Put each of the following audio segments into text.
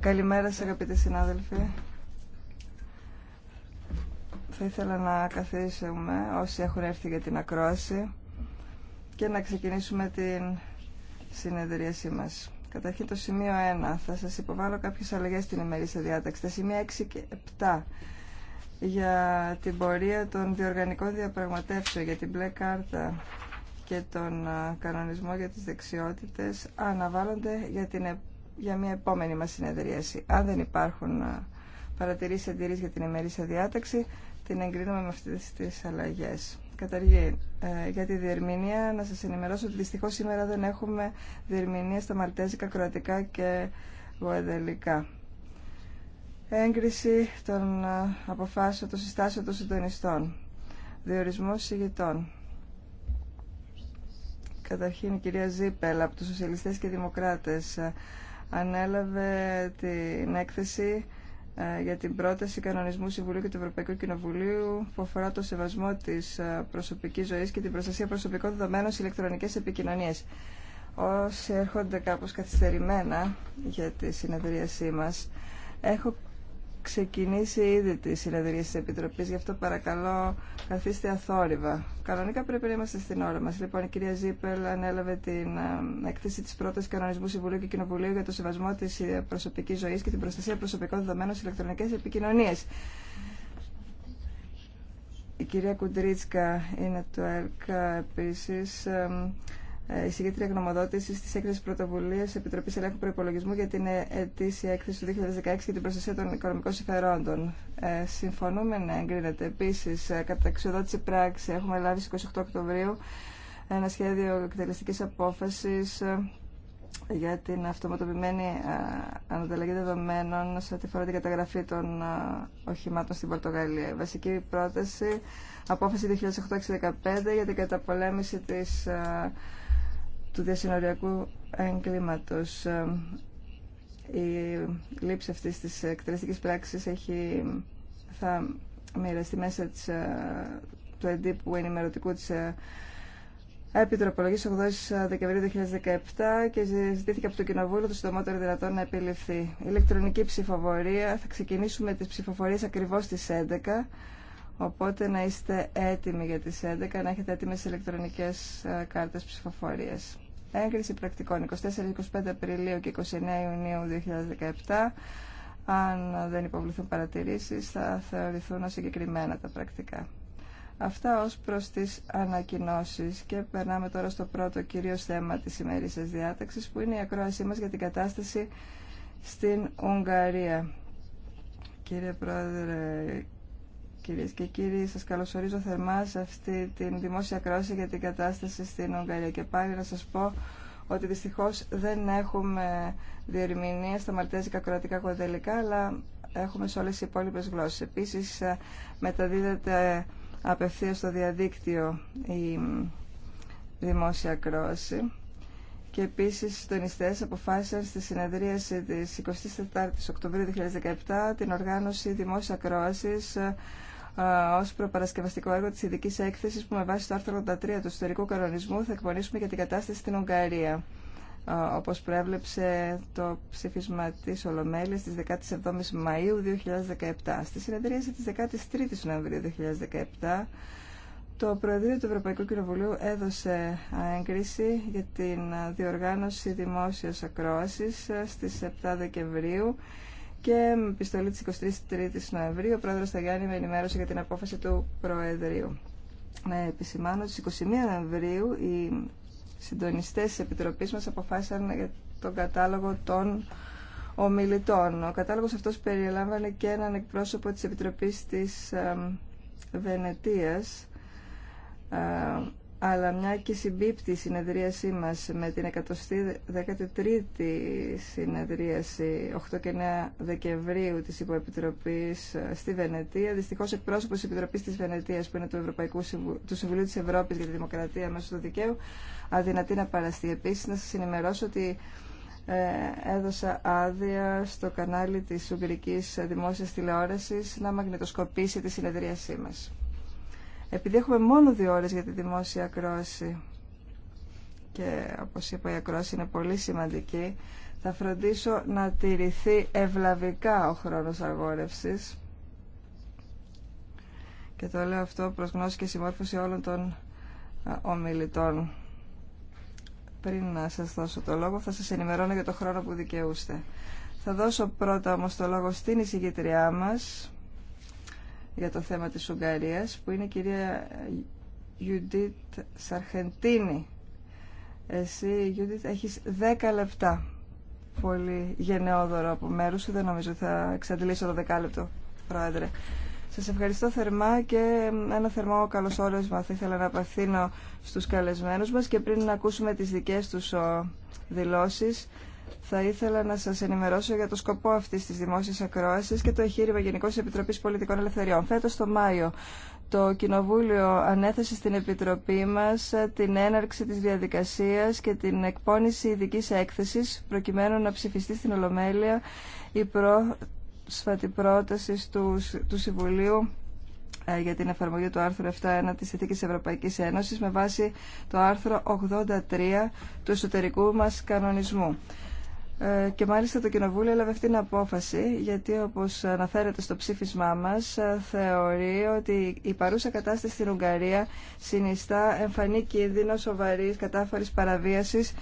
Καλημέρα σας αγαπητοί συνάδελφοι. Θα ήθελα να καθίσουμε όσοι έχουν έρθει για την ακρόαση και να ξεκινήσουμε την συνεδρίασή μας. Καταρχήν το σημείο 1. Θα σας υποβάλω κάποιες αλλαγές στην ημερήσια διάταξη. Τα σημεία 6 και 7 για την πορεία των διοργανικών διαπραγματεύσεων για την μπλε κάρτα και τον ε, κανονισμό για τις δεξιότητες αναβάλλονται για, την, για μια επόμενη μας συνεδρίαση. Αν δεν υπάρχουν ε, παρατηρήσει αντιρρήσει για την ημερήσια διάταξη, την εγκρίνουμε με αυτές τις αλλαγές. Καταργή, ε, για τη διερμηνία, να σας ενημερώσω ότι δυστυχώς σήμερα δεν έχουμε διερμηνία στα μαλτέζικα, κροατικά και γοεδελικά. Έγκριση των αποφάσεων, των συστάσεων των συντονιστών. Διορισμός ηγητών. Καταρχήν η κυρία Ζίπελ από τους Σοσιαλιστές και Δημοκράτες ε, ανέλαβε την έκθεση ε, για την πρόταση κανονισμού Συμβουλίου και του Ευρωπαϊκού Κοινοβουλίου που αφορά το σεβασμό της ε, προσωπικής ζωής και την προστασία προσωπικών δεδομένων σε ηλεκτρονικές επικοινωνίες. Όσοι έρχονται κάπως καθυστερημένα για τη συνεδρίασή μας, έχω ξεκινήσει ήδη τη συνεδρία τη Επιτροπή, γι' αυτό παρακαλώ καθίστε αθόρυβα. Κανονικά πρέπει να είμαστε στην ώρα μα. Λοιπόν, η κυρία Ζήπελ ανέλαβε την ε, έκθεση τη πρόταση κανονισμού Συμβουλίου και Κοινοβουλίου για το σεβασμό τη ε, προσωπική ζωή και την προστασία προσωπικών δεδομένων στι ηλεκτρονικέ επικοινωνίε. Η κυρία Κουντρίτσκα είναι του ΕΛΚΑ επίση. Ε, εισηγήτρια γνωμοδότηση τη έκθεση πρωτοβουλία Επιτροπή Ελέγχου Προπολογισμού για την ε, ετήσια έκθεση του 2016 και την προστασία των οικονομικών συμφερόντων. Ε, συμφωνούμε να εγκρίνεται. Επίση, ε, κατά εξοδότηση πράξη, έχουμε λάβει στι 28 Οκτωβρίου ένα σχέδιο εκτελεστική απόφαση ε, για την αυτοματοποιημένη αναταλλαγή δεδομένων σε ό,τι αφορά την καταγραφή των οχημάτων στην Πορτογαλία. βασική πρόταση, απόφαση για την καταπολέμηση της του διασυνοριακού εγκλήματος. Ε, η λήψη αυτής της εκτελεστικής πράξης έχει, θα μοιραστεί μέσα της, ε, του εντύπου ενημερωτικού της ε, Επιτροπολογής 8 Δεκεμβρίου 2017 και ζητήθηκε από το Κοινοβούλιο το συντομότερο δυνατόν να επιληφθεί. Η ηλεκτρονική ψηφοφορία θα ξεκινήσουμε τις ψηφοφορίες ακριβώς στις 11 Οπότε να είστε έτοιμοι για τις 11, να έχετε έτοιμες ηλεκτρονικές κάρτες ψηφοφορίας. Έγκριση πρακτικών 24-25 Απριλίου και 29 Ιουνίου 2017. Αν δεν υποβληθούν παρατηρήσεις θα θεωρηθούν συγκεκριμένα τα πρακτικά. Αυτά ως προς τις ανακοινώσεις και περνάμε τώρα στο πρώτο κύριο θέμα της ημερήσιας διάταξης που είναι η ακρόασή μας για την κατάσταση στην Ουγγαρία. Κύριε Πρόεδρε, Κυρίε και κύριοι. σα καλωσορίζω θερμά σε αυτή τη δημόσια κρόση για την κατάσταση στην Ουγγαρία. Και πάλι να σα πω ότι δυστυχώ δεν έχουμε διερμηνία στα μαλτέζικα, κροατικά, κοδελικά, αλλά έχουμε σε όλε τι υπόλοιπε γλώσσε. Επίση, ε, μεταδίδεται απευθεία στο διαδίκτυο η δημόσια κρόση. Και επίση, οι συντονιστέ αποφάσισαν στη συνεδρίαση τη 24η Οκτωβρίου 2017 την οργάνωση δημόσια κρόαση ε, ως προπαρασκευαστικό έργο της ειδική έκθεσης που με βάση το άρθρο 83 του ιστορικού κανονισμού θα εκπονήσουμε για την κατάσταση στην Ουγγαρία όπως προέβλεψε το ψήφισμα της Ολομέλης της 17ης Μαΐου 2017. Στη συνεδρίαση της 13 η Νοεμβρίου 2017 το Προεδρείο του Ευρωπαϊκού Κοινοβουλίου έδωσε έγκριση για την διοργάνωση δημόσιας ακρόασης στις 7 Δεκεμβρίου και με επιστολή τη 23 η Νοεμβρίου ο πρόεδρο Σταγιάννη με ενημέρωσε για την απόφαση του Προεδρείου. Να επισημάνω ότι 21 Νοεμβρίου οι συντονιστέ τη Επιτροπής μας αποφάσισαν για τον κατάλογο των ομιλητών. Ο κατάλογος αυτός περιλάμβανε και έναν εκπρόσωπο της Επιτροπής της Βενετίας αλλά μια και συμπίπτει η συνεδρίασή μας με την 113η συνεδρίαση 8 και 9 Δεκεμβρίου της Υποεπιτροπής ε, στη Βενετία. Δυστυχώς εκπρόσωπος της Επιτροπής της Βενετίας που είναι του, Ευρωπαϊκού του Συμβουλίου της Ευρώπης για τη Δημοκρατία μέσω του δικαίου αδυνατεί να παραστεί. Επίσης να σας ενημερώσω ότι ε, έδωσα άδεια στο κανάλι της Ουγγρικής Δημόσιας Τηλεόρασης να μαγνητοσκοπήσει τη συνεδρίασή μας. Επειδή έχουμε μόνο δύο ώρες για τη δημόσια ακρόαση και όπως είπα η ακρόαση είναι πολύ σημαντική, θα φροντίσω να τηρηθεί ευλαβικά ο χρόνος αγόρευσης και το λέω αυτό προς γνώση και συμμόρφωση όλων των ομιλητών. Πριν να σας δώσω το λόγο θα σας ενημερώνω για το χρόνο που δικαιούστε. Θα δώσω πρώτα όμως το λόγο στην εισηγητριά μας για το θέμα της Ουγγαρίας που είναι η κυρία Γιουντίτ Σαρχεντίνη. Εσύ, Γιουντίτ, έχεις 10 λεπτά. Πολύ γενναιόδωρο από μέρου σου. Δεν νομίζω θα εξαντλήσω το δεκάλεπτο, Πρόεδρε. Σας ευχαριστώ θερμά και ένα θερμό καλώς όρισμα θα ήθελα να απαθήνω στους καλεσμένους μας και πριν να ακούσουμε τις δικές τους δηλώσεις θα ήθελα να σα ενημερώσω για το σκοπό αυτή τη δημόσια ακρόαση και το εγχείρημα Γενικώ Επιτροπή Πολιτικών Ελευθεριών. Φέτο το Μάιο το Κοινοβούλιο ανέθεσε στην Επιτροπή μα ε, την έναρξη τη διαδικασία και την εκπόνηση ειδική έκθεση προκειμένου να ψηφιστεί στην Ολομέλεια η πρόσφατη πρόταση του, του Συμβουλίου ε, για την εφαρμογή του άρθρου 7.1 της Εθήκης Ευρωπαϊκής Ένωσης με βάση το άρθρο 83 του εσωτερικού μας κανονισμού. Ε, και μάλιστα το Κοινοβούλιο έλαβε αυτήν την απόφαση γιατί όπως αναφέρεται στο ψήφισμά μας ε, θεωρεί ότι η παρούσα κατάσταση στην Ουγγαρία συνιστά εμφανή κίνδυνο σοβαρή κατάφορης παραβίασης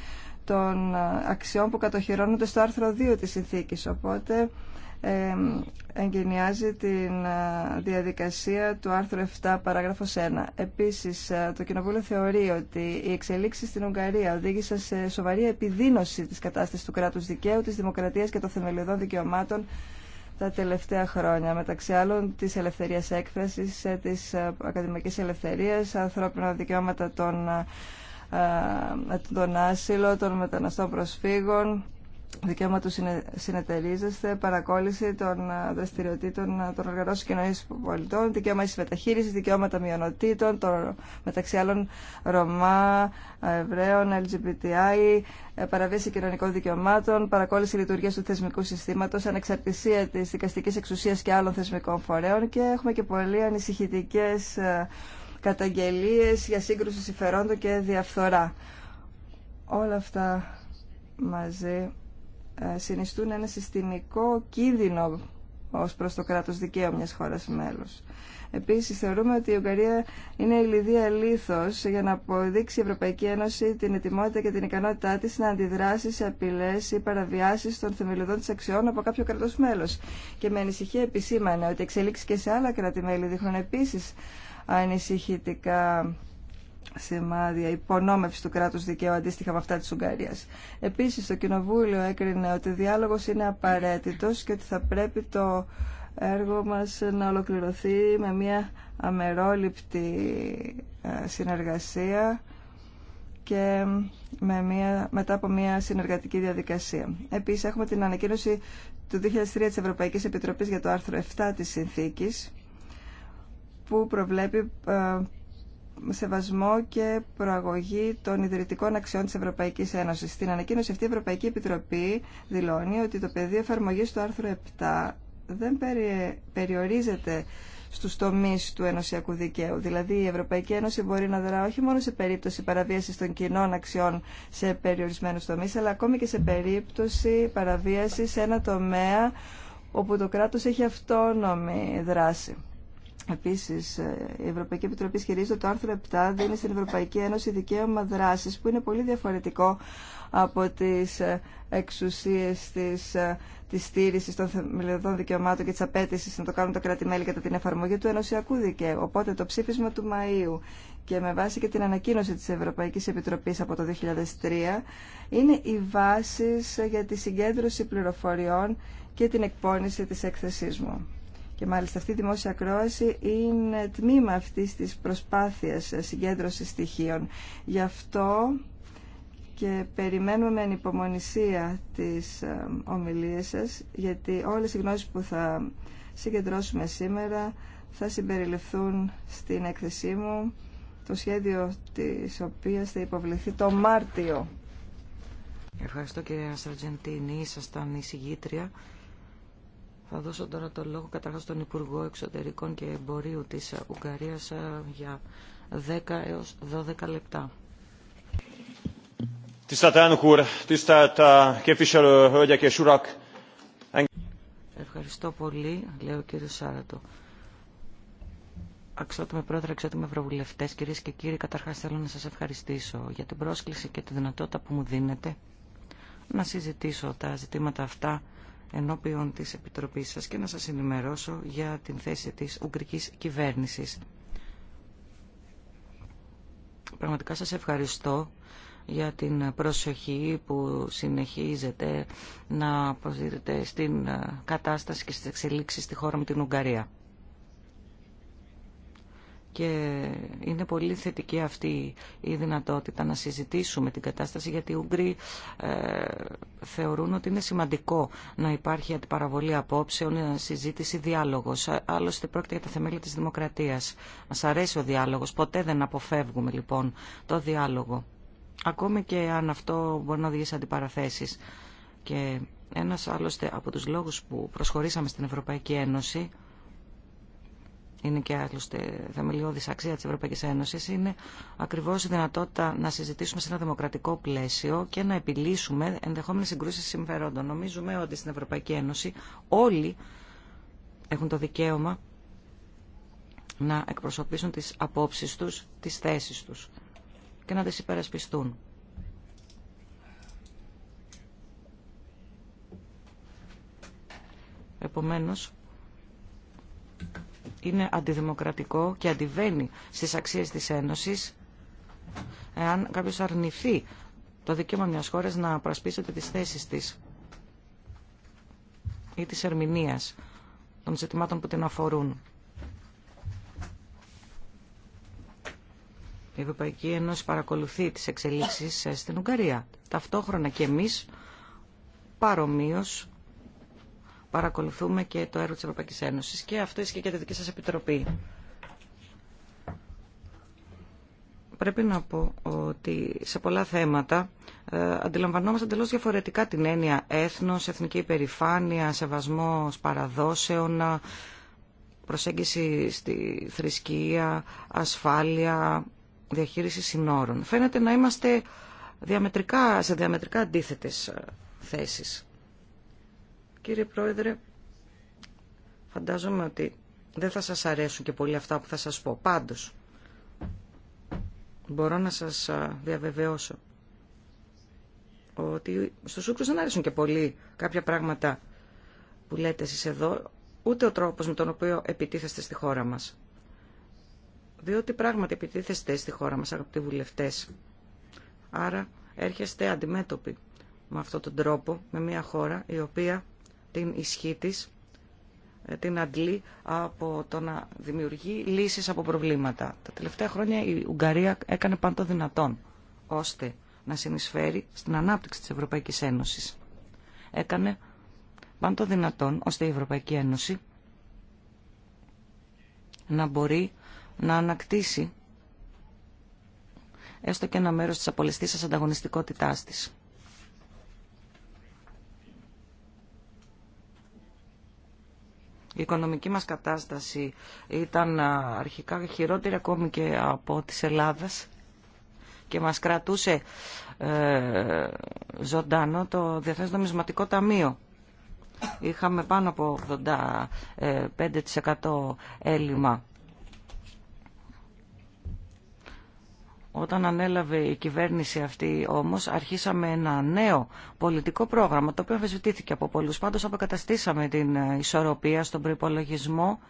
των ε, αξιών που κατοχυρώνονται στο άρθρο 2 της συνθήκης. Οπότε εγκαινιάζει την ε, διαδικασία του άρθρου 7 παράγραφος 1. Επίσης, ε, το Κοινοβούλιο θεωρεί ότι οι εξελίξεις στην Ουγγαρία οδήγησαν σε σοβαρή επιδείνωση της κατάστασης του κράτους δικαίου, της δημοκρατίας και των θεμελιωδών δικαιωμάτων τα τελευταία χρόνια, μεταξύ άλλων της ελευθερίας έκφρασης, ε, της ακαδημαϊκής ελευθερίας, ανθρώπινα δικαιώματα των, των άσυλων, των μεταναστών προσφύγων, δικαίωμα του συνεταιρίζεστε, παρακόλληση των ε, δραστηριοτήτων ε, των οργανώσεων κοινωνία πολιτών, δικαίωμα τη μεταχείριση, δικαιώματα μειονοτήτων, των, μεταξύ άλλων Ρωμά, Εβραίων, LGBTI, ε, παραβίαση κοινωνικών δικαιωμάτων, παρακόλληση λειτουργία του θεσμικού συστήματο, ανεξαρτησία τη δικαστική εξουσία και άλλων θεσμικών φορέων και έχουμε και πολύ ανησυχητικέ καταγγελίε για σύγκρουση συμφερόντων και διαφθορά. Όλα αυτά μαζί ε, συνιστούν ένα συστημικό κίνδυνο ως προς το κράτος δικαίου μιας χώρας μέλος. Επίσης θεωρούμε ότι η Ουγγαρία είναι η λιδία λίθος για να αποδείξει η Ευρωπαϊκή Ένωση την ετοιμότητα και την ικανότητά της να αντιδράσει σε απειλές ή παραβιάσεις των θεμελιωδών της αξιών από κάποιο κράτος μέλος. Και με ανησυχία επισήμανε ότι εξελίξει και σε άλλα κράτη-μέλη δείχνουν επίσης ανησυχητικά σημάδια υπονόμευση του κράτους δικαίου αντίστοιχα με αυτά τη ουγγαρία. Επίσης, το Κοινοβούλιο έκρινε ότι ο διάλογος είναι απαραίτητος και ότι θα πρέπει το έργο μας να ολοκληρωθεί με μια αμερόληπτη ε, συνεργασία και με μια, μετά από μια συνεργατική διαδικασία. Επίσης, έχουμε την ανακοίνωση του 2003 τη Ευρωπαϊκή Επιτροπή για το άρθρο 7 τη συνθήκη που προβλέπει ε, σεβασμό και προαγωγή των ιδρυτικών αξιών της Ευρωπαϊκής Ένωση. Στην ανακοίνωση αυτή η Ευρωπαϊκή Επιτροπή δηλώνει ότι το πεδίο εφαρμογή του άρθρου 7 δεν περιορίζεται στους τομείς του ενωσιακού δικαίου. Δηλαδή η Ευρωπαϊκή Ένωση μπορεί να δρά όχι μόνο σε περίπτωση παραβίασης των κοινών αξιών σε περιορισμένους τομείς, αλλά ακόμη και σε περίπτωση παραβίασης σε ένα τομέα όπου το κράτος έχει αυτόνομη δράση. Επίση, ε, η Ευρωπαϊκή Επιτροπή ισχυρίζεται ότι το άρθρο 7 δίνει στην Ευρωπαϊκή Ένωση δικαίωμα δράση, που είναι πολύ διαφορετικό από τι ε, εξουσίε τη της ε, στήριξης των θεμελιωδών δικαιωμάτων και τη απέτηση να το κάνουν τα κράτη-μέλη κατά την εφαρμογή του ενωσιακού δικαίου. Οπότε το ψήφισμα του Μαΐου και με βάση και την ανακοίνωση της Ευρωπαϊκής Επιτροπής από το 2003 είναι οι βάσεις για τη συγκέντρωση πληροφοριών και την εκπόνηση της έκθεσής μου. Και μάλιστα αυτή η δημόσια ακρόαση είναι τμήμα αυτής της προσπάθειας συγκέντρωσης στοιχείων. Γι' αυτό και περιμένουμε με ανυπομονησία τις ε, ομιλίες σας, γιατί όλες οι γνώσεις που θα συγκεντρώσουμε σήμερα θα συμπεριληφθούν στην έκθεσή μου, το σχέδιο της οποίας θα υποβληθεί το Μάρτιο. Ευχαριστώ κυρία Σαρτζεντίνη, ήσασταν η συγγήτρια θα δώσω τώρα το λόγο καταρχάς στον Υπουργό Εξωτερικών και Εμπορίου της Ουγγαρίας ε, για 10 έως 12 λεπτά. Eh, Ευχαριστώ πολύ, λέει ο κύριος Σάρατο. Αξιότιμε πρόεδρε, αξιότιμε ευρωβουλευτέ, κυρίε και κύριοι, καταρχά θέλω να σα ευχαριστήσω για την πρόσκληση και τη δυνατότητα που μου δίνετε να συζητήσω τα ζητήματα αυτά ενώπιον της Επιτροπής σας και να σας ενημερώσω για την θέση της Ουγγρικής Κυβέρνησης. Πραγματικά σας ευχαριστώ για την προσοχή που συνεχίζετε να προσδίδετε στην ε, κατάσταση και στις εξελίξεις στη χώρα με την Ουγγαρία και είναι πολύ θετική αυτή η δυνατότητα να συζητήσουμε την κατάσταση γιατί οι Ούγγροι ε, θεωρούν ότι είναι σημαντικό να υπάρχει αντιπαραβολή απόψεων, ε, συζήτηση, διάλογος. Ε, άλλωστε πρόκειται για τα θεμέλια της δημοκρατίας. Μας αρέσει ο διάλογος, ποτέ δεν αποφεύγουμε λοιπόν το διάλογο. Ακόμη και αν αυτό μπορεί να οδηγήσει αντιπαραθέσεις. Και ένας άλλωστε από τους λόγους που προσχωρήσαμε στην Ευρωπαϊκή Ένωση είναι και άλλωστε θεμελιώδης αξία της Ευρωπαϊκής Ένωσης, είναι ακριβώς η δυνατότητα να συζητήσουμε σε ένα δημοκρατικό πλαίσιο και να επιλύσουμε ενδεχόμενες συγκρούσεις συμφερόντων. Νομίζουμε ότι στην Ευρωπαϊκή Ένωση όλοι έχουν το δικαίωμα να εκπροσωπήσουν τις απόψεις τους, τις θέσεις τους και να τις υπερασπιστούν. Επομένως, είναι αντιδημοκρατικό και αντιβαίνει στις αξίες της Ένωσης εάν κάποιος αρνηθεί το δικαίωμα μιας χώρας να προασπίσεται τις θέσεις της ή της ερμηνείας των ζητημάτων που την αφορούν. Η Ευρωπαϊκή Ένωση παρακολουθεί τις εξελίξεις ε, στην Ουγγαρία. Ταυτόχρονα και εμείς παρομοίως παρακολουθούμε και το έργο της Ευρωπαϊκής Ένωσης και αυτό ισχύει και τη δική σας επιτροπή. Πρέπει να πω ότι σε πολλά θέματα ε, αντιλαμβανόμαστε εντελώ διαφορετικά την έννοια έθνος, εθνική υπερηφάνεια, σεβασμός παραδόσεων, προσέγγιση στη θρησκεία, ασφάλεια, διαχείριση συνόρων. Φαίνεται να είμαστε σε διαμετρικά αντίθετες ε, θέσεις. Κύριε Πρόεδρε, φαντάζομαι ότι δεν θα σας αρέσουν και πολύ αυτά που θα σας πω. Πάντως, μπορώ να σας διαβεβαιώσω ότι στους Ούκρους δεν αρέσουν και πολύ κάποια πράγματα που λέτε εσείς εδώ, ούτε ο τρόπος με τον οποίο επιτίθεστε στη χώρα μας. Διότι πράγματι επιτίθεστε στη χώρα μας, αγαπητοί βουλευτές. Άρα έρχεστε αντιμέτωποι με αυτόν τον τρόπο, με μια χώρα η οποία την ισχύ της, ε, την αντλή, από το να δημιουργεί λύσεις από προβλήματα. Τα τελευταία χρόνια η Ουγγαρία έκανε πάντα δυνατόν, ώστε να συνεισφέρει στην ανάπτυξη της Ευρωπαϊκής Ένωσης. Έκανε πάντα δυνατόν, ώστε η Ευρωπαϊκή Ένωση να μπορεί να ανακτήσει έστω και ένα μέρος της απολεστής ανταγωνιστικότητάς της. Η οικονομική μας κατάσταση ήταν αρχικά χειρότερη ακόμη και από της Ελλάδας και μας κρατούσε ε, ζωντανό το Διεθνές Νομισματικό Ταμείο. Είχαμε πάνω από 85% ε, έλλειμμα Όταν ανέλαβε η κυβέρνηση αυτή όμως αρχίσαμε ένα νέο πολιτικό πρόγραμμα το οποίο αμφισβητήθηκε από πολλούς. Πάντως αποκαταστήσαμε την ε, ισορροπία στον προϋπολογισμό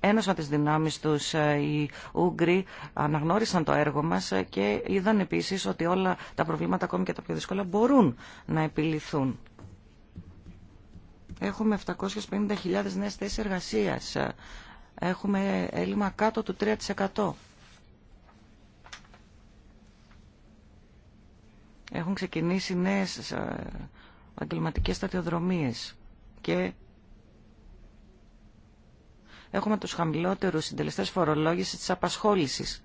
ένωσαν τις δυνάμεις τους ε, οι Ούγγροι, αναγνώρισαν το έργο μας ε, και είδαν επίσης ότι όλα τα προβλήματα, ακόμη και τα πιο δύσκολα, μπορούν να επιληθούν. Έχουμε 750.000 νέες θέσεις εργασίας. Έχουμε έλλειμμα κάτω του 3%. Έχουν ξεκινήσει νέες ε, επαγγελματικέ στατιοδρομίε. και έχουμε τους χαμηλότερους συντελεστές φορολόγησης της απασχόλησης.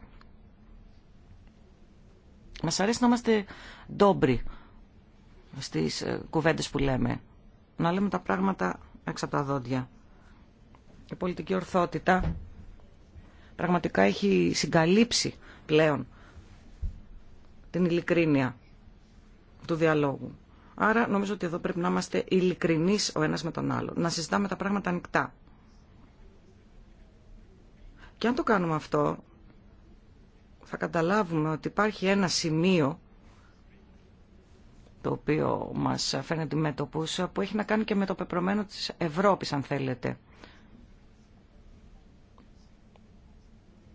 Μας αρέσει να είμαστε ντόμπροι στις ε, κουβέντες που λέμε. Να λέμε τα πράγματα έξω από τα δόντια. Η πολιτική ορθότητα πραγματικά έχει συγκαλύψει πλέον την ειλικρίνεια του διαλόγου. Άρα νομίζω ότι εδώ πρέπει να είμαστε ειλικρινεί ο ένας με τον άλλο, να συζητάμε τα πράγματα ανοιχτά. Και αν το κάνουμε αυτό, θα καταλάβουμε ότι υπάρχει ένα σημείο το οποίο μας φέρνει αντιμέτωπους, που έχει να κάνει και με το πεπρωμένο της Ευρώπης, αν θέλετε.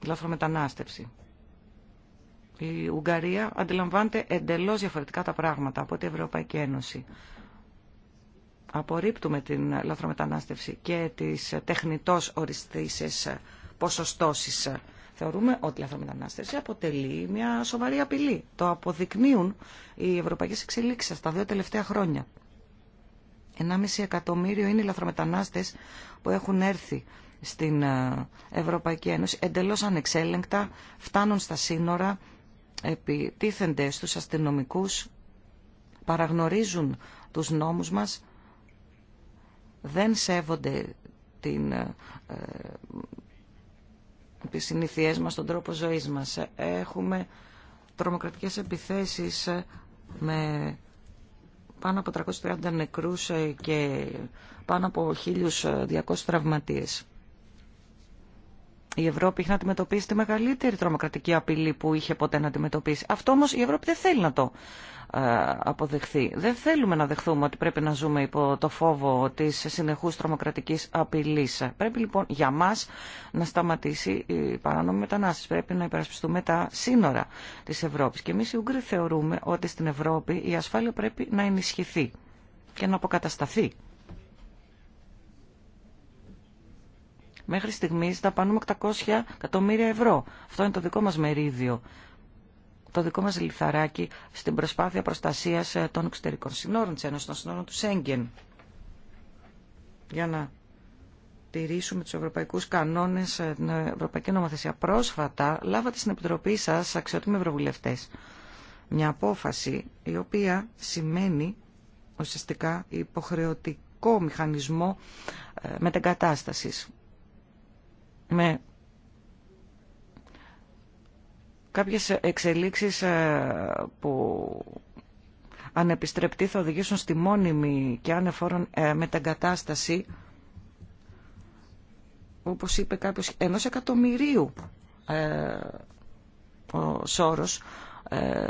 Λαφρομετανάστευση. μετανάστευση. Η Ουγγαρία αντιλαμβάνεται εντελώς διαφορετικά τα πράγματα από την Ευρωπαϊκή Ένωση. Απορρίπτουμε την λαθρομετανάστευση και τις τεχνητός οριστήσεις ποσοστώσεις. Θεωρούμε ότι η λαθρομετανάστευση αποτελεί μια σοβαρή απειλή. Το αποδεικνύουν οι ευρωπαϊκές εξελίξεις τα δύο τελευταία χρόνια. 1,5 εκατομμύριο είναι οι λαθρομετανάστες που έχουν έρθει στην ε, Ευρωπαϊκή Ένωση εντελώς ανεξέλεγκτα, φτάνουν στα σύνορα επιτίθενται στους αστυνομικούς, παραγνωρίζουν τους νόμους μας, δεν σέβονται την, ε, ε, τις συνήθειές μας, τον τρόπο ζωής μας. Έχουμε τρομοκρατικές επιθέσεις με πάνω από 330 νεκρούς και πάνω από 1.200 τραυματίες η Ευρώπη είχε να αντιμετωπίσει τη μεγαλύτερη τρομοκρατική απειλή που είχε ποτέ να αντιμετωπίσει. Αυτό όμως η Ευρώπη δεν θέλει να το ε, αποδεχθεί. Δεν θέλουμε να δεχθούμε ότι πρέπει να ζούμε υπό το φόβο της συνεχούς τρομοκρατικής απειλής. Πρέπει λοιπόν για μας να σταματήσει η παράνομη μετανάστευση. Πρέπει να υπερασπιστούμε τα σύνορα της Ευρώπης. Και εμείς οι Ούγγροι θεωρούμε ότι στην Ευρώπη η ασφάλεια πρέπει να ενισχυθεί και να αποκατασταθεί. Μέχρι στιγμής δαπανούμε 800 εκατομμύρια ευρώ. Αυτό είναι το δικό μας μερίδιο το δικό μας λιθαράκι στην προσπάθεια προστασίας ε, των εξωτερικών συνόρων της Ένωση, των συνόρων του Σέγγεν. Για να τηρήσουμε τους ευρωπαϊκούς κανόνες, ε, την ευρωπαϊκή νομοθεσία. Πρόσφατα λάβατε στην Επιτροπή σα αξιότιμοι ευρωβουλευτέ, μια απόφαση η οποία σημαίνει ουσιαστικά υποχρεωτικό μηχανισμό ε, μετεγκατάστασης με κάποιες εξελίξεις ε, που ανεπιστρεπτή θα οδηγήσουν στη μόνιμη και ανεφόρον ε, μεταγκατάσταση όπως είπε κάποιος, ενός εκατομμυρίου ε, ο ε,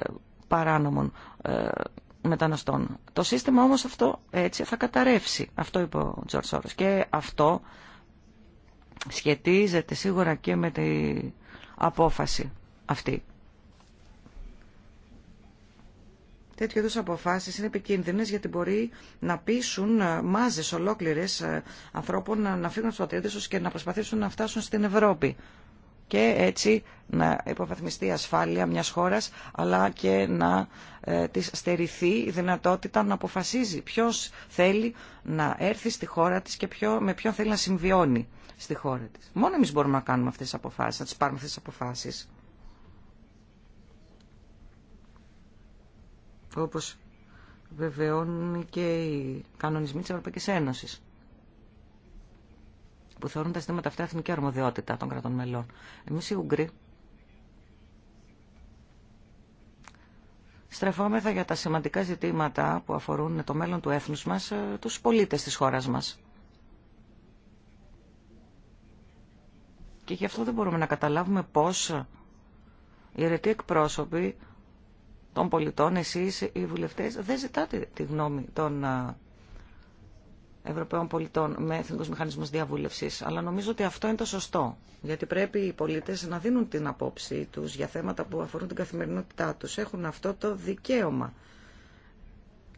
παράνομων ε, μεταναστών. Το σύστημα όμως αυτό έτσι θα καταρρεύσει, αυτό είπε ο Τζορ Σόρος. Και αυτό σχετίζεται σίγουρα και με την απόφαση αυτή. Τέτοιου είδου αποφάσει είναι επικίνδυνε γιατί μπορεί να πείσουν ε, μάζε ολόκληρε ε, ανθρώπων να φύγουν από του και να προσπαθήσουν να φτάσουν στην Ευρώπη. Και έτσι να υποβαθμιστεί η ασφάλεια μια χώρα αλλά και να ε, τη στερηθεί η δυνατότητα να αποφασίζει ποιο θέλει να έρθει στη χώρα τη και με ποιον θέλει να συμβιώνει στη χώρα της. Μόνο εμείς μπορούμε να κάνουμε αυτές τις αποφάσεις, να τις πάρουμε αυτές τις αποφάσεις. Όπως βεβαιώνουν και οι κανονισμοί της Ευρωπαϊκής Ένωσης που θεωρούν τα ζητήματα αυτά εθνική αρμοδιότητα των κρατών μελών. Εμείς οι Ουγγροί στρεφόμεθα για τα σημαντικά ζητήματα που αφορούν το μέλλον του έθνους μας, ε, τους πολίτες της χώρας μας. Και γι' αυτό δεν μπορούμε να καταλάβουμε πώς οι αιρετοί εκπρόσωποι των πολιτών, εσείς οι βουλευτές, δεν ζητάτε τη γνώμη των ε, Ευρωπαίων πολιτών με εθνικούς μηχανισμούς διαβούλευσης. Αλλά νομίζω ότι αυτό είναι το σωστό. Γιατί πρέπει οι πολίτες να δίνουν την απόψη τους για θέματα που αφορούν την καθημερινότητά τους. Έχουν αυτό το δικαίωμα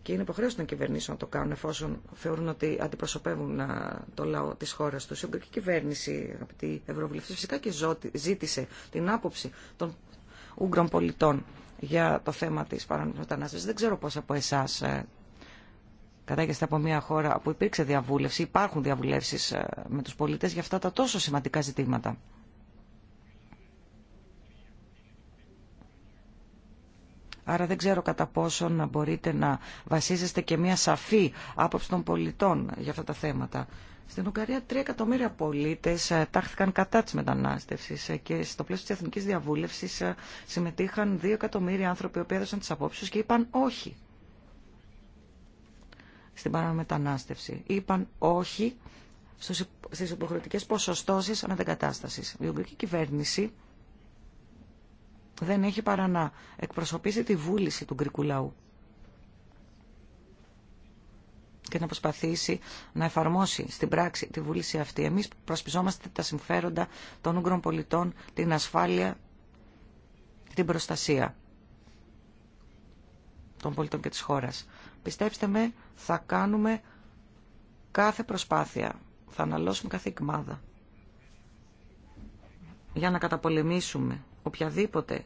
και είναι υποχρέωση των κυβερνήσεων να το κάνουν εφόσον θεωρούν ότι αντιπροσωπεύουν το λαό τη χώρα του. Η Ουγγρική κυβέρνηση, αγαπητοί ευρωβουλευτέ, φυσικά και ζήτησε την άποψη των Ούγγρων πολιτών για το θέμα τη παράνομη μετανάστευση. Δεν ξέρω πώ από εσά ε, κατάγεστε από μια χώρα που υπήρξε διαβούλευση, υπάρχουν διαβουλευσει ε, με του πολίτε για αυτά τα τόσο σημαντικά ζητήματα. Άρα δεν ξέρω κατά πόσο να μπορείτε να βασίζεστε και μια σαφή άποψη των πολιτών για αυτά τα θέματα. Στην Ουγγαρία, τρία εκατομμύρια πολίτε ε, τάχθηκαν κατά τη μετανάστευση ε, και στο πλαίσιο τη Εθνική Διαβούλευση ε, συμμετείχαν δύο εκατομμύρια άνθρωποι που έδωσαν τι απόψει και είπαν όχι στην παραμετανάστευση. Είπαν όχι στι υποχρεωτικέ ποσοστώσει αναδεκατάσταση. Η Ουγγρική κυβέρνηση δεν έχει παρά να εκπροσωπήσει τη βούληση του γκρικού λαού και να προσπαθήσει να εφαρμόσει στην πράξη τη βούληση αυτή. Εμείς προσπιζόμαστε τα συμφέροντα των Ούγγρων πολιτών, την ασφάλεια, την προστασία των πολιτών και της χώρας. Πιστέψτε με, θα κάνουμε κάθε προσπάθεια, θα αναλώσουμε κάθε εκμάδα για να καταπολεμήσουμε οποιαδήποτε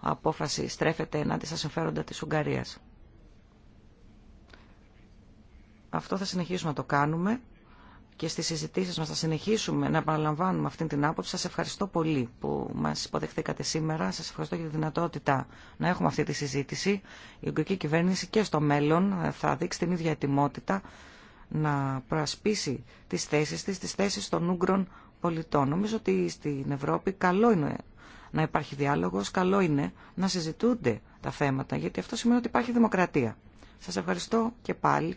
απόφαση στρέφεται ενάντια στα συμφέροντα της Ουγγαρίας. Αυτό θα συνεχίσουμε να το κάνουμε και στις συζητήσεις μας θα συνεχίσουμε να επαναλαμβάνουμε αυτή την άποψη. Σας ευχαριστώ πολύ που μας υποδεχθήκατε σήμερα. Σας ευχαριστώ για τη δυνατότητα να έχουμε αυτή τη συζήτηση. Η Ουγγρική Κυβέρνηση και στο μέλλον θα δείξει την ίδια ετοιμότητα να προασπίσει τις θέσεις της, τις θέσεις των Ούγγρων πολιτών. Νομίζω ότι στην Ευρώπη καλό είναι να υπάρχει διάλογος, καλό είναι να συζητούνται τα θέματα, γιατί αυτό σημαίνει ότι υπάρχει δημοκρατία. Σας ευχαριστώ και πάλι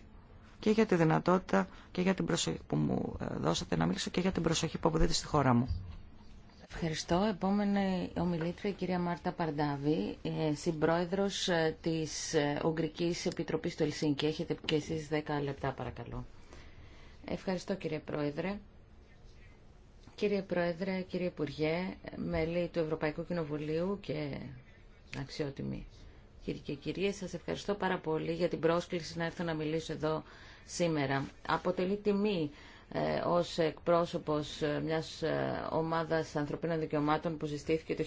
και για τη δυνατότητα και για την προσοχή που μου ε, δώσατε να μιλήσω και για την προσοχή που αποδίδεται στη χώρα μου. Ευχαριστώ. Επόμενη ομιλήτρια η κυρία Μάρτα Παρντάβη, ε, συμπρόεδρος ε, της Ουγγρικής Επιτροπής του Ελσίνκη. Έχετε και εσείς 10 λεπτά παρακαλώ. Ευχαριστώ κύριε Πρόεδρε. Κύριε Πρόεδρε, κύριε Υπουργέ, μέλη του Ευρωπαϊκού Κοινοβουλίου και αξιότιμοι κύριοι και κυρίες, σας ευχαριστώ πάρα πολύ για την πρόσκληση να έρθω να μιλήσω εδώ σήμερα. Αποτελεί τιμή ε, ως εκπρόσωπος ε, μιας ε, ομάδας ανθρωπίνων δικαιωμάτων που συστήθηκε το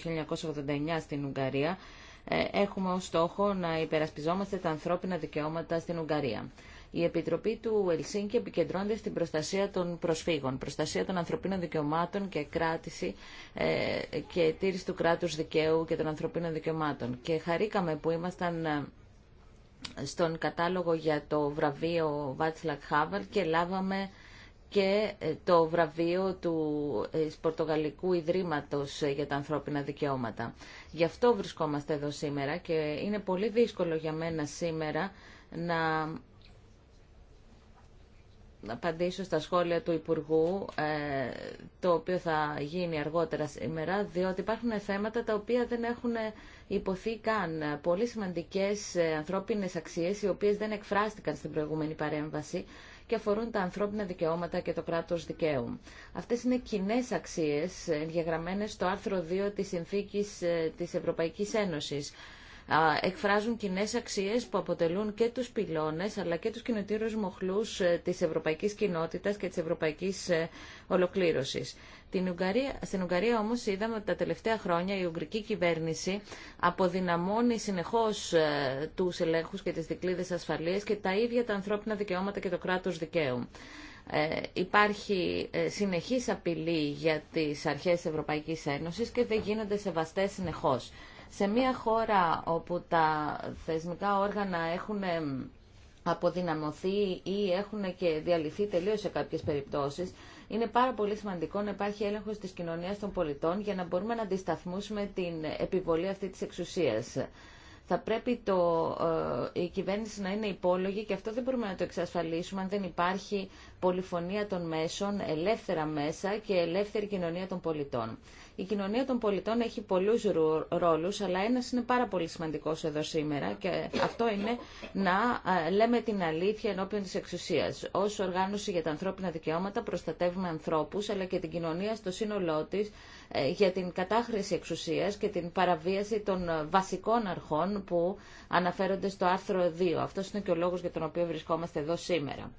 1989 στην Ουγγαρία. Ε, έχουμε ως στόχο να υπερασπιζόμαστε τα ανθρώπινα δικαιώματα στην Ουγγαρία. Η Επιτροπή του Ελσίνκη επικεντρώνεται στην προστασία των προσφύγων, προστασία των ανθρωπίνων δικαιωμάτων και κράτηση ε, και τήρηση του κράτους δικαίου και των ανθρωπίνων δικαιωμάτων. Και χαρήκαμε που ήμασταν ε, στον κατάλογο για το βραβείο Βάτσλακ Χάβελ και λάβαμε και ε, το βραβείο του Πορτογαλικού Ιδρύματος για τα ανθρώπινα δικαιώματα. Γι' αυτό βρισκόμαστε εδώ σήμερα και είναι πολύ δύσκολο για μένα σήμερα να να απαντήσω στα σχόλια του Υπουργού, ε, το οποίο θα γίνει αργότερα σήμερα, διότι υπάρχουν θέματα τα οποία δεν έχουν υποθεί καν. Πολύ σημαντικές ε, ανθρώπινες αξίες, οι οποίες δεν εκφράστηκαν στην προηγούμενη παρέμβαση και αφορούν τα ανθρώπινα δικαιώματα και το κράτος δικαίου. Αυτές είναι κοινέ αξίες εγγεγραμμένες στο άρθρο 2 της Συνθήκης ε, της Ευρωπαϊκής Ένωσης εκφράζουν κοινέ αξίε που αποτελούν και του πυλώνε, αλλά και τους κοινωτήρους μοχλούς ε, τη Ευρωπαϊκή κοινότητα και τη Ευρωπαϊκή ε, ολοκλήρωσης. στην Ουγγαρία όμω είδαμε ότι τα τελευταία χρόνια η Ουγγρική κυβέρνηση αποδυναμώνει συνεχώς ε, του ελέγχου και τι δικλείδε ασφαλείας και τα ίδια τα ανθρώπινα δικαιώματα και το κράτο δικαίου. Ε, υπάρχει συνεχής απειλή για τις αρχές Ευρωπαϊκής Ένωσης και δεν γίνονται σεβαστές συνεχώς σε μια χώρα όπου τα θεσμικά όργανα έχουν αποδυναμωθεί ή έχουν και διαλυθεί τελείως σε κάποιες περιπτώσεις, είναι πάρα πολύ σημαντικό να υπάρχει έλεγχος της κοινωνίας των πολιτών για να μπορούμε να αντισταθμούσουμε την επιβολή αυτή της εξουσίας. Θα πρέπει το, ε, η κυβέρνηση να είναι υπόλογη και αυτό δεν μπορούμε να το εξασφαλίσουμε αν δεν υπάρχει πολυφωνία των μέσων, ελεύθερα μέσα και ελεύθερη κοινωνία των πολιτών. Η κοινωνία των πολιτών έχει πολλούς ρόλους, αλλά ένας είναι πάρα πολύ σημαντικός εδώ σήμερα και αυτό είναι να ε, λέμε την αλήθεια ενώπιον της εξουσίας. Ως οργάνωση για τα ανθρώπινα δικαιώματα προστατεύουμε ανθρώπους, αλλά και την κοινωνία στο σύνολό της ε, για την κατάχρηση εξουσίας και την παραβίαση των ε, βασικών αρχών που αναφέρονται στο άρθρο 2. Αυτός είναι και ο λόγος για τον οποίο βρισκόμαστε εδώ σήμερα.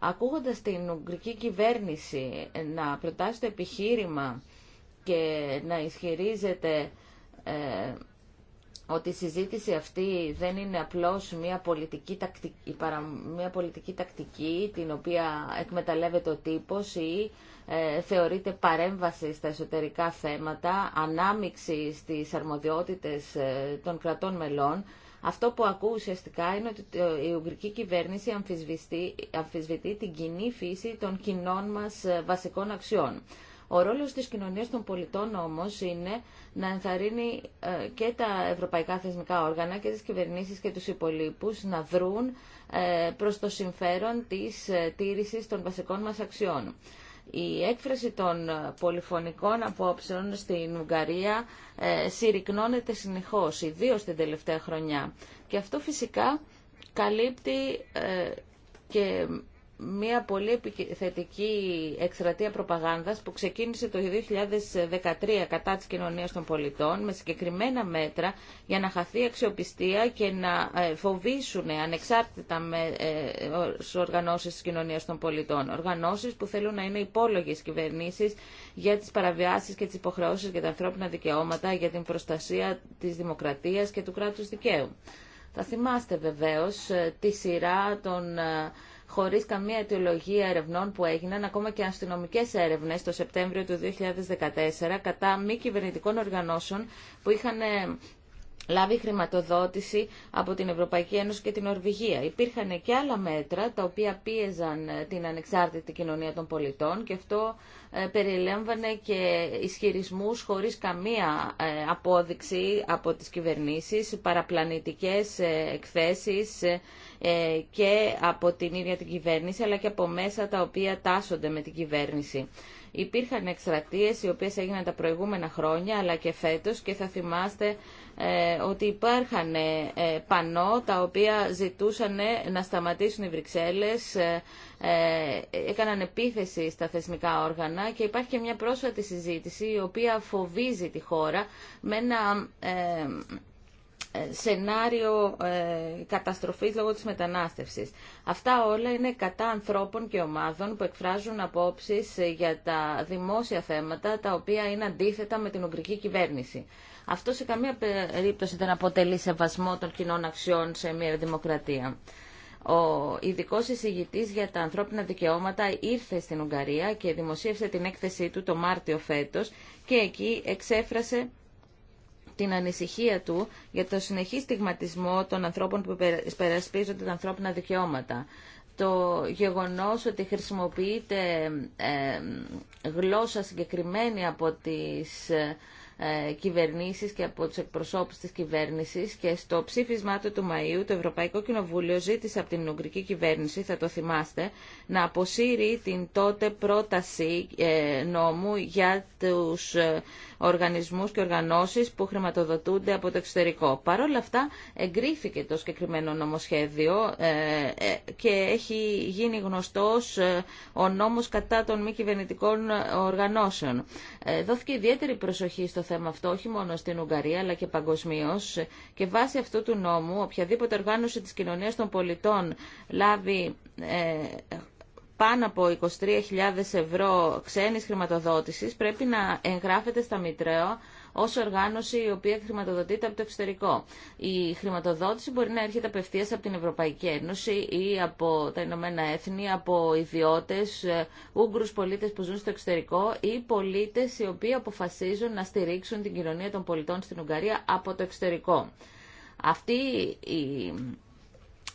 Ακούγοντας την Ουγγρική κυβέρνηση ε, να προτάσει το επιχείρημα και να ισχυρίζεται ε, ότι η συζήτηση αυτή δεν είναι απλώς μια πολιτική τακτική, μια πολιτική τακτική την οποία εκμεταλλεύεται ο τύπος ή ε, θεωρείται παρέμβαση στα εσωτερικά θέματα, ανάμιξη στις αρμοδιότητες ε, των κρατών μελών. Αυτό που ακούω ουσιαστικά είναι ότι ε, η Ουγγρική κυβέρνηση αμφισβητεί την κοινή φύση των κοινών μας βασικών αξιών. Ο ρόλος της κοινωνίας των πολιτών όμως είναι να ενθαρρύνει και τα ευρωπαϊκά θεσμικά όργανα και τις κυβερνήσεις και τους υπολείπους να δρούν προς το συμφέρον της τήρησης των βασικών μας αξιών. Η έκφραση των πολυφωνικών απόψεων στην Ουγγαρία ε, συρρυκνώνεται συνεχώς, ιδίως την τελευταία χρονιά. Και αυτό φυσικά καλύπτει ε, και μια πολύ επιθετική εκστρατεία προπαγάνδας που ξεκίνησε το 2013 κατά της κοινωνίας των πολιτών με συγκεκριμένα μέτρα για να χαθεί αξιοπιστία και να ε, φοβήσουν ανεξάρτητα με ε, οργανώσεις της κοινωνίας των πολιτών. Οργανώσεις που θέλουν να είναι υπόλογες κυβερνήσεις για τις παραβιάσεις και τις υποχρεώσεις για τα ανθρώπινα δικαιώματα, για την προστασία της δημοκρατίας και του κράτους δικαίου. Θα θυμάστε βεβαίως ε, τη σειρά των χωρίς καμία αιτιολογία ερευνών που έγιναν, ακόμα και αστυνομικές έρευνες το Σεπτέμβριο του 2014 κατά μη κυβερνητικών οργανώσεων που είχαν ε, λάβει χρηματοδότηση από την Ευρωπαϊκή Ένωση και την Ορβηγία. Υπήρχαν και άλλα μέτρα τα οποία πίεζαν ε, την ανεξάρτητη κοινωνία των πολιτών και αυτό ε, περιλέμβανε και ισχυρισμούς χωρίς καμία απόδειξη από τις κυβερνήσεις, παραπλανητικές εκθέσεις ε, και από την ίδια την κυβέρνηση, αλλά και από μέσα τα οποία τάσσονται με την κυβέρνηση. Υπήρχαν εκστρατείες οι οποίες έγιναν τα προηγούμενα χρόνια, αλλά και φέτος και θα θυμάστε ε, ότι υπάρχαν ε, πανό τα οποία ζητούσαν να σταματήσουν οι Βρυξέλλες, έκαναν επίθεση στα θεσμικά όργανα και υπάρχει και μια πρόσφατη συζήτηση η οποία φοβίζει τη χώρα με ένα σενάριο ε, καταστροφής λόγω της μετανάστευσης. Αυτά όλα είναι κατά ανθρώπων και ομάδων που εκφράζουν απόψεις για τα δημόσια θέματα τα οποία είναι αντίθετα με την Ουγγρική κυβέρνηση. Αυτό σε καμία περίπτωση δεν αποτελεί σεβασμό των κοινών αξιών σε μια δημοκρατία. Ο ειδικό εισηγητή για τα ανθρώπινα δικαιώματα ήρθε στην Ουγγαρία και δημοσίευσε την έκθεσή του το Μάρτιο φέτο και εκεί εξέφρασε την ανησυχία του για το συνεχή στιγματισμό των ανθρώπων που υπερασπίζονται τα ανθρώπινα δικαιώματα. Το γεγονός ότι χρησιμοποιείται γλώσσα συγκεκριμένη από τις ε, κυβερνήσεις και από τους εκπροσώπους της κυβέρνησης και στο ψήφισμά του του Μαΐου το Ευρωπαϊκό Κοινοβούλιο ζήτησε από την Ουγγρική κυβέρνηση, θα το θυμάστε, να αποσύρει την τότε πρόταση ε, νόμου για τους ε, οργανισμούς και οργανώσεις που χρηματοδοτούνται από το εξωτερικό. Παρ' όλα αυτά εγκρίθηκε το συγκεκριμένο νομοσχέδιο ε, ε, και έχει γίνει γνωστός ε, ο νόμος κατά των μη κυβερνητικών οργανώσεων. Δόθηκε ιδιαίτερη προσοχή στο θέμα αυτό, όχι μόνο στην Ουγγαρία αλλά και παγκοσμίω και βάσει αυτού του νόμου οποιαδήποτε οργάνωση της κοινωνίας των πολιτών λάβει πάνω από 23.000 ευρώ ξένης χρηματοδότησης πρέπει να εγγράφεται στα Μητρέο ως οργάνωση η οποία χρηματοδοτείται από το εξωτερικό. Η χρηματοδότηση μπορεί να έρχεται απευθείας από την Ευρωπαϊκή Ένωση ή από τα Ηνωμένα Έθνη, από ιδιώτες, ε, Ούγγρους πολίτες που ζουν στο εξωτερικό ή πολίτες οι οποίοι αποφασίζουν να στηρίξουν την κοινωνία των πολιτών στην Ουγγαρία από το εξωτερικό. Αυτή η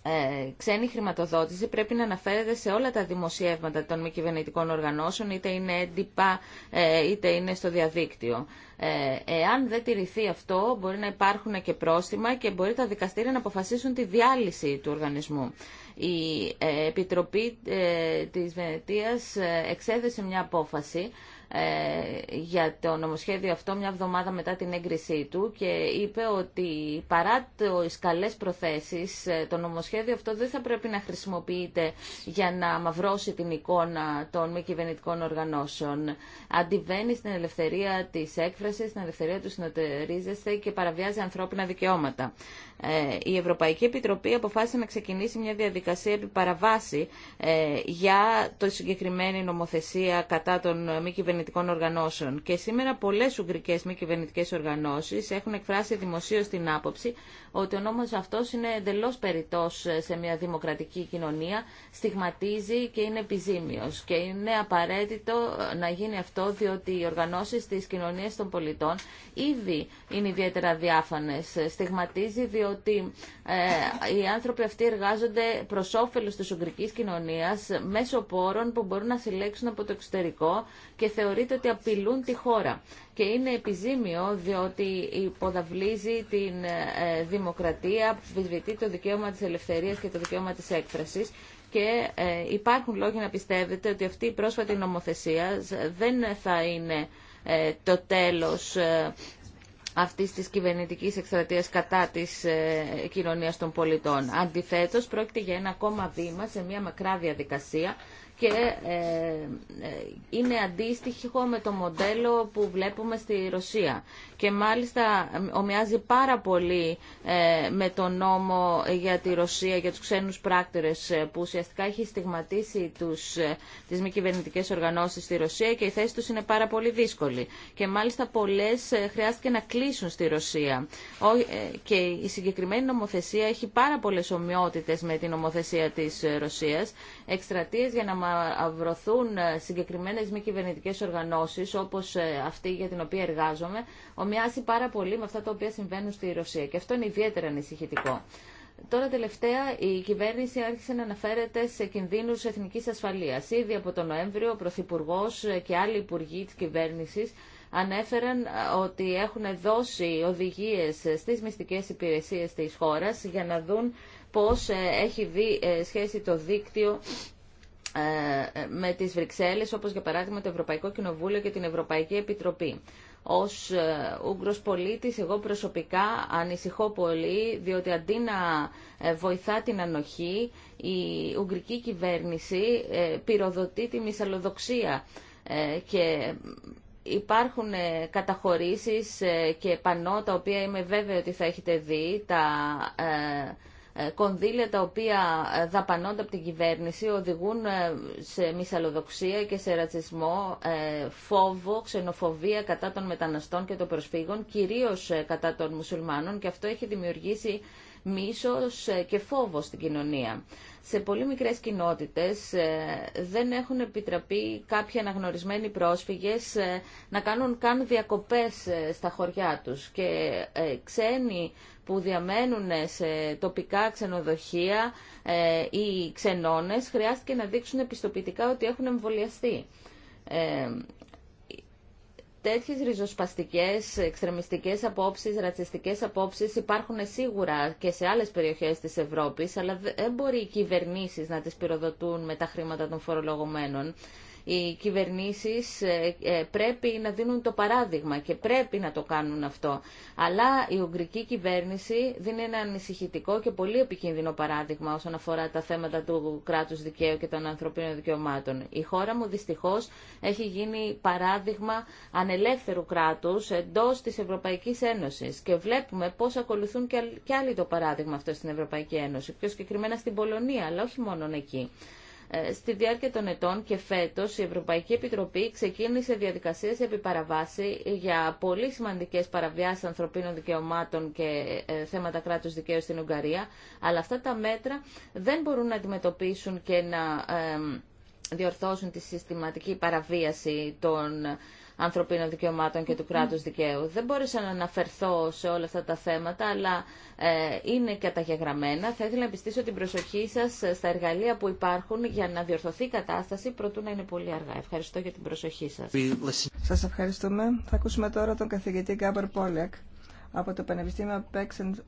ε, ξένη χρηματοδότηση πρέπει να αναφέρεται σε όλα τα δημοσιεύματα των μη κυβερνητικών οργανώσεων, είτε είναι έντυπα, ε, είτε είναι στο διαδίκτυο. Ε, εάν δεν τηρηθεί αυτό, μπορεί να υπάρχουν και πρόστιμα και μπορεί τα δικαστήρια να αποφασίσουν τη διάλυση του οργανισμού. Η ε, Επιτροπή ε, της Βενετίας εξέδεσε μια απόφαση ε, για το νομοσχέδιο αυτό μια εβδομάδα μετά την έγκρισή του και είπε ότι παρά τι καλέ προθέσει, ε, το νομοσχέδιο αυτό δεν θα πρέπει να χρησιμοποιείται για να μαυρώσει την εικόνα των μη κυβερνητικών οργανώσεων. Αντιβαίνει στην ελευθερία τη έκφραση, στην ελευθερία του συνεταιρίζεσθε και παραβιάζει ανθρώπινα δικαιώματα. Ε, η Ευρωπαϊκή Επιτροπή αποφάσισε να ξεκινήσει μια διαδικασία επί παραβάση για το συγκεκριμένη νομοθεσία κατά των μη κυβερνητικών οργανώσεων. Και σήμερα πολλέ ουγγρικέ μη κυβερνητικέ οργανώσει έχουν εκφράσει δημοσίω την άποψη ότι ο νόμο αυτό είναι εντελώ περιττό σε μια δημοκρατική κοινωνία, στιγματίζει και είναι επιζήμιο. Και είναι απαραίτητο να γίνει αυτό διότι οι οργανώσει τη κοινωνία των πολιτών ήδη είναι ιδιαίτερα διάφανε. Στιγματίζει διότι ε, οι άνθρωποι αυτοί εργάζονται προ όφελο τη ουγγρική κοινωνία μέσω πόρων που μπορούν να συλλέξουν από το εξωτερικό θεωρείται ότι απειλούν τη χώρα. Και είναι επιζήμιο διότι υποδαβλίζει την ε, δημοκρατία, βυσβητεί το δικαίωμα της ελευθερίας και το δικαίωμα της έκφρασης και ε, υπάρχουν λόγοι να πιστεύετε ότι αυτή η πρόσφατη νομοθεσία δεν θα είναι ε, το τέλος αυτής της κυβερνητικής εκστρατείας κατά της κοινωνίας των πολιτών. Αντιθέτως, πρόκειται για ένα ακόμα βήμα σε μια μακρά διαδικασία και ε, ε, είναι αντίστοιχο με το μοντέλο που βλέπουμε στη Ρωσία και μάλιστα ομοιάζει πάρα πολύ ε, με τον νόμο για τη Ρωσία, για τους ξένους πράκτορες ε, που ουσιαστικά έχει στιγματίσει τους, ε, τις μη κυβερνητικέ οργανώσεις στη Ρωσία και η θέση τους είναι πάρα πολύ δύσκολη. Και μάλιστα πολλές χρειάστηκε να κλείσουν στη Ρωσία. Και η συγκεκριμένη νομοθεσία έχει πάρα πολλές ομοιότητες με την νομοθεσία της Ρωσίας. Εκστρατείες για να μαυρωθούν συγκεκριμένες μη κυβερνητικέ οργανώσεις όπως αυτή για την οποία εργάζομαι ομοιάζει πάρα πολύ με αυτά τα οποία συμβαίνουν στη Ρωσία. Και αυτό είναι ιδιαίτερα ανησυχητικό. Τώρα τελευταία η κυβέρνηση άρχισε να αναφέρεται σε κινδύνους εθνικής ασφαλείας. Ήδη από τον Νοέμβριο ο Πρωθυπουργό και άλλοι υπουργοί της κυβέρνησης ανέφεραν ε, ότι έχουν δώσει οδηγίες στις μυστικές υπηρεσίες της χώρας για να δουν πώς ε, έχει δει ε, σχέση το δίκτυο με τις Βρυξέλλες, όπως για παράδειγμα το Ευρωπαϊκό Κοινοβούλιο και την Ευρωπαϊκή Επιτροπή. Ως ε, Ούγγρος πολίτης, εγώ προσωπικά ανησυχώ πολύ, διότι αντί να ε, βοηθά την ανοχή, η Ουγγρική κυβέρνηση ε, πυροδοτεί τη μυσαλλοδοξία και υπάρχουν καταχωρήσεις και πανό τα οποία είμαι βέβαιη ότι θα έχετε δει, τα κονδύλια τα οποία ε, δαπανώνται από την κυβέρνηση οδηγούν ε, σε μυσαλλοδοξία και σε ρατσισμό, ε, φόβο, ξενοφοβία κατά των μεταναστών και των προσφύγων, κυρίως κατά των μουσουλμάνων και αυτό έχει δημιουργήσει μίσος και φόβο στην κοινωνία. Σε πολύ μικρές κοινότητες δεν έχουν επιτραπεί κάποιοι αναγνωρισμένοι πρόσφυγες να κάνουν καν διακοπές στα χωριά τους και ξένοι που διαμένουν σε τοπικά ξενοδοχεία ή ε, ξενώνες χρειάστηκε να δείξουν επιστοποιητικά ότι έχουν εμβολιαστεί. Ε, τέτοιες ριζοσπαστικές, εξτρεμιστικές απόψεις, ρατσιστικές απόψεις υπάρχουν σίγουρα και σε άλλες περιοχές της Ευρώπης, αλλά δεν μπορεί οι κυβερνήσεις να τις πυροδοτούν με τα χρήματα των φορολογωμένων. Οι κυβερνήσεις ε, ε, πρέπει να δίνουν το παράδειγμα και πρέπει να το κάνουν αυτό. Αλλά η Ουγγρική κυβέρνηση δίνει ένα ανησυχητικό και πολύ επικίνδυνο παράδειγμα όσον αφορά τα θέματα του κράτους δικαίου και των ανθρωπίνων δικαιωμάτων. Η χώρα μου δυστυχώς έχει γίνει παράδειγμα ανελεύθερου κράτους εντός της Ευρωπαϊκής Ένωσης και βλέπουμε πώς ακολουθούν και άλλοι το παράδειγμα αυτό στην Ευρωπαϊκή Ένωση, πιο συγκεκριμένα στην Πολωνία, αλλά όχι μόνο εκεί. Ε, στη διάρκεια των ετών και φέτος η Ευρωπαϊκή Επιτροπή ξεκίνησε διαδικασίες επί για πολύ σημαντικές παραβιάσεις ανθρωπίνων δικαιωμάτων και ε, θέματα κράτους δικαίου στην Ουγγαρία, αλλά αυτά τα μέτρα δεν μπορούν να αντιμετωπίσουν και να ε, διορθώσουν τη συστηματική παραβίαση των ανθρωπίνων δικαιωμάτων και του κράτους δικαίου. Δεν μπόρεσα να αναφερθώ σε όλα αυτά τα θέματα, αλλά ε, είναι καταγεγραμμένα. Θα ήθελα να πιστήσω την προσοχή σας στα εργαλεία που υπάρχουν για να διορθωθεί η κατάσταση, προτού να είναι πολύ αργά. Ευχαριστώ για την προσοχή σας. Σας ευχαριστούμε. Θα ακούσουμε τώρα τον καθηγητή Γκάμπερ από το Πανεπιστήμιο Πέξεν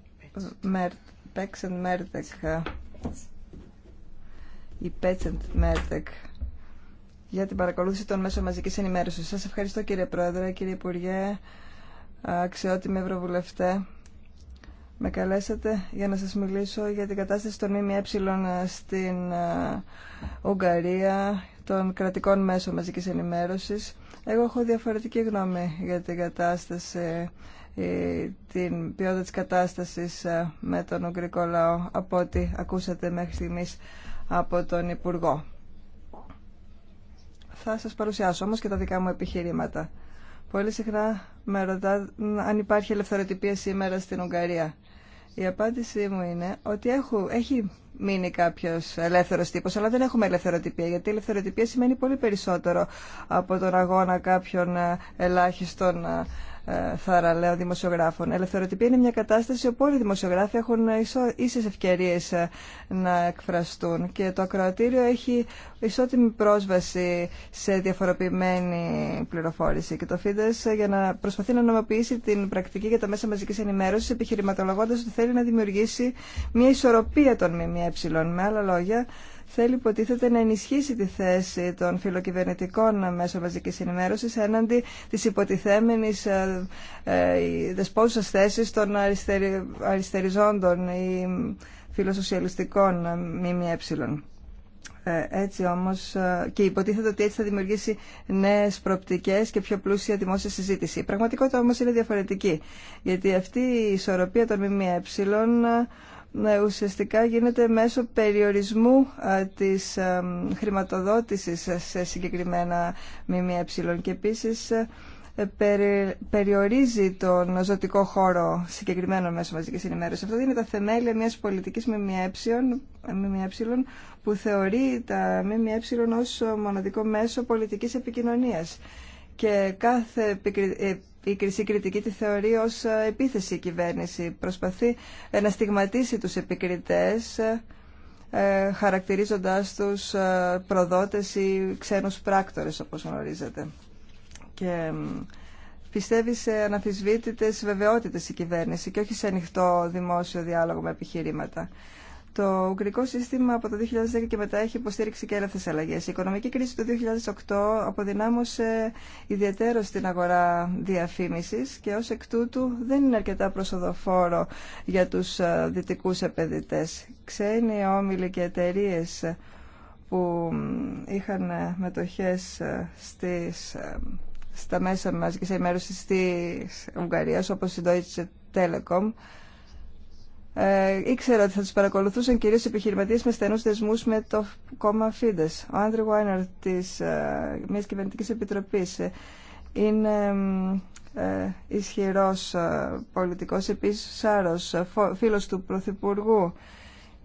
για την παρακολούθηση των μέσων μαζική ενημέρωση. Σας ευχαριστώ κύριε Πρόεδρε, κύριε Υπουργέ, αξιότιμοι Ευρωβουλευτέ. Με καλέσατε για να σας μιλήσω για την κατάσταση των ΜΜΕ στην ε, Ουγγαρία, των κρατικών μέσων μαζικής ενημέρωσης. Εγώ έχω διαφορετική γνώμη για την κατάσταση, ε, την ποιότητα της κατάστασης ε, με τον Ουγγρικό λαό από ό,τι ακούσατε μέχρι στιγμής από τον Υπουργό θα σας παρουσιάσω όμως και τα δικά μου επιχειρήματα. Πολύ συχνά με ρωτά αν υπάρχει ελευθεροτυπία σήμερα στην Ουγγαρία. Η απάντησή μου είναι ότι έχω, έχει μείνει κάποιο ελεύθερο τύπο, αλλά δεν έχουμε ελευθεροτυπία. Γιατί η ελευθεροτυπία σημαίνει πολύ περισσότερο από τον αγώνα κάποιων ε, ελάχιστων ε, ε, θαραλέων δημοσιογράφων. Ελευθερωτική είναι μια κατάσταση όπου όλοι οι δημοσιογράφοι έχουν ίσες ευκαιρίες ε, να εκφραστούν και το ακροατήριο έχει ισότιμη πρόσβαση σε διαφοροποιημένη πληροφόρηση και το ΦΙΔΕΣ για να προσπαθεί να νομοποιήσει την πρακτική για τα μέσα μαζικής ενημέρωση, επιχειρηματολογώντα ότι θέλει να δημιουργήσει μια ισορροπία των ΜΜΕ. Με άλλα λόγια, θέλει υποτίθεται να ενισχύσει τη θέση των φιλοκυβερνητικών μέσων μαζική ενημέρωση έναντι της υποτιθέμενης ε, ε, δεσπόζουσα θέσης των αριστεριζόντων ή φιλοσοσιαλιστικών ε, ΜΜΕ. Έτσι όμως και υποτίθεται ότι έτσι θα δημιουργήσει νέες προπτικές και πιο πλούσια δημόσια συζήτηση. Η πραγματικότητα όμως είναι διαφορετική, γιατί αυτή η ισορροπία των ΜΜΕ ουσιαστικά γίνεται μέσω περιορισμού της χρηματοδότησης σε συγκεκριμένα ΜΜΕ και επίσης περιορίζει τον ζωτικό χώρο συγκεκριμένων μέσω μαζικής ενημέρωση. Αυτό είναι τα θεμέλια μιας πολιτικής ΜΜΕ, που θεωρεί τα ΜΜΕ ως μοναδικό μέσο πολιτικής επικοινωνίας. Και κάθε ε, η κρισή κριτική τη θεωρεί ως ε, επίθεση η κυβέρνηση. Προσπαθεί ε, να στιγματίσει τους επικριτές ε, χαρακτηρίζοντας τους προδότες ή ξένους πράκτορες όπως γνωρίζετε. Και πιστεύει σε αναφυσβήτητες βεβαιότητες η κυβέρνηση και όχι σε ανοιχτό δημόσιο διάλογο με επιχειρήματα. Το ουγγρικό σύστημα από το 2010 και μετά έχει υποστήριξει και έλευθε αλλαγέ. Η οικονομική κρίση του 2008 αποδυνάμωσε ιδιαίτερο στην αγορά διαφήμιση και ω εκ τούτου δεν είναι αρκετά προσοδοφόρο για του ε, δυτικού επενδυτέ. Ξένοι όμιλοι και εταιρείε που είχαν μετοχές ε, ε, στα μέσα μας και σε ενημέρωση τη Ουγγαρία, όπω η Deutsche Telekom ε, ήξερα ότι θα του παρακολουθούσαν οι επιχειρηματίε με στενού δεσμού με το κόμμα Φίδε. Ο Άντρι Βάινερ τη ε, Μια Κυβερνητική Επιτροπή, ε, είναι ε, ισχυρός ε, πολιτικός, επίσης Σάρος, ε, φίλος του Πρωθυπουργού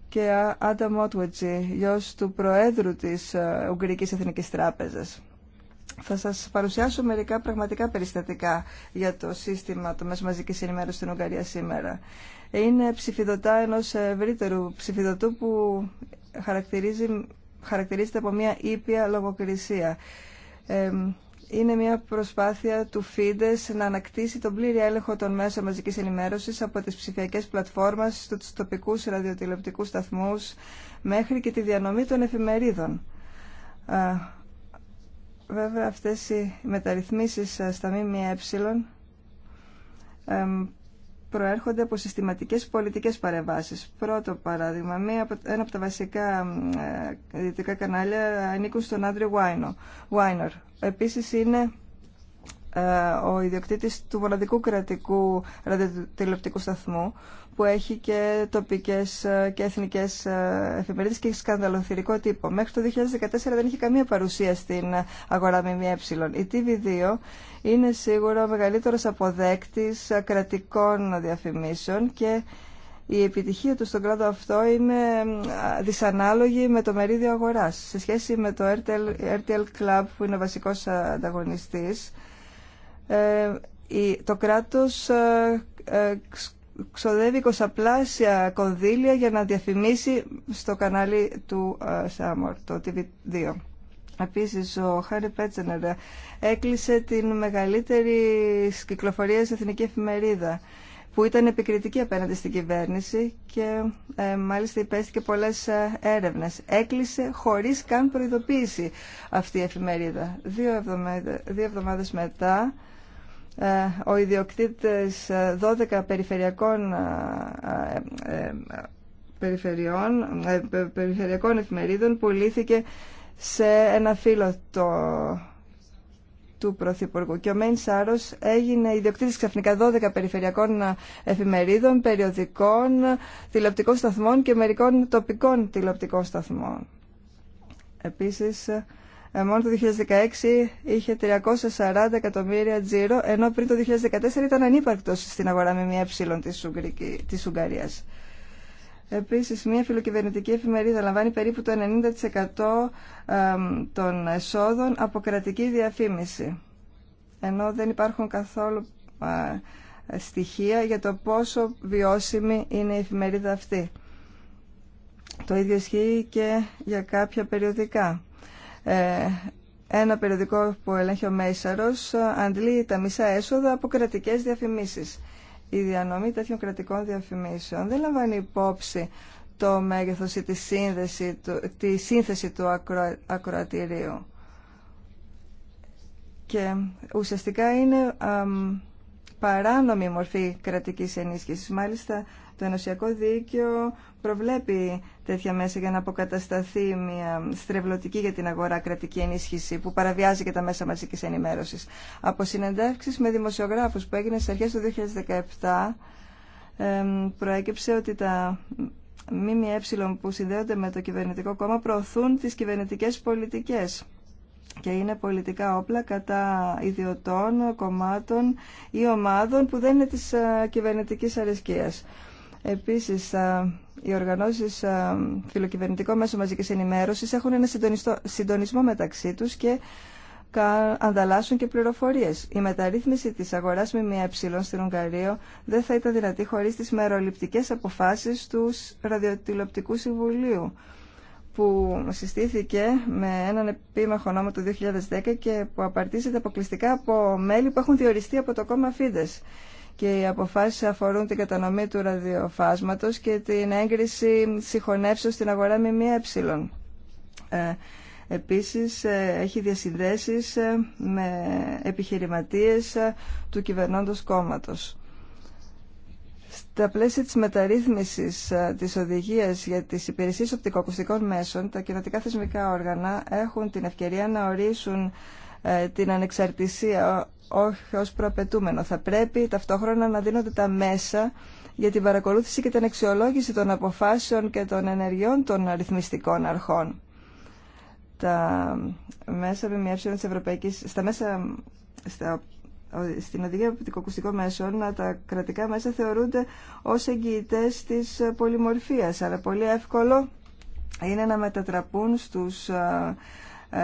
και Άντα Μότουετζη, γιο του Προέδρου της ε, Ουγγρική Εθνική Τράπεζα. Θα σας παρουσιάσω μερικά πραγματικά περιστατικά για το σύστημα του μέσου μαζικής ενημέρωσης στην Ουγγαρία σήμερα είναι ψηφιδωτά ενός ευρύτερου ψηφιδωτού που χαρακτηρίζει, χαρακτηρίζεται από μια ήπια λογοκρισία. Ε, είναι μια προσπάθεια του ΦΙΝΤΕΣ να ανακτήσει τον πλήρη έλεγχο των μέσων μαζικής ενημέρωσης από τις ψηφιακές πλατφόρμες, στους τοπικούς ραδιοτηλεοπτικούς σταθμούς, μέχρι και τη διανομή των εφημερίδων ε, βέβαια αυτές οι μεταρρυθμίσεις ε, στα ΜΜΕ προέρχονται από συστηματικές πολιτικές παρεμβάσεις. Πρώτο παράδειγμα, μία, ένα από τα βασικά ε, ε, δυτικά κανάλια ανήκουν στον Άντριο Βάινορ. Επίσης είναι ε, ο ιδιοκτήτης του μοναδικού κρατικού ραδιοτηλεοπτικού σταθμού που έχει και τοπικές ε, και εθνικές ε, εφημερίδες και έχει σκανδαλοθυρικό τύπο. Μέχρι το 2014 δεν είχε καμία παρουσία στην αγορά ΜΜΕ. Η TV2 είναι σίγουρα ο μεγαλύτερος αποδέκτης κρατικών διαφημίσεων και η επιτυχία του στον κλάδο αυτό είναι δυσανάλογη με το μερίδιο αγοράς. Σε σχέση με το RTL, RTL Club που είναι ο βασικός ανταγωνιστής, ε, το κράτος ε, ε, ξοδεύει κοσαπλάσια κονδύλια για να διαφημίσει στο κανάλι του Σάμορ, το TV2. Επίσης, ο Χάρη Πέτσενερ έκλεισε την μεγαλύτερη κυκλοφορία στην Εθνική Εφημερίδα που ήταν επικριτική απέναντι στην κυβέρνηση και ε, μάλιστα υπέστηκε πολλές έρευνες. Έκλεισε χωρίς καν προειδοποίηση αυτή η εφημερίδα. Δύο εβδομάδες μετά ε, ο ιδιοκτήτης 12 ε, περιφερειακών ε, περιφερειών, περιφερειακών εφημερίδων που πουλήθηκε σε ένα φίλο του Πρωθυπουργού. Και ο Μέιν Σάρος έγινε ιδιοκτήτης ξαφνικά 12 περιφερειακών εφημερίδων, περιοδικών, τηλεοπτικών σταθμών και μερικών τοπικών τηλεοπτικών σταθμών. Επίσης, ε, μόνο το 2016 είχε 340 εκατομμύρια τζίρο, ενώ πριν το 2014 ήταν ανύπαρκτος στην αγορά με μία εψίλον της, της Επίση, Επίσης, μια φιλοκυβερνητική εφημερίδα λαμβάνει περίπου το 90% των εσόδων από κρατική διαφήμιση, ενώ δεν υπάρχουν καθόλου στοιχεία για το πόσο βιώσιμη είναι η εφημερίδα αυτή. Το ίδιο ισχύει και για κάποια περιοδικά. Ε, ένα περιοδικό που ελέγχει ο Μέισαρος ε, αντλεί τα μισά έσοδα από κρατικές διαφημίσεις. Η διανομή τέτοιων κρατικών διαφημίσεων δεν λαμβάνει υπόψη το μέγεθος ή τη, τη σύνθεση του ακροατηρίου. Και ουσιαστικά είναι παράνομη μορφή κρατικής ενίσχυσης. Μάλιστα το ενωσιακό δίκαιο προβλέπει τέτοια μέσα για να αποκατασταθεί μια στρεβλωτική για την αγορά κρατική ενίσχυση που παραβιάζει και τα μέσα μαζικής ενημέρωσης. Από συνεντεύξεις με δημοσιογράφους που έγινε στις αρχές του 2017 προέκυψε ότι τα ΜΜΕ που συνδέονται με το κυβερνητικό κόμμα προωθούν τις κυβερνητικές πολιτικές και είναι πολιτικά όπλα κατά ιδιωτών, κομμάτων ή ομάδων που δεν είναι της ε, κυβερνητικής αρεσκίας. Επίσης, οι οργανώσεις φιλοκυβερνητικών μέσω μαζικής ενημέρωσης έχουν ένα συντονισμό μεταξύ τους και ανταλλάσσουν και πληροφορίες. Η μεταρρύθμιση της αγοράς ΜΜΕ στην Ουγγαρία δεν θα ήταν δυνατή χωρίς τις μεροληπτικές αποφάσεις του Ραδιοτηλεοπτικού Συμβουλίου που συστήθηκε με έναν επίμαχο νόμο του 2010 και που απαρτίζεται αποκλειστικά από μέλη που έχουν διοριστεί από το κόμμα Φίδες και οι αποφάσεις αφορούν την κατανομή του ραδιοφάσματος και την έγκριση συγχωνεύσεως στην αγορά ΜΜΕ. Ε, επίσης, ε, έχει διασυνδέσεις ε, με επιχειρηματίες ε, του κυβερνώντος κόμματος. Στα πλαίσια της μεταρρύθμισης της οδηγίας για τις υπηρεσίες οπτικοακουστικών μέσων, τα κοινοτικά θεσμικά όργανα έχουν την ευκαιρία να ορίσουν την ανεξαρτησία όχι ως προαπαιτούμενο. Θα πρέπει ταυτόχρονα να δίνονται τα μέσα για την παρακολούθηση και την αξιολόγηση των αποφάσεων και των ενεργειών των αριθμιστικών αρχών. Τα μέσα ΜΜΕ της Ευρωπαϊκής, στα μέσα, στα, στην οδηγία μέσων, τα κρατικά μέσα θεωρούνται ως εγγυητές της πολυμορφίας, αλλά πολύ εύκολο είναι να μετατραπούν στους ε, ε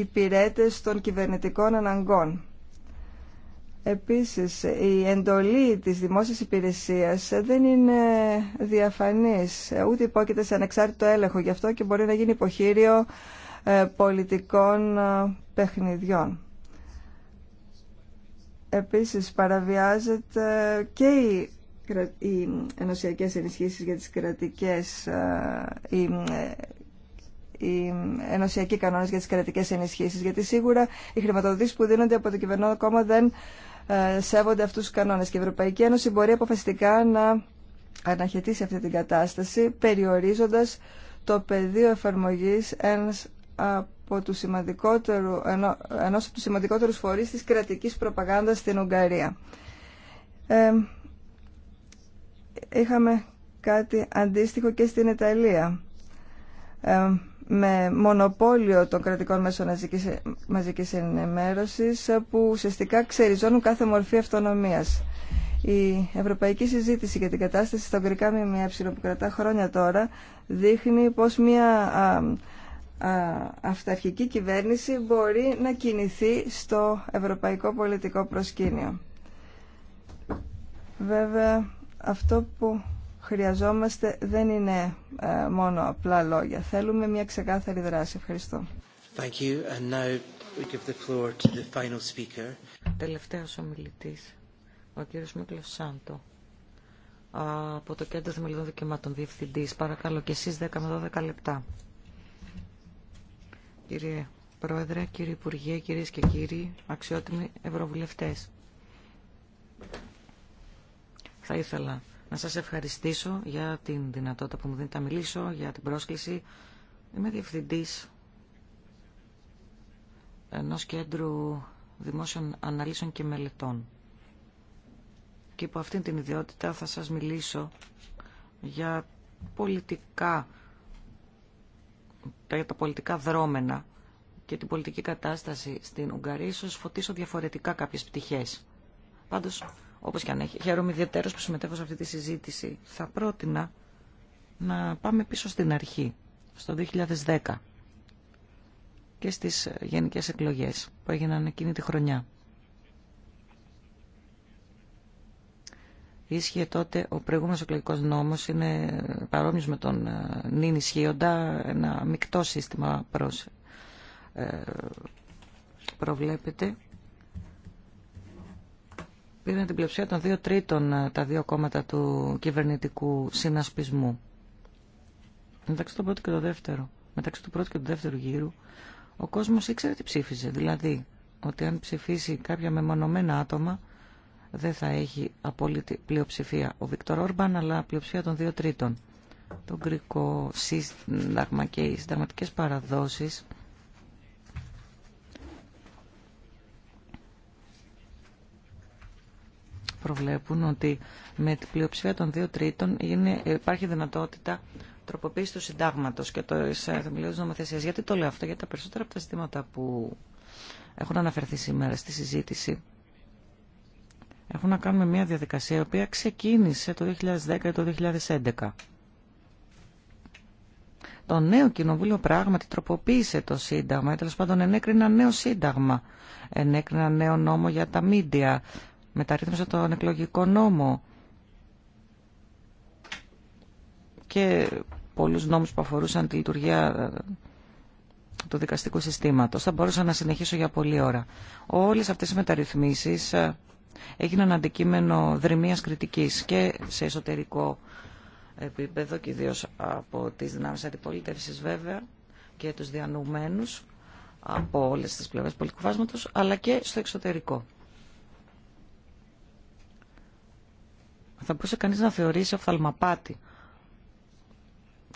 υπηρέτες των κυβερνητικών αναγκών. Επίσης, η εντολή της δημόσιας υπηρεσίας δεν είναι διαφανής, ούτε υπόκειται σε ανεξάρτητο έλεγχο. Γι' αυτό και μπορεί να γίνει υποχείριο ε, πολιτικών ε, παιχνιδιών. Επίσης, παραβιάζεται και η οι ενωσιακές ενισχύσεις για τις κρατικές ε, οι, οι ενωσιακοί κανόνες για τις κρατικές ενισχύσεις γιατί σίγουρα οι χρηματοδοτήσεις που δίνονται από το κυβερνό κόμμα δεν ε, σέβονται αυτούς τους κανόνες. Και η Ευρωπαϊκή Ένωση μπορεί αποφασιστικά να αναχαιτήσει αυτή την κατάσταση, περιορίζοντας το πεδίο εφαρμογής ένας από του σημαντικότερου, ενός από τους σημαντικότερους φορείς της κρατικής προπαγάνδας στην Ουγγαρία. Ε, είχαμε κάτι αντίστοιχο και στην Ιταλία. Ε, με μονοπόλιο των κρατικών μέσων μαζικής ενημέρωσης που ουσιαστικά ξεριζώνουν κάθε μορφή αυτονομίας. Η ευρωπαϊκή συζήτηση για την κατάσταση στα ουγγρικά ΜΜΕ που κρατά χρόνια τώρα δείχνει πως μια αυταρχική κυβέρνηση μπορεί να κινηθεί στο ευρωπαϊκό πολιτικό προσκήνιο. Βέβαια, αυτό που χρειαζόμαστε δεν είναι ε, μόνο απλά λόγια. Θέλουμε μια ξεκάθαρη δράση. Ευχαριστώ. Thank you. And now we give the floor to the final speaker. Τελευταίος ομιλητής, ο κύριος Μίκλος Σάντο από το Κέντρο Θεμελιδών Δικαιωμάτων Διευθυντής. Παρακαλώ και εσείς 10 με 12 λεπτά. Κύριε Πρόεδρε, κύριε Υπουργέ, κυρίες και κύριοι, αξιότιμοι Ευρωβουλευτές. Θα ήθελα να σας ευχαριστήσω για την δυνατότητα που μου δίνετε να μιλήσω, για την πρόσκληση. Είμαι διευθυντής ενός κέντρου δημόσιων αναλύσεων και μελετών. Και υπό αυτήν την ιδιότητα θα σας μιλήσω για πολιτικά για τα πολιτικά δρόμενα και την πολιτική κατάσταση στην Ουγγαρία ίσως φωτίσω διαφορετικά κάποιες πτυχές. Πάντως όπως και αν έχει. Χαίρομαι ιδιαίτερως που συμμετέχω σε αυτή τη συζήτηση. Θα πρότεινα να πάμε πίσω στην αρχή, στο 2010 και στις γενικές εκλογές που έγιναν εκείνη τη χρονιά. Ίσχυε τότε ο προηγούμενος εκλογικό νόμος, είναι παρόμοιος με τον ε, νυν ισχύοντα, ένα μεικτό σύστημα προς ε, προβλέπεται πήραν την πλειοψηφία των δύο τρίτων ε, τα δύο κόμματα του κυβερνητικού συνασπισμού. Μεταξύ του πρώτου και του δεύτερου Μεταξύ του πρώτου και του δεύτερου γύρου, ο κόσμος ήξερε τι ψήφιζε. Δηλαδή, ότι αν ψηφίσει κάποια μεμονωμένα άτομα, δεν θα έχει απόλυτη πλειοψηφία ο Βίκτορ Όρμπαν, αλλά πλειοψηφία των δύο τρίτων. Το γκρικό σύνταγμα και οι συνταγματικέ παραδόσει. προβλέπουν ότι με την πλειοψηφία των δύο τρίτων είναι, υπάρχει δυνατότητα τροποποίηση του συντάγματο και τη θεμελιώδη νομοθεσία. Γιατί το λέω αυτό, Γιατί τα περισσότερα από τα ζητήματα που έχουν αναφερθεί σήμερα στη συζήτηση έχουν να κάνουν με μια διαδικασία η οποία ξεκίνησε το 2010 ή το 2011. Το νέο κοινοβούλιο πράγματι τροποποίησε το Σύνταγμα, τέλο πάντων ενέκρινε νέο Σύνταγμα, ενέκρινε νέο νόμο για τα μίντια, μεταρρύθμισε τον εκλογικό νόμο και πολλούς νόμους που αφορούσαν τη λειτουργία ε, του δικαστικού συστήματος. Θα μπορούσα να συνεχίσω για πολλή ώρα. Όλες αυτές οι μεταρρυθμίσεις ε, έγιναν αντικείμενο δρυμίας κριτικής και σε εσωτερικό επίπεδο και ιδίω από τις δυνάμεις αντιπολίτευσης βέβαια και τους διανοουμένους από όλες τις πλευρές πολιτικού αλλά και στο εξωτερικό. θα μπορούσε κανείς να θεωρήσει οφθαλμαπάτη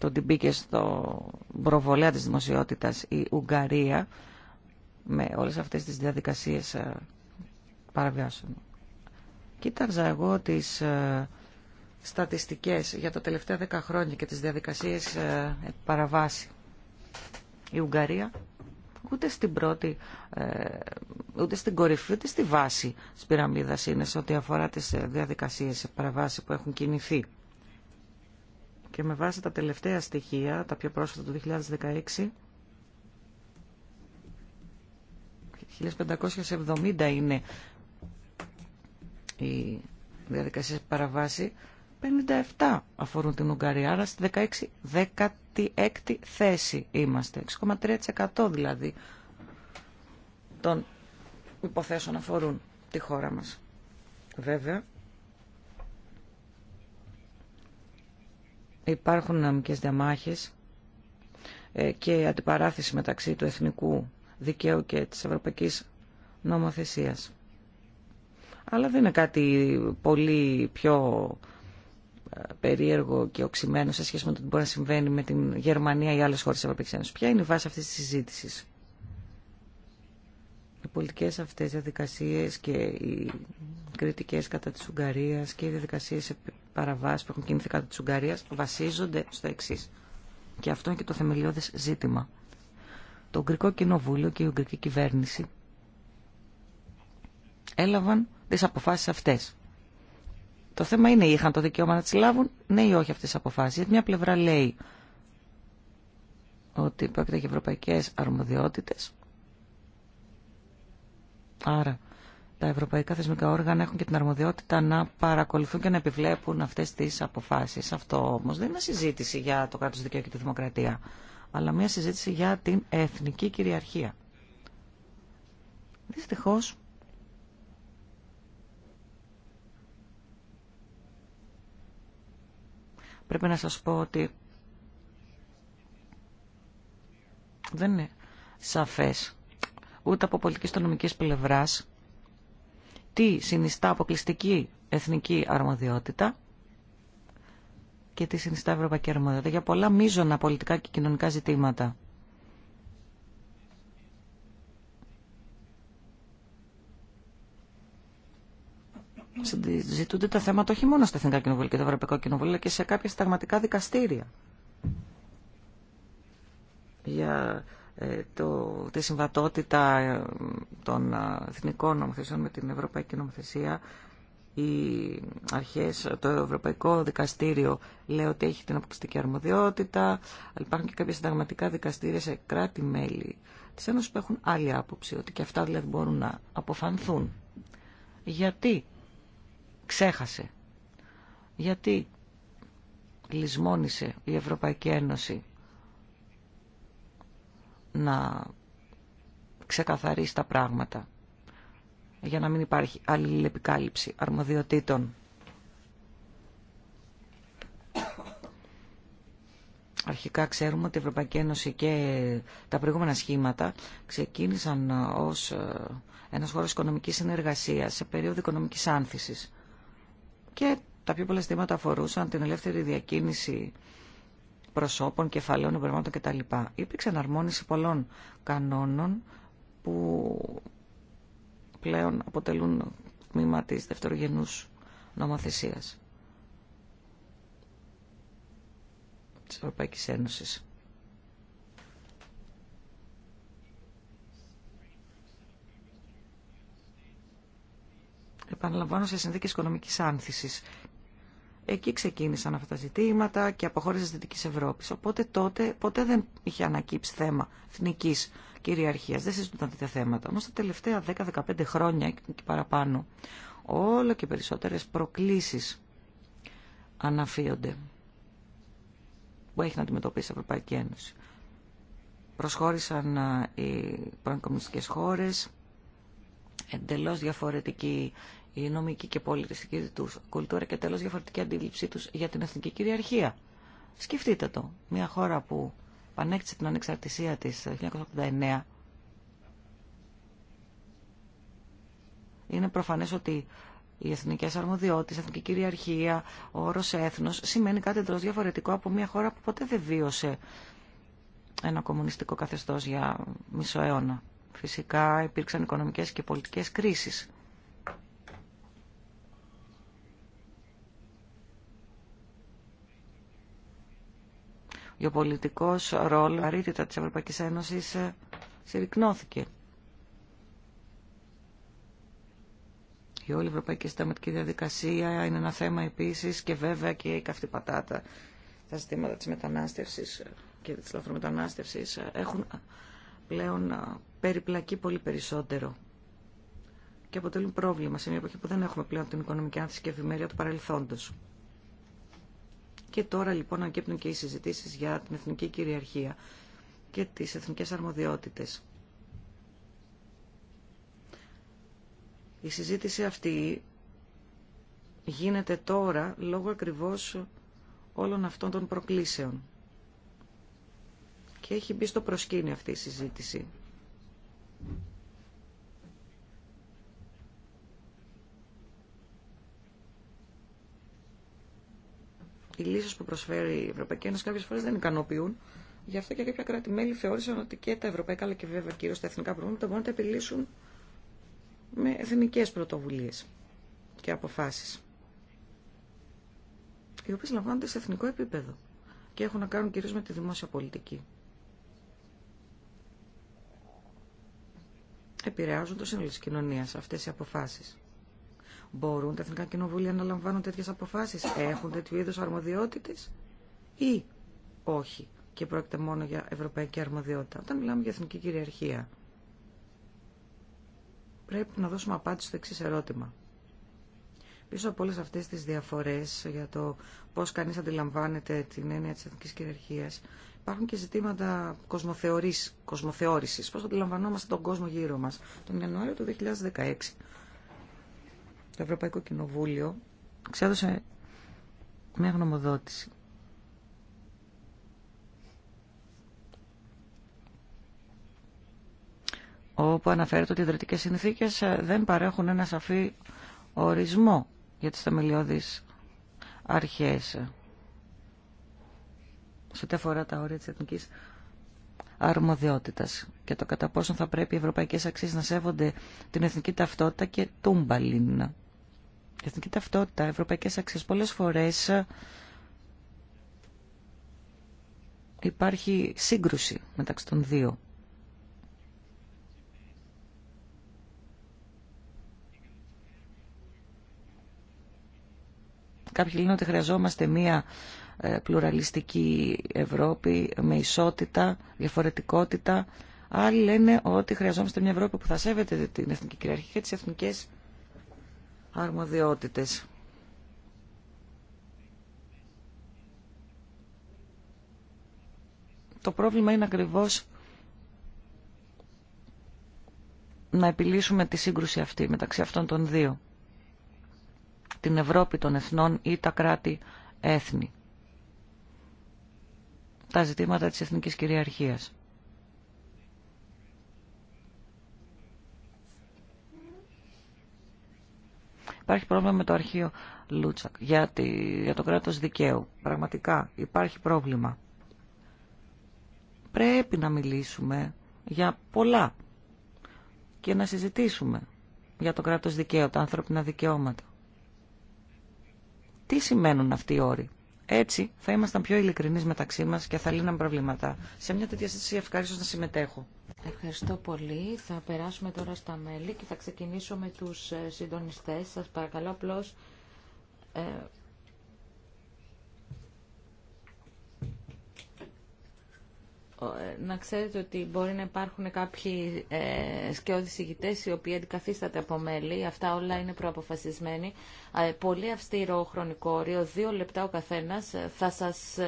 το ότι μπήκε στο προβολέα της δημοσιότητας η Ουγγαρία με όλες αυτές τις διαδικασίες ε, παραβιάσεων. Κοίταξα εγώ τις ε, στατιστικές για τα τελευταία δέκα χρόνια και τις διαδικασίες ε, παραβάση. Η Ουγγαρία ούτε στην πρώτη, ε, ούτε στην κορυφή, ούτε στη βάση της πυραμίδας είναι σε ό,τι αφορά τις ε, διαδικασίες, σε που έχουν κινηθεί. Και με βάση τα τελευταία στοιχεία, τα πιο πρόσφατα του 2016, 1570 είναι οι διαδικασία παραβάση 57 αφορούν την Ουγγαρία, άρα στη 16, η θέση είμαστε. 6,3% δηλαδή των υποθέσεων αφορούν τη χώρα μας. Βέβαια, υπάρχουν δυναμικές διαμάχες ε, και αντιπαράθεση μεταξύ του εθνικού δικαίου και της ευρωπαϊκής νομοθεσίας. Αλλά δεν είναι κάτι πολύ πιο περίεργο και οξυμένο σε σχέση με το τι μπορεί να συμβαίνει με την Γερμανία ή άλλε χώρε τη Ευρωπαϊκή Ένωση. Ποια είναι η βάση αυτή τη συζήτηση. Οι πολιτικέ αυτέ διαδικασίε και οι κριτικέ κατά τη Ουγγαρία και οι διαδικασίε παραβάσει που έχουν κινηθεί κατά τη Ουγγαρία βασίζονται στο εξή. Και αυτό είναι και το θεμελιώδε ζήτημα. Το Ουγγρικό Κοινοβούλιο και η Ουγγρική Κυβέρνηση έλαβαν τι αποφάσει αυτέ το θέμα είναι, είχαν το δικαίωμα να τι λάβουν, ναι ή όχι αυτέ τι αποφάσει. Γιατί μια πλευρά λέει ότι πρόκειται για ευρωπαϊκές αρμοδιότητες. Άρα, τα ευρωπαϊκά θεσμικά όργανα έχουν και την αρμοδιότητα να παρακολουθούν και να επιβλέπουν αυτές τις αποφάσεις. Αυτό όμω δεν είναι συζήτηση για το κράτο δικαίου και τη δημοκρατία, αλλά μια συζήτηση για την εθνική κυριαρχία. Δυστυχώ. Πρέπει να σας πω ότι δεν είναι σαφές ούτε από πολιτικής και νομική πλευράς τι συνιστά αποκλειστική εθνική αρμοδιότητα και τι συνιστά ευρωπαϊκή αρμοδιότητα για πολλά μείζωνα πολιτικά και κοινωνικά ζητήματα. ζητούνται τα θέματα όχι μόνο στα Εθνικά Κοινοβούλια και το Ευρωπαϊκό Κοινοβούλιο, αλλά και σε κάποια συνταγματικά δικαστήρια για ε, το, τη συμβατότητα ε, των ε, εθνικών νομοθεσιών με την Ευρωπαϊκή Νομοθεσία. Οι αρχές, το Ευρωπαϊκό Δικαστήριο λέει ότι έχει την αποκλειστική αρμοδιότητα, αλλά υπάρχουν και κάποια συνταγματικά δικαστήρια σε κράτη-μέλη της Ένωσης που έχουν άλλη άποψη, ότι και αυτά δηλαδή μπορούν να αποφανθούν. Γιατί ξέχασε. Γιατί λησμόνησε η Ευρωπαϊκή Ένωση να ξεκαθαρίσει τα πράγματα για να μην υπάρχει αλληλεπικάλυψη αρμοδιοτήτων. Αρχικά ξέρουμε ότι η Ευρωπαϊκή Ένωση και τα προηγούμενα σχήματα ξεκίνησαν ως ε, ένας χώρος οικονομικής συνεργασίας σε περίοδο οικονομικής άνθησης και τα πιο πολλά ζητήματα αφορούσαν την ελεύθερη διακίνηση προσώπων, κεφαλαίων, εμπνευμάτων κτλ. Υπήρξε αναρμόνιση πολλών κανόνων που πλέον αποτελούν τμήμα της δευτερογενούς νομοθεσίας της Ευρωπαϊκής Ένωσης. επαναλαμβάνω, σε συνθήκε οικονομική άνθηση. Εκεί ξεκίνησαν αυτά τα ζητήματα και αποχώρησε τη Δυτική Ευρώπη. Οπότε τότε ποτέ δεν είχε ανακύψει θέμα εθνική κυριαρχία. Δεν συζητούνταν τέτοια θέματα. Όμως τα τελευταία 10-15 χρόνια και παραπάνω όλο και περισσότερε προκλήσει αναφύονται που έχει να αντιμετωπίσει η Ευρωπαϊκή Ένωση. Προσχώρησαν οι πρώην χώρες, εντελώς διαφορετική η νομική και πολιτιστική του κουλτούρα και τέλος διαφορετική αντίληψή τους για την εθνική κυριαρχία. Σκεφτείτε το. Μια χώρα που πανέκτησε την ανεξαρτησία της το 1989 είναι προφανές ότι οι εθνικέ αρμοδιότητε, η εθνική κυριαρχία, ο όρο έθνο σημαίνει κάτι εντελώ διαφορετικό από μια χώρα που ποτέ δεν βίωσε ένα κομμουνιστικό καθεστώ για μισό αιώνα. Φυσικά υπήρξαν οικονομικέ και πολιτικέ κρίσει ο πολιτικός ρόλος, αρήτητα της Ευρωπαϊκής Ένωσης ε, συρρυκνώθηκε. Η όλη ευρωπαϊκή συνταγματική διαδικασία είναι ένα θέμα επίσης και βέβαια και η καυτή πατάτα. Τα ζητήματα της μετανάστευσης ε, και της λαθρομετανάστευσης ε, έχουν πλέον περιπλακεί πολύ περισσότερο και αποτελούν πρόβλημα σε μια εποχή που δεν έχουμε πλέον την οικονομική άνθηση και ευημερία του παρελθόντος. Και τώρα λοιπόν ανακύπτουν και οι συζητήσεις για την εθνική κυριαρχία και τις εθνικές αρμοδιότητες. Η συζήτηση αυτή γίνεται τώρα λόγω ακριβώς όλων αυτών των προκλήσεων. Και έχει μπει στο προσκήνιο αυτή η συζήτηση. λύσει που προσφέρει η Ευρωπαϊκή Ένωση κάποιε φορές δεν ικανοποιούν. Γι' αυτό και κάποια κράτη-μέλη θεώρησαν ότι και τα ευρωπαϊκά αλλά και βέβαια κυρίως τα εθνικά προβλήματα μπορούν να τα επιλύσουν με εθνικέ πρωτοβουλίες και αποφάσεις. Οι οποίε λαμβάνονται σε εθνικό επίπεδο και έχουν να κάνουν κυρίως με τη δημόσια πολιτική. Επηρεάζουν το σύνολο τη κοινωνία αυτέ οι αποφάσει. Μπορούν τα Εθνικά Κοινοβούλια να λαμβάνουν τέτοιες αποφάσεις, έχουν τέτοιου είδους αρμοδιότητες ή όχι και πρόκειται μόνο για ευρωπαϊκή αρμοδιότητα. Όταν μιλάμε για εθνική κυριαρχία, πρέπει να δώσουμε απάντηση στο εξή ερώτημα. Πίσω από όλες αυτές τις διαφορές για το πώς κανείς αντιλαμβάνεται την έννοια της εθνικής κυριαρχίας, υπάρχουν και ζητήματα κοσμοθεώρησης, πώς αντιλαμβανόμαστε τον κόσμο γύρω μας. Τον Ιανουάριο του 2016, το Ευρωπαϊκό Κοινοβούλιο ξέδωσε μια γνωμοδότηση. όπου αναφέρεται ότι οι ιδρυτικές συνθήκες ε, δεν παρέχουν ένα σαφή ορισμό για τις θεμελιώδεις αρχές σε ό,τι αφορά τα όρια της εθνικής αρμοδιότητας και το κατά πόσο θα πρέπει οι ευρωπαϊκές αξίες να σέβονται την εθνική ταυτότητα και τούμπαλιν η εθνική ταυτότητα, ευρωπαϊκές αξίες, πολλές φορές ε, υπάρχει σύγκρουση μεταξύ των δύο. Κάποιοι λένε ότι χρειαζόμαστε μία ε, πλουραλιστική Ευρώπη με ισότητα, διαφορετικότητα. Άλλοι λένε ότι χρειαζόμαστε μια Ευρώπη που θα σέβεται την εθνική κυριαρχία και τις εθνικές αρμοδιότητες. Το πρόβλημα είναι ακριβώς να επιλύσουμε τη σύγκρουση αυτή μεταξύ αυτών των δύο. Την Ευρώπη των εθνών ή τα κράτη-έθνη. Τα ζητήματα της εθνικής κυριαρχίας. Υπάρχει πρόβλημα με το αρχείο Λούτσακ για, για το κράτος δικαίου. Πραγματικά υπάρχει πρόβλημα. Πρέπει να μιλήσουμε για πολλά και να συζητήσουμε για το κράτος δικαίου, τα ανθρώπινα δικαιώματα. Τι σημαίνουν αυτοί οι όροι. Έτσι θα ήμασταν πιο ειλικρινεί μεταξύ μα και θα λύναμε προβλήματα. Σε μια τέτοια συζήτηση ευχαρίστω να συμμετέχω. Ευχαριστώ πολύ. Θα περάσουμε τώρα στα μέλη και θα ξεκινήσω με του ε, συντονιστέ. Σα παρακαλώ απλώ ε, Ε, να ξέρετε ότι μπορεί να υπάρχουν κάποιοι ε, σκιώδεις ηγητές οι οποίοι αντικαθίσταται από μέλη. Αυτά όλα είναι προαποφασισμένοι. Ε, πολύ αυστηρό χρονικό όριο, δύο λεπτά ο καθένας. Ε, θα σας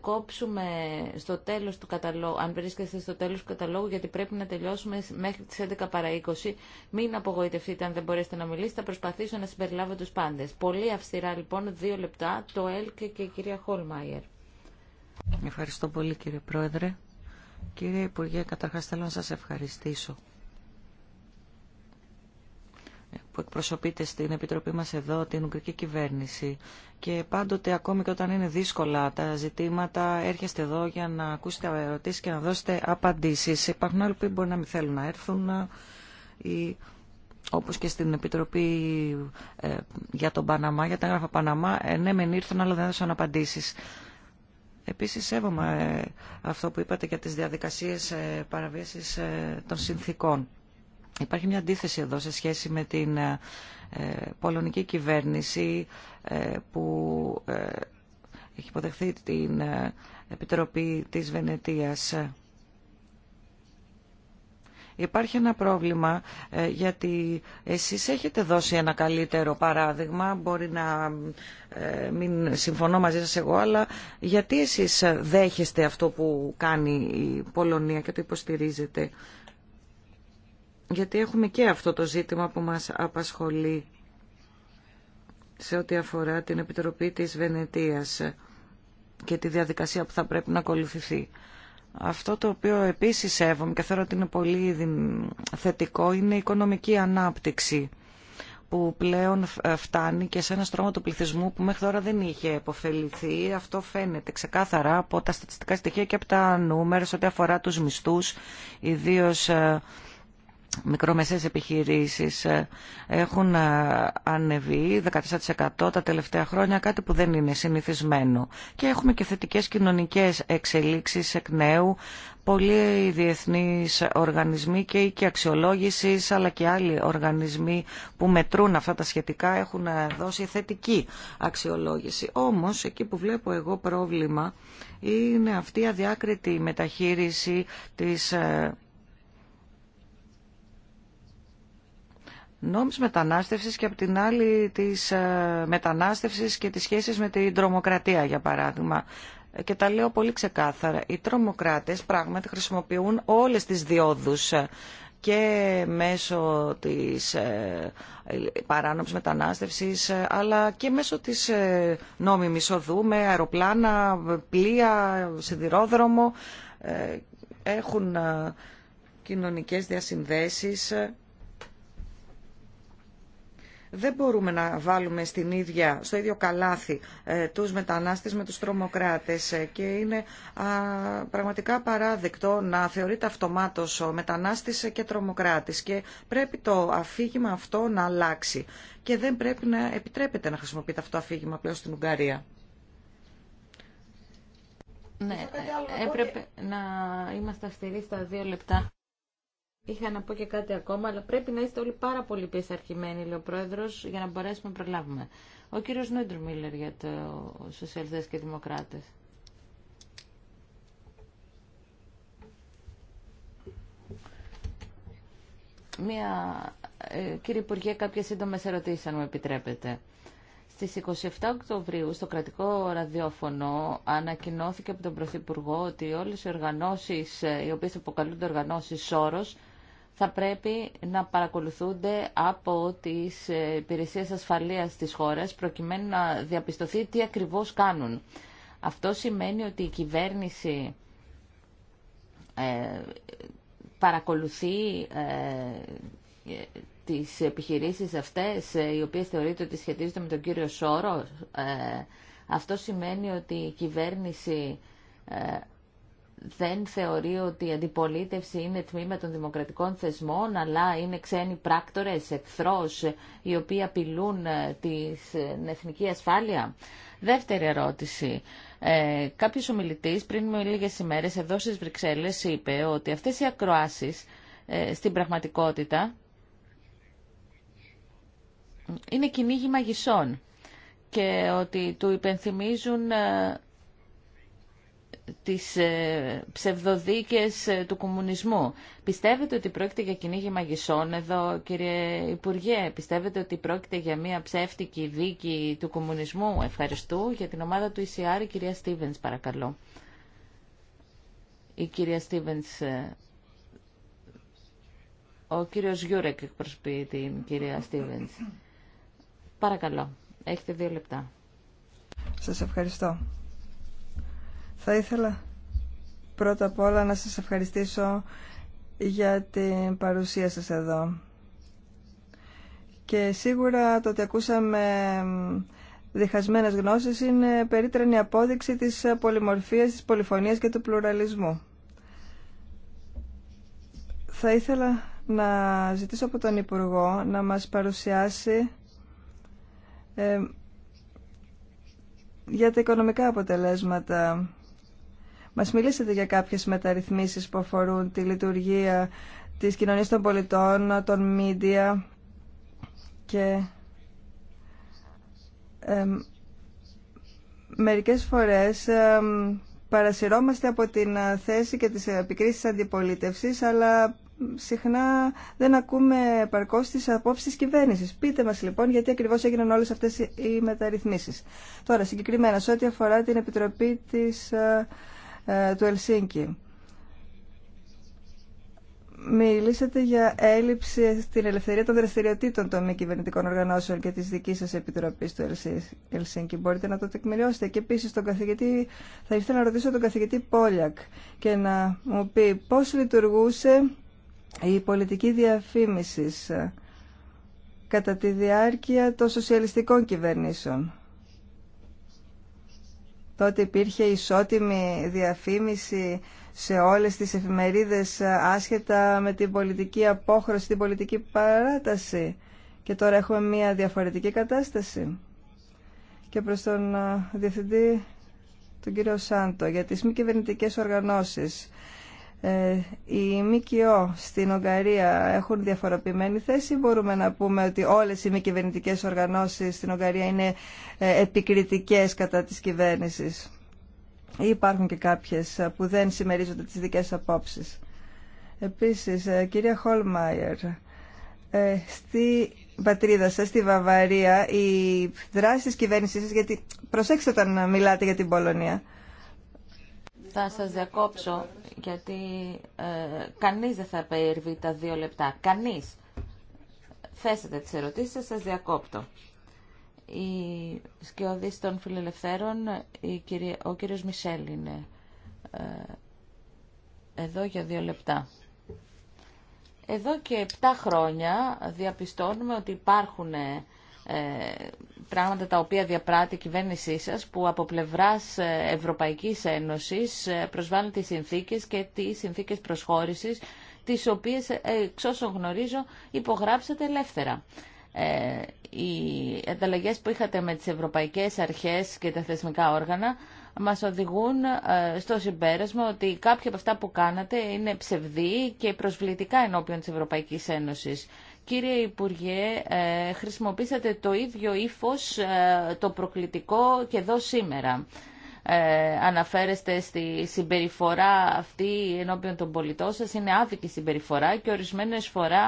κόψουμε στο τέλος του καταλόγου, αν βρίσκεστε στο τέλος του καταλόγου, γιατί πρέπει να τελειώσουμε μέχρι τις 11 παρα 20. Μην απογοητευτείτε αν δεν μπορέσετε να μιλήσετε, θα προσπαθήσω να συμπεριλάβω τους πάντες. Πολύ αυστηρά λοιπόν, δύο λεπτά, το έλκ και η κυρία Χολμάιερ. Ευχαριστώ πολύ κύριε Πρόεδρε. Κύριε Υπουργέ, καταρχάς θέλω να σας ευχαριστήσω που εκπροσωπείτε στην Επιτροπή μας εδώ, την Ουγγρική Κυβέρνηση. Και πάντοτε, ακόμη και όταν είναι δύσκολα τα ζητήματα, έρχεστε εδώ για να ακούσετε ερωτήσεις και να δώσετε απαντήσεις. Υπάρχουν άλλοι που μπορεί να μην θέλουν να έρθουν ή όπως και στην Επιτροπή ε, για τον Παναμά, για τα έγγραφα Παναμά, ε, ναι μεν ήρθαν αλλά δεν έδωσαν απαντήσεις. Επίσης σέβομαι ε, αυτό που είπατε για τις διαδικασίες ε, παραβίασης ε, των συνθήκων. Υπάρχει μια αντίθεση εδώ σε σχέση με την πολωνική κυβέρνηση που έχει υποδεχθεί την Επιτροπή της Βενετίας Υπάρχει ένα πρόβλημα ε, γιατί εσείς έχετε δώσει ένα καλύτερο παράδειγμα. Μπορεί να ε, μην συμφωνώ μαζί σας εγώ, αλλά γιατί εσείς δέχεστε αυτό που κάνει η Πολωνία και το υποστηρίζετε. Γιατί έχουμε και αυτό το ζήτημα που μας απασχολεί σε ό,τι αφορά την Επιτροπή της Βενετίας και τη διαδικασία που θα πρέπει να ακολουθηθεί. Αυτό το οποίο επίσης σέβομαι και θεωρώ ότι είναι πολύ θετικό είναι η οικονομική ανάπτυξη που πλέον ε, φτάνει και σε ένα στρώμα του πληθυσμού που μέχρι τώρα δεν είχε επωφεληθεί. Αυτό φαίνεται ξεκάθαρα από τα στατιστικά στοιχεία και από τα νούμερα σε ό,τι αφορά τους μισθούς, ιδίως ε, μικρομεσαίες επιχειρήσεις ε, έχουν ε, ανεβεί 14% τα τελευταία χρόνια, κάτι που δεν είναι συνηθισμένο. Και έχουμε και θετικές κοινωνικές εξελίξεις εκ νέου. Πολλοί διεθνείς οργανισμοί και οι αλλά και άλλοι οργανισμοί που μετρούν αυτά τα σχετικά έχουν ε, δώσει θετική αξιολόγηση. Όμως, εκεί που βλέπω εγώ πρόβλημα είναι αυτή η αδιάκριτη μεταχείριση της νόμις μετανάστευσης και από την άλλη της ε, μετανάστευσης και τις σχέσεις με την τρομοκρατία για παράδειγμα. Και τα λέω πολύ ξεκάθαρα. Οι τρομοκράτες πράγματι χρησιμοποιούν όλες τις διόδους ε, και μέσω της ε, παράνομης μετανάστευσης αλλά και μέσω της νόμιμης οδού με αεροπλάνα, πλοία, σιδηρόδρομο έχουν κοινωνικές διασυνδέσεις δεν μπορούμε να βάλουμε στην ίδια, στο ίδιο καλάθι ε, τους μετανάστες με τους τρομοκράτες ε, και είναι πραγματικά παράδεκτο να θεωρείται αυτομάτως ο μετανάστης ε, και τρομοκράτης και πρέπει το αφήγημα αυτό να αλλάξει και δεν πρέπει να επιτρέπεται να χρησιμοποιείται αυτό το αφήγημα πλέον στην Ουγγαρία. Ναι, έπρεπε να είμαστε αυστηροί στα δύο λεπτά. Είχα να πω και κάτι ακόμα, αλλά πρέπει να είστε όλοι πάρα πολύ πειθαρχημένοι, λέει ο πρόεδρο, για να μπορέσουμε να προλάβουμε. Ο κύριο Νόιντρου για το σοσιαλιστέ και δημοκράτε. Μία, ε, κύριε Υπουργέ, κάποιες σύντομες ερωτήσεις, αν μου επιτρέπετε. Στις 27 Οκτωβρίου στο κρατικό ραδιόφωνο ανακοινώθηκε από τον Πρωθυπουργό ότι όλες οι οργανώσεις ε, οι οποίες αποκαλούνται οργανώσεις Σόρος θα πρέπει να παρακολουθούνται από τις ε, υπηρεσίες ασφαλείας της χώρας προκειμένου να διαπιστωθεί τι ακριβώς κάνουν. Αυτό σημαίνει ότι η κυβέρνηση ε, παρακολουθεί ε, τις επιχειρήσεις αυτές ε, οι οποίες θεωρείται ότι σχετίζονται με τον κύριο Σόρο. Ε, αυτό σημαίνει ότι η κυβέρνηση δεν θεωρεί ότι η αντιπολίτευση είναι τμήμα των δημοκρατικών θεσμών, αλλά είναι ξένοι πράκτορες, εχθρός, οι οποίοι απειλούν ε, ε, την εθνική ασφάλεια. Δεύτερη ερώτηση. Ε, κάποιος πριν με λίγες ημέρες εδώ στις Βρυξέλλες είπε ότι αυτές οι ακροάσεις ε, στην πραγματικότητα είναι κυνήγι μαγισσών και ότι του υπενθυμίζουν τις ε, ψευδοδίκες ε, του κομμουνισμού. Πιστεύετε ότι πρόκειται για κυνήγι μαγισσών εδώ, κύριε Υπουργέ. Πιστεύετε ότι πρόκειται για μια ψεύτικη δίκη του κομμουνισμού. Ευχαριστώ. Για την ομάδα του ECR, η κυρία Στίβενς, παρακαλώ. Η κυρία Στίβενς, ε, ο κύριος Γιούρεκ εκπροσωπεί την κυρία Στίβενς. Παρακαλώ, έχετε δύο λεπτά. Σας ευχαριστώ. Θα ήθελα πρώτα απ' όλα να σας ευχαριστήσω για την παρουσία σας εδώ. Και σίγουρα το ότι ακούσαμε διχασμένες γνώσεις είναι περίτρανη απόδειξη της πολυμορφίας, της πολυφωνίας και του πλουραλισμού. Θα ήθελα να ζητήσω από τον Υπουργό να μας παρουσιάσει ε, για τα οικονομικά αποτελέσματα μας μιλήσατε για κάποιες μεταρρυθμίσεις που αφορούν τη λειτουργία της κοινωνίας των πολιτών, των μίντια και ε, μερικές φορές ε, παρασυρώμαστε από την ε, θέση και τις επικρίσεις αντιπολίτευσης, αλλά συχνά δεν ακούμε παρκώς τις απόψεις της κυβέρνησης. Πείτε μας λοιπόν γιατί ακριβώς έγιναν όλες αυτές οι μεταρρυθμίσεις. Τώρα συγκεκριμένα σε ό,τι αφορά την Επιτροπή της ε, ε, του Ελσίνκη. Μιλήσατε για έλλειψη στην ελευθερία των δραστηριοτήτων των μη κυβερνητικών οργανώσεων και τη δική σα επιτροπή του Ελσίνκη. Μπορείτε να το τεκμηριώσετε. Και επίση τον καθηγητή, θα ήθελα να ρωτήσω τον καθηγητή Πόλιακ και να μου πει πώ λειτουργούσε η πολιτική διαφήμιση ε, κατά τη διάρκεια των σοσιαλιστικών κυβερνήσεων τότε υπήρχε ισότιμη διαφήμιση σε όλες τις εφημερίδες άσχετα με την πολιτική απόχρωση, την πολιτική παράταση. Και τώρα έχουμε μια διαφορετική κατάσταση. Και προς τον ε, Διευθυντή, τον κύριο Σάντο, για τις μη κυβερνητικέ οργανώσεις. Ε, οι ΜΚΟ στην Ουγγαρία έχουν διαφοροποιημένη θέση. Μπορούμε να πούμε ότι όλες οι μη κυβερνητικέ οργανώσεις στην Ουγγαρία είναι ε, επικριτικές κατά της κυβέρνησης. Ή υπάρχουν και κάποιες που δεν συμμερίζονται τις δικές απόψεις. Επίσης, ε, κυρία Χολμάιερ, στη πατρίδα σας, στη Βαβαρία, η δράση της κυβέρνησής γιατί προσέξτε όταν μιλάτε για την Πολωνία, θα σας διακόψω γιατί ε, κανείς δεν θα επερβεί τα δύο λεπτά. Κανείς. Θέσετε τις ερωτήσεις σας, διακόπτω. Η σκιώδης των φιλελευθέρων, η ο κύριος Μισελ είναι ε, εδώ για δύο λεπτά. Εδώ και επτά χρόνια διαπιστώνουμε ότι υπάρχουν ε, πράγματα τα οποία διαπράττει η κυβέρνησή σας που από πλευράς ε, Ευρωπαϊκής Ένωσης ε, προσβάλλουν τις συνθήκες και τις συνθήκες προσχώρησης τις οποίες εξ όσων γνωρίζω υπογράψατε ελεύθερα. οι ανταλλαγές που είχατε με τις ευρωπαϊκές αρχές και τα θεσμικά όργανα μας οδηγούν στο συμπέρασμα ότι κάποια από αυτά που κάνατε είναι ψευδή και προσβλητικά ενώπιον της Ευρωπαϊκής Ένωσης. Κύριε Υπουργέ, ε, χρησιμοποίησατε το ίδιο ύφος ε, το προκλητικό και εδώ σήμερα. Ε, αναφέρεστε στη συμπεριφορά αυτή ενώπιον των πολιτών σας είναι άδικη συμπεριφορά και ορισμένες φορές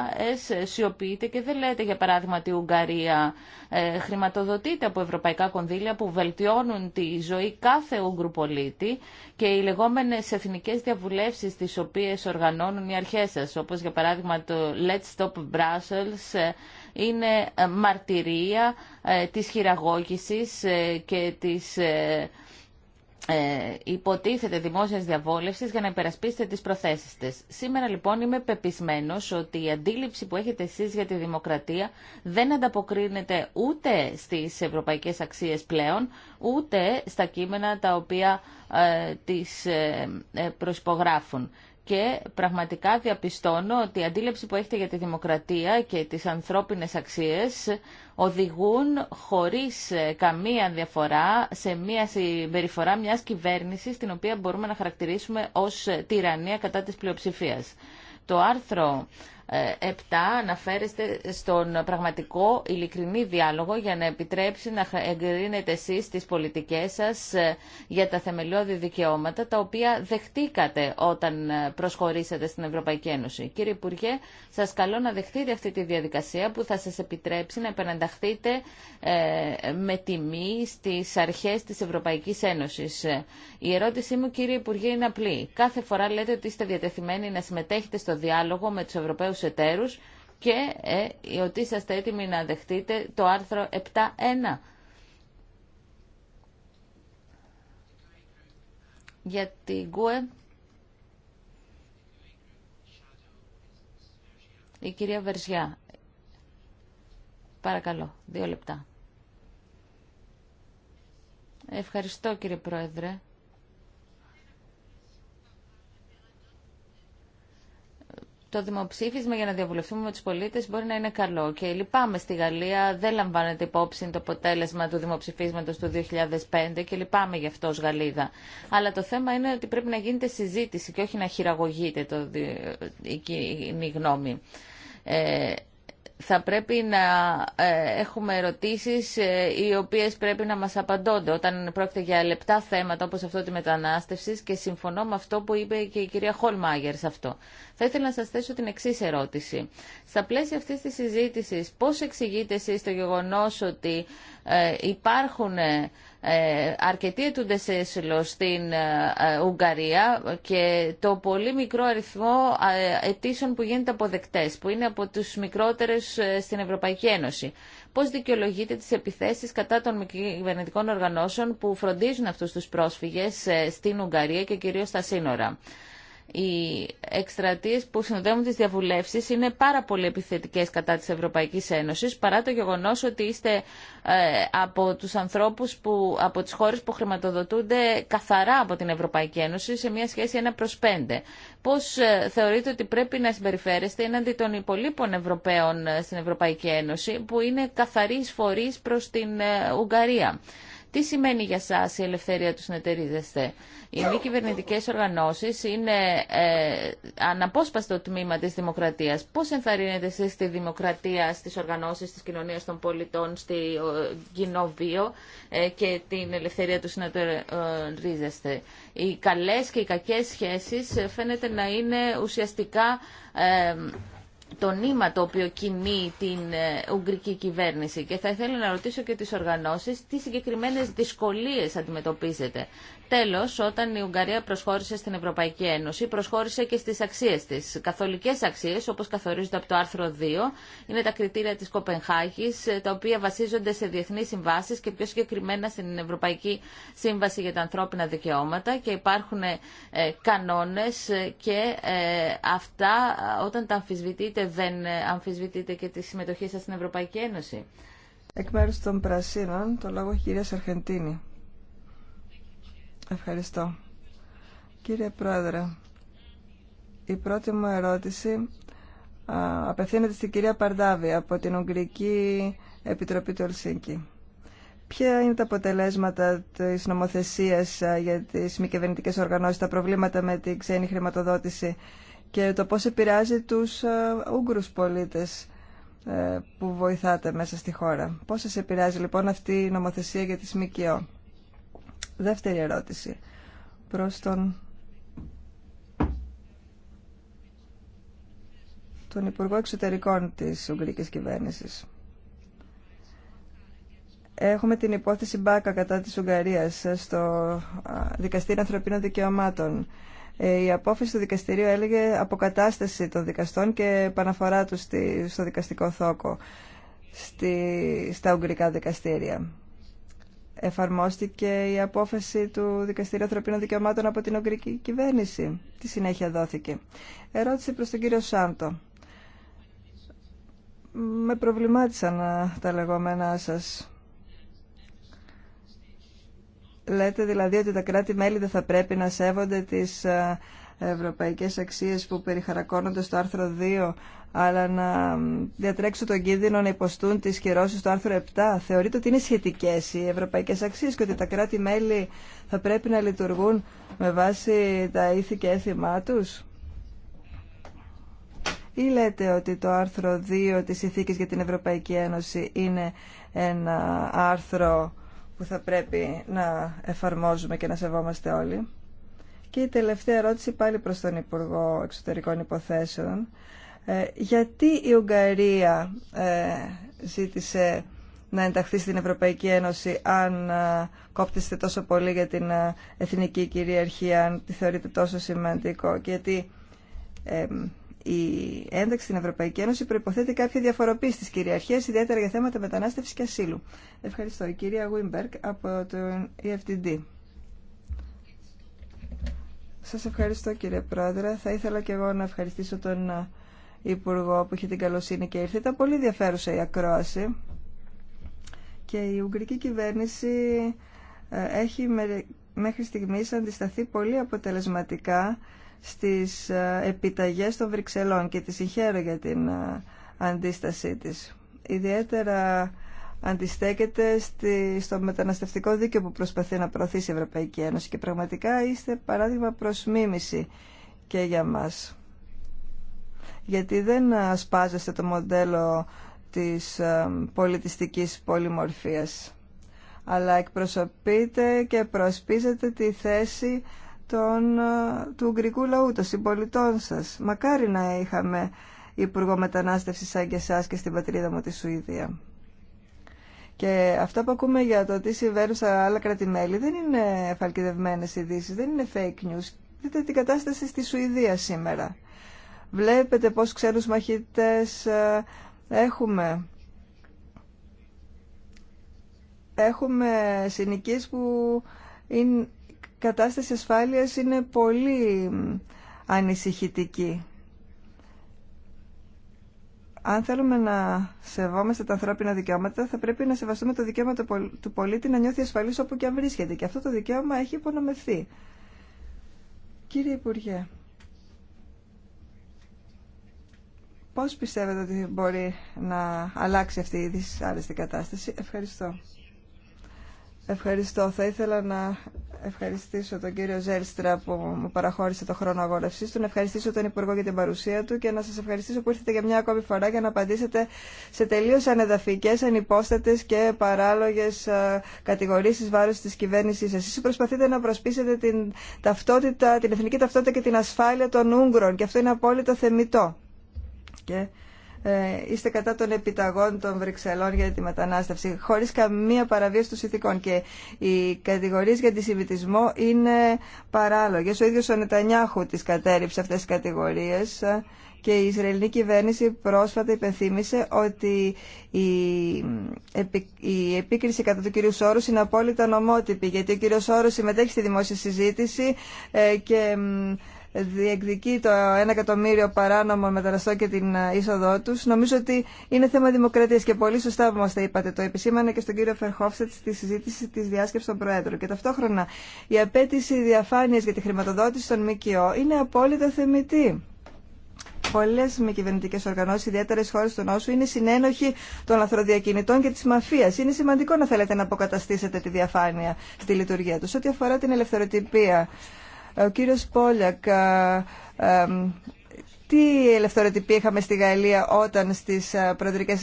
σιωπείτε και δεν λέτε για παράδειγμα ότι η Ουγγαρία ε, χρηματοδοτείται από ευρωπαϊκά κονδύλια που βελτιώνουν τη ζωή κάθε Ούγγρου και οι λεγόμενες εθνικές διαβουλεύσεις τις οποίες οργανώνουν οι αρχές σας όπως για παράδειγμα το Let's Stop Brussels ε, είναι μαρτυρία της χειραγώγησης και της ε, υποτίθεται δημόσια διαβόλευση για να υπερασπίσετε τις προθέσεις τη. Σήμερα λοιπόν είμαι πεπισμένος ότι η αντίληψη που έχετε εσείς για τη δημοκρατία δεν ανταποκρίνεται ούτε στις ευρωπαϊκές αξίες πλέον, ούτε στα κείμενα τα οποία ε, τις ε, ε, προσπογράφουν και πραγματικά διαπιστώνω ότι η αντίληψη που έχετε για τη δημοκρατία και τις ανθρώπινες αξίες οδηγούν χωρίς ε, καμία διαφορά σε μια συμπεριφορά μιας κυβέρνησης την οποία μπορούμε να χαρακτηρίσουμε ως ε, τυραννία κατά της πλειοψηφίας. Το άρθρο 7 ε, αναφέρεστε στον πραγματικό ειλικρινή διάλογο για να επιτρέψει να εγκρίνετε εσείς τις πολιτικές σας ε, για τα θεμελιώδη δικαιώματα τα οποία δεχτήκατε όταν ε, προσχωρήσατε στην Ευρωπαϊκή Ένωση. Κύριε Υπουργέ, σας καλώ να δεχτείτε αυτή τη διαδικασία που θα σας επιτρέψει να ε, με τιμή στις αρχές της Ευρωπαϊκής Ένωσης. Η ερώτησή μου, κύριε Υπουργέ, είναι απλή. Κάθε φορά λέτε ότι είστε διατεθειμένοι να συμμετέχετε στο διάλογο με τους Ευρωπαίους τους και ε, ε, ότι είσαστε έτοιμοι να δεχτείτε το άρθρο 7.1. Για την ΚΟΕ, η κυρία βερσιά Παρακαλώ, δύο λεπτά. Ευχαριστώ κύριε Πρόεδρε. το δημοψήφισμα για να διαβουλευτούμε με του πολίτες μπορεί να είναι καλό. Και λυπάμαι στη Γαλλία, δεν λαμβάνεται υπόψη το αποτέλεσμα του δημοψηφίσματος του 2005 και λυπάμαι γι' αυτό ω Γαλλίδα. Αλλά το θέμα είναι ότι πρέπει να γίνεται συζήτηση και όχι να χειραγωγείται το, η κοινή γνώμη. Ε, θα πρέπει να ε, έχουμε ερωτήσεις ε, οι οποίες πρέπει να μας απαντώνται όταν πρόκειται για λεπτά θέματα όπως αυτό τη μετανάστευση και συμφωνώ με αυτό που είπε και η κυρία Χολμάγερ σε αυτό. Θα ήθελα να σας θέσω την εξής ερώτηση. Στα πλαίσια αυτής της συζήτησης πώς εξηγείτε εσείς το γεγονός ότι ε, υπάρχουν ε, αρκετοί ετούνται σε στην ε, ε, Ουγγαρία και το πολύ μικρό αριθμό αιτήσεων που γίνεται αποδεκτές, που είναι από τους μικρότερες στην Ευρωπαϊκή Ένωση. Πώς δικαιολογείται τις επιθέσεις κατά των κυβερνητικών οργανώσεων που φροντίζουν αυτούς τους πρόσφυγες στην Ουγγαρία και κυρίως στα σύνορα οι εκστρατείε που συνοδεύουν τι διαβουλεύσεις είναι πάρα πολύ επιθετικέ κατά τη Ευρωπαϊκή Ένωση, παρά το γεγονό ότι είστε ε, από τους ανθρώπους που, από τις χώρες που χρηματοδοτούνται καθαρά από την Ευρωπαϊκή Ένωση σε μια σχέση 1 προς 5. Πώς ε, θεωρείτε ότι πρέπει να συμπεριφέρεστε έναντι των υπολείπων Ευρωπαίων ε, στην Ευρωπαϊκή Ένωση που είναι καθαροί φορής προ την Ουγγαρία. Τι σημαίνει για σας η ελευθερία του συνεταιρίζεστε. Οι μη κυβερνητικέ οργανώσεις είναι ε, αναπόσπαστο τμήμα της δημοκρατίας. Πώς ενθαρρύνετε εσείς τη δημοκρατία στις οργανώσεις τη κοινωνίες, των πολιτών, στη κοινό βίο ε, και την ελευθερία του συνεταιρίζεστε. Οι καλές και οι κακές σχέσεις ε, φαίνεται να είναι ουσιαστικά το νήμα το οποίο κινεί την ε, Ουγγρική κυβέρνηση και θα ήθελα να ρωτήσω και τις οργανώσεις τι συγκεκριμένες δυσκολίες αντιμετωπίζετε. Τέλο, όταν η Ουγγαρία προσχώρησε στην Ευρωπαϊκή Ένωση, προσχώρησε και στι αξίε, της. καθολικέ αξίε, όπω καθορίζονται από το άρθρο 2, είναι τα κριτήρια τη Κοπενχάγης, τα οποία βασίζονται σε διεθνεί συμβάσει και πιο συγκεκριμένα στην Ευρωπαϊκή Σύμβαση για τα Ανθρώπινα Δικαιώματα και υπάρχουν κανόνε κανόνες και ε, αυτά όταν τα αμφισβητείτε δεν αμφισβητείτε και τη συμμετοχή σα στην Ευρωπαϊκή Ένωση. Εκ μέρου των Πρασίνων, το λόγο κυρία Σαρχεντίνη. Ευχαριστώ. Κύριε Πρόεδρε, η πρώτη μου ερώτηση απευθύνεται στην κυρία Παρδάβη από την Ουγγρική Επιτροπή του Ελσίνκη. Ποια είναι τα αποτελέσματα της νομοθεσίας για τις μη κυβερνητικέ οργανώσεις, τα προβλήματα με την ξένη χρηματοδότηση και το πώς επηρεάζει τους Ούγγρους πολίτες ε, που βοηθάτε μέσα στη χώρα. Πώς σας επηρεάζει λοιπόν αυτή η νομοθεσία για τις ΜΚΟ. Δεύτερη ερώτηση προς τον, τον Υπουργό Εξωτερικών της Ουγγρικής Κυβέρνησης. Έχουμε την υπόθεση Μπάκα κατά της Ουγγαρίας στο Δικαστήριο Ανθρωπίνων Δικαιωμάτων. Ε, η απόφαση του δικαστηρίου έλεγε αποκατάσταση των δικαστών και επαναφορά τους στο δικαστικό θόκο στα ουγγρικά δικαστήρια εφαρμόστηκε η απόφαση του Δικαστηρίου Ανθρωπίνων Δικαιωμάτων από την Ουγγρική κυβέρνηση. Τι συνέχεια δόθηκε. Ερώτηση προς τον κύριο Σάντο. Με προβλημάτισαν τα λεγόμενά σας. Λέτε δηλαδή ότι τα κράτη-μέλη δεν θα πρέπει να σέβονται τις ευρωπαϊκές αξίες που περιχαρακώνονται στο άρθρο 2 αλλά να διατρέξουν τον κίνδυνο να υποστούν τις κυρώσεις στο άρθρο 7. Θεωρείτε ότι είναι σχετικές οι ευρωπαϊκές αξίες και ότι τα κράτη-μέλη θα πρέπει να λειτουργούν με βάση τα ήθη και έθιμά τους. Ή λέτε ότι το άρθρο 2 της Ηθίκης για την Ευρωπαϊκή Ένωση είναι ένα άρθρο που θα πρέπει να εφαρμόζουμε και να σεβόμαστε όλοι. Και η τελευταία ερώτηση πάλι προς τον Υπουργό Εξωτερικών Υποθέσεων. Ε, γιατί η Ουγγαρία ε, ζήτησε να ενταχθεί στην Ευρωπαϊκή Ένωση αν ε, κόπτεστε τόσο πολύ για την ε, εθνική κυριαρχία, αν τη θεωρείτε τόσο σημαντικό. Και γιατί η ένταξη στην Ευρωπαϊκή Ένωση προϋποθέτει κάποια διαφοροποίηση της κυριαρχίας, ιδιαίτερα για θέματα μετανάστευσης και ασύλου. Ευχαριστώ. Η κυρία Γουίμπερκ από τον EFTD. Σας ευχαριστώ κύριε Πρόεδρε. Θα ήθελα και εγώ να ευχαριστήσω τον ε, Υπουργό που είχε την καλοσύνη και ήρθε. Ήταν πολύ ενδιαφέρουσα η ακρόαση και η Ουγγρική κυβέρνηση ε, έχει μέχρι στιγμής αντισταθεί πολύ αποτελεσματικά στις ε, επιταγές των Βρυξελών και τη συγχαίρω για την αντίστασή της. Ιδιαίτερα αντιστέκεται στη, στο μεταναστευτικό δίκαιο που προσπαθεί να προωθήσει η Ευρωπαϊκή Ένωση και πραγματικά είστε παράδειγμα προς μίμηση και για μας. Γιατί δεν ασπάζεστε το μοντέλο της ε, πολιτιστικής πολυμορφίας αλλά εκπροσωπείτε και προσπίζετε τη θέση ε, του Ουγγρικού λαού, των συμπολιτών σας. Μακάρι να είχαμε Υπουργό Μετανάστευσης σαν και εσάς και στην πατρίδα μου τη Σουηδία. Και αυτά που ακούμε για το τι συμβαίνουν στα άλλα κράτη-μέλη δεν είναι εφαλκιδευμένες ειδήσει, δεν είναι fake news. Δείτε την κατάσταση στη Σουηδία σήμερα. Βλέπετε πώς ξένους μαχητές ε, έχουμε. Έχουμε συνοικίες που η κατάσταση ασφάλειας είναι πολύ ανησυχητική αν θέλουμε να σεβόμαστε τα ανθρώπινα δικαιώματα, θα πρέπει να σεβαστούμε το δικαίωμα του πολίτη να νιώθει ασφαλής όπου και αν βρίσκεται. Και αυτό το δικαίωμα έχει υπονομευθεί. Κύριε Υπουργέ, πώς πιστεύετε ότι μπορεί να αλλάξει αυτή η δυσάρεστη κατάσταση. Ευχαριστώ. Ευχαριστώ. Θα ήθελα να ευχαριστήσω τον κύριο Ζέλστρα που μου παραχώρησε το χρόνο αγόρευση του, να ευχαριστήσω τον Υπουργό για την παρουσία του και να σα ευχαριστήσω που ήρθατε για μια ακόμη φορά για να απαντήσετε σε τελείω ανεδαφικέ, ανυπόστατε και παράλογε κατηγορήσει βάρο τη κυβέρνησή σα. Εσεί προσπαθείτε να προσπίσετε την, την εθνική ταυτότητα και την ασφάλεια των Ούγγρων και αυτό είναι απόλυτα θεμητό. Και ε, είστε κατά των επιταγών των Βρυξελών για τη μετανάστευση, χωρίς καμία παραβίαση των συνθήκων. Και οι κατηγορίες για αντισημιτισμό είναι παράλογες. Ο ίδιος ο Νετανιάχου τις κατέριψε αυτές τις κατηγορίες ε, και η Ισραηλινή κυβέρνηση πρόσφατα υπενθύμησε ότι η, η επίκριση κατά του κυρίου Σόρου είναι απόλυτα νομότυπη, γιατί ο κύριος Σόρου συμμετέχει στη δημόσια συζήτηση ε, και διεκδικεί το 1 εκατομμύριο παράνομο μεταναστών και την ε, είσοδό του, νομίζω ότι είναι θέμα δημοκρατία και πολύ σωστά μα τα είπατε. Το επισήμανε και στον κύριο Φερχόφστατ στη συζήτηση τη διάσκεψη των Προέδρων. Και ταυτόχρονα η απέτηση διαφάνεια για τη χρηματοδότηση των ΜΚΟ είναι απόλυτα θεμητή. Πολλέ μη κυβερνητικέ οργανώσει, ιδιαίτερε χώρε του Νόσου, είναι συνένοχοι των λαθροδιακινητών και τη μαφία. Είναι σημαντικό να θέλετε να αποκαταστήσετε τη διαφάνεια στη λειτουργία του. Ό,τι αφορά την ελευθεροτυπία, ο κύριος Πόλιακ, ε, ε, τι ελευθερωτική είχαμε στη Γαλλία όταν στις ε, προεδρικές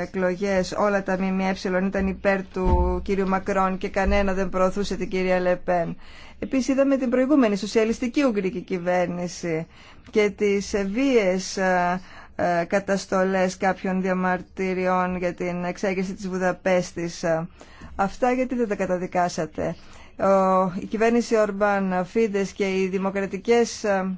εκλογέ όλα τα ΜΜΕ ήταν υπέρ του κύριου Μακρόν και κανένα δεν προωθούσε την κυρία Λεπέν. Επίση, είδαμε την προηγούμενη σοσιαλιστική ουγγρική κυβέρνηση και τι βίε καταστολές κάποιων διαμαρτυριών για την εξέγερση της Βουδαπέστης. Αυτά γιατί δεν τα καταδικάσατε η κυβέρνηση Ορμπάν, Φίδες και οι δημοκρατικές ε,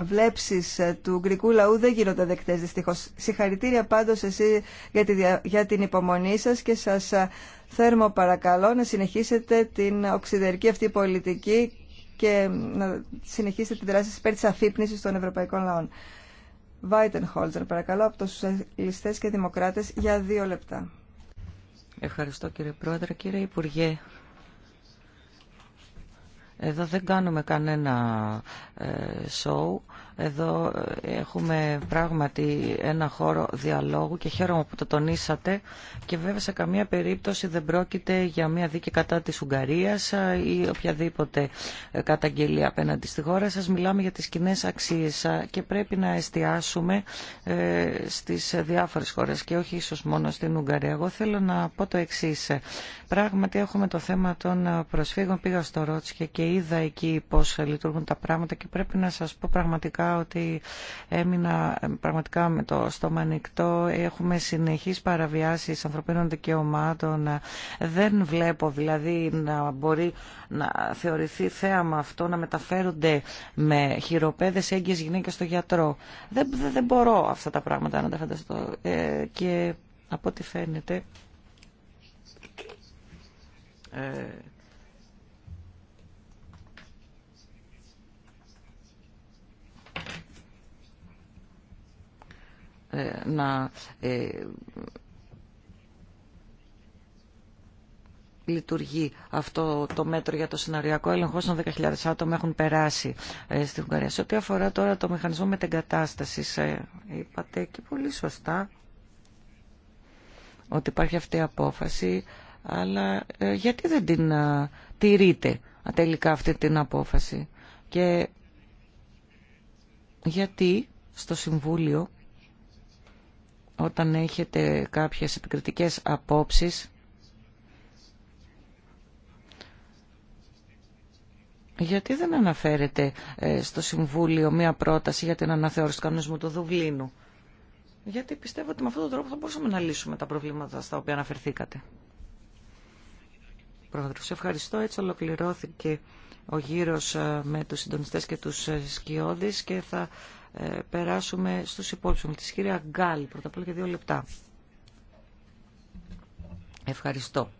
βλέψεις ε, του γκρικού λαού δεν γίνονται δεκτές δυστυχώς. Συγχαρητήρια πάντως εσύ για, για την υπομονή σας και σας ε, θέρμο παρακαλώ να συνεχίσετε την οξυδερκή αυτή πολιτική και να συνεχίσετε την δράση σας υπέρ της αφύπνισης των ευρωπαϊκών λαών. Βάιτεν Χόλτζερ, παρακαλώ, από τους σοσιαλιστές και δημοκράτες για δύο λεπτά. Ευχαριστώ κύριε Πρόεδρε. Κύριε Υπουργέ, εδώ δεν κάνουμε κανένα σοου. Ε, εδώ ε, έχουμε πράγματι ένα χώρο διαλόγου και χαίρομαι που το τονίσατε και βέβαια σε καμία περίπτωση δεν πρόκειται για μια δίκη κατά της Ουγγαρίας ε, ή οποιαδήποτε ε, καταγγελία απέναντι στη χώρα σας. Μιλάμε για τις κοινέ αξίες και πρέπει να εστιάσουμε στις διάφορες χώρες και όχι ίσως μόνο στην Ουγγαρία. Εγώ θέλω να πω το εξή. Πράγματι έχουμε το θέμα των προσφύγων. Πήγα στο Ρότσικε και είδα εκεί πώς λειτουργούν τα πράγματα και πρέπει να σας πω πραγματικά ότι έμεινα ε, πραγματικά με το στόμα ανοιχτό. Έχουμε συνεχείς παραβιάσεις ανθρωπίνων δικαιωμάτων. Δεν βλέπω δηλαδή να μπορεί να θεωρηθεί θέαμα αυτό να μεταφέρονται με χειροπέδες έγκυες γυναίκες στο γιατρό. Δεν, δεν, μπορώ αυτά τα πράγματα να τα φανταστώ. Ε, και από ό,τι φαίνεται... Ε, Ε, να ε, λειτουργεί αυτό το μέτρο για το σεναριακό έλεγχο όσων 10.000 άτομα έχουν περάσει ε, στην Ουγγαρία. Σε ό,τι αφορά τώρα το μηχανισμό μετεγκατάσταση, είπατε και πολύ σωστά ότι υπάρχει αυτή η απόφαση, αλλά γιατί δεν την τηρείτε τελικά αυτή την απόφαση. Και γιατί στο Συμβούλιο όταν έχετε κάποιες επικριτικές απόψεις γιατί δεν αναφέρετε στο Συμβούλιο μία πρόταση για την αναθεώρηση του κανονισμού του Δουβλίνου. Γιατί πιστεύω ότι με αυτόν τον τρόπο θα μπορούσαμε να λύσουμε τα προβλήματα στα οποία αναφερθήκατε. Πρόεδρο, σε ευχαριστώ. Έτσι ολοκληρώθηκε ο γύρος ε, με τους συντονιστές και τους ε, σκιώδεις και θα ε, περάσουμε στους υπόλοιπους. Της κυρία Γκάλη, πρώτα απ' όλα για δύο λεπτά. Ευχαριστώ.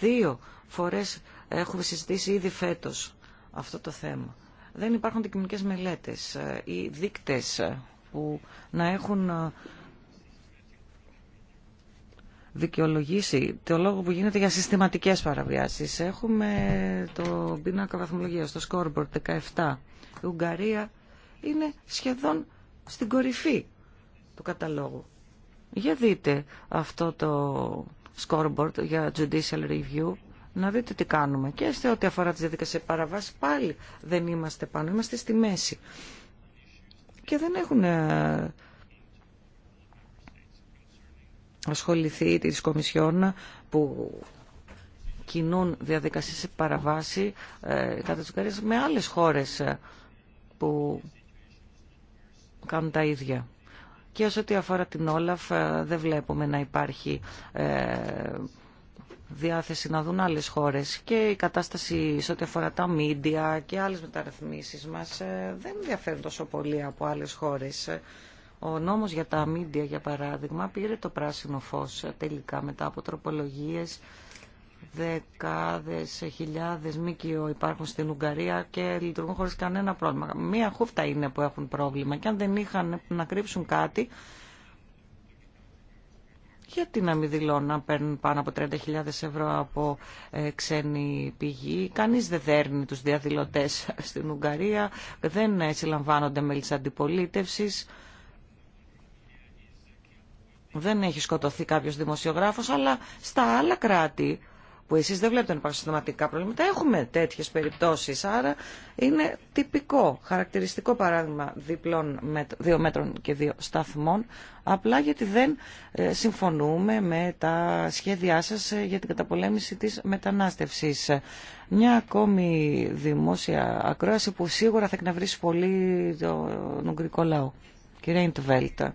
Δύο φορές έχουμε συζητήσει ήδη φέτος αυτό το θέμα. Δεν υπάρχουν αντικειμενικές μελέτες ε, ή δείκτες ε, που να έχουν δικαιολογήσει το λόγο που γίνεται για συστηματικές παραβιάσεις. Έχουμε το πίνακα βαθμολογίας, το scoreboard 17. Η Ουγγαρία είναι σχεδόν στην κορυφή του καταλόγου. Για δείτε αυτό το scoreboard για judicial review, να δείτε τι κάνουμε. Και σε ό,τι αφορά τις διαδικασίες παραβάσεις πάλι δεν είμαστε πάνω, είμαστε στη μέση. Και δεν έχουν ε, ασχοληθεί της Κομισιόν που κινούν διαδικασίες σε παραβάση ε, κατά τις με άλλες χώρες ε, που κάνουν τα ίδια. Και όσο ό,τι αφορά την Όλαφ ε, δεν βλέπουμε να υπάρχει διάθεση να δουν άλλες χώρες και η κατάσταση σε ό,τι αφορά τα μίντια και άλλες μεταρρυθμίσεις μας δεν ενδιαφέρουν τόσο πολύ από άλλες χώρες. Ο νόμος για τα μίντια, για παράδειγμα, πήρε το πράσινο φως τελικά μετά από τροπολογίες. Δεκάδες, χιλιάδες μήκυο υπάρχουν στην Ουγγαρία και λειτουργούν χωρίς κανένα πρόβλημα. Μία χούφτα είναι που έχουν πρόβλημα και αν δεν είχαν να κρύψουν κάτι, γιατί να μην δηλώνουν να παίρνουν πάνω από 30.000 ευρώ από ε, ξένη πηγή. Κανείς δεν δέρνει τους διαδηλωτές στην Ουγγαρία, δεν συλλαμβάνονται μέλη της αντιπολίτευσης δεν έχει σκοτωθεί κάποιο δημοσιογράφος, αλλά στα άλλα κράτη που εσεί δεν βλέπετε να υπάρχουν συστηματικά προβλήματα, έχουμε τέτοιε περιπτώσεις. Άρα είναι τυπικό, χαρακτηριστικό παράδειγμα διπλών δύο μέτρων και δύο σταθμών, απλά γιατί δεν ε, συμφωνούμε με τα σχέδιά σας ε, για την καταπολέμηση της μετανάστευση. Μια ακόμη δημόσια ακρόαση που σίγουρα θα εκνευρίσει πολύ τον ουγγρικό λαό. Κυρία Ιντβέλτα.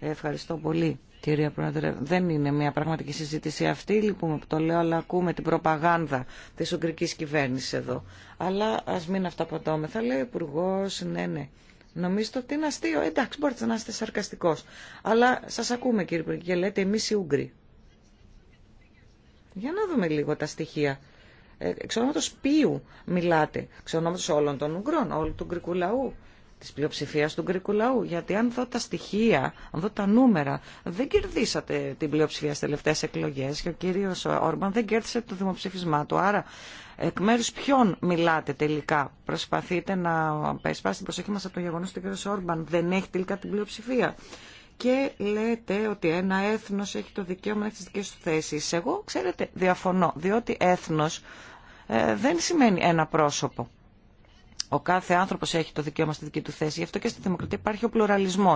Ευχαριστώ πολύ. Κυρία Πρόεδρε, δεν είναι μια πραγματική συζήτηση αυτή, λυπούμε που το λέω, αλλά ακούμε την προπαγάνδα τη Ουγγρική κυβέρνηση εδώ. Αλλά α μην αυταπατώμεθα, λέει ο Υπουργό, ναι, ναι. Νομίζετε ότι είναι αστείο. Ε, εντάξει, μπορείτε να είστε σαρκαστικό. Αλλά σα ακούμε, κύριε Υπουργέ, και λέτε εμεί οι Ούγγροι. Για να δούμε λίγο τα στοιχεία. Ε, εξ ονόματο ποιου μιλάτε, εξ όλων των Ουγγρών, όλου του Ουγγρικού λαού. Τη πλειοψηφία του γκρικού λαού. Γιατί αν δω τα στοιχεία, αν δω τα νούμερα, δεν κερδίσατε την πλειοψηφία στι τελευταίε εκλογέ και ο κύριο Όρμπαν δεν κέρδισε το δημοψήφισμά του. Άρα εκ μέρου ποιον μιλάτε τελικά. Προσπαθείτε να περισπάσετε την προσοχή μα από το γεγονό ότι ο κύριος Όρμπαν δεν έχει τελικά την πλειοψηφία και λέτε ότι ένα έθνο έχει το δικαίωμα να έχει τις δικές του θέσει. Εγώ, ξέρετε, διαφωνώ, διότι έθνο ε, δεν σημαίνει ένα πρόσωπο. Ο κάθε άνθρωπο έχει το δικαίωμα στη δική του θέση. Γι' αυτό και στη δημοκρατία υπάρχει ο πλουραλισμό.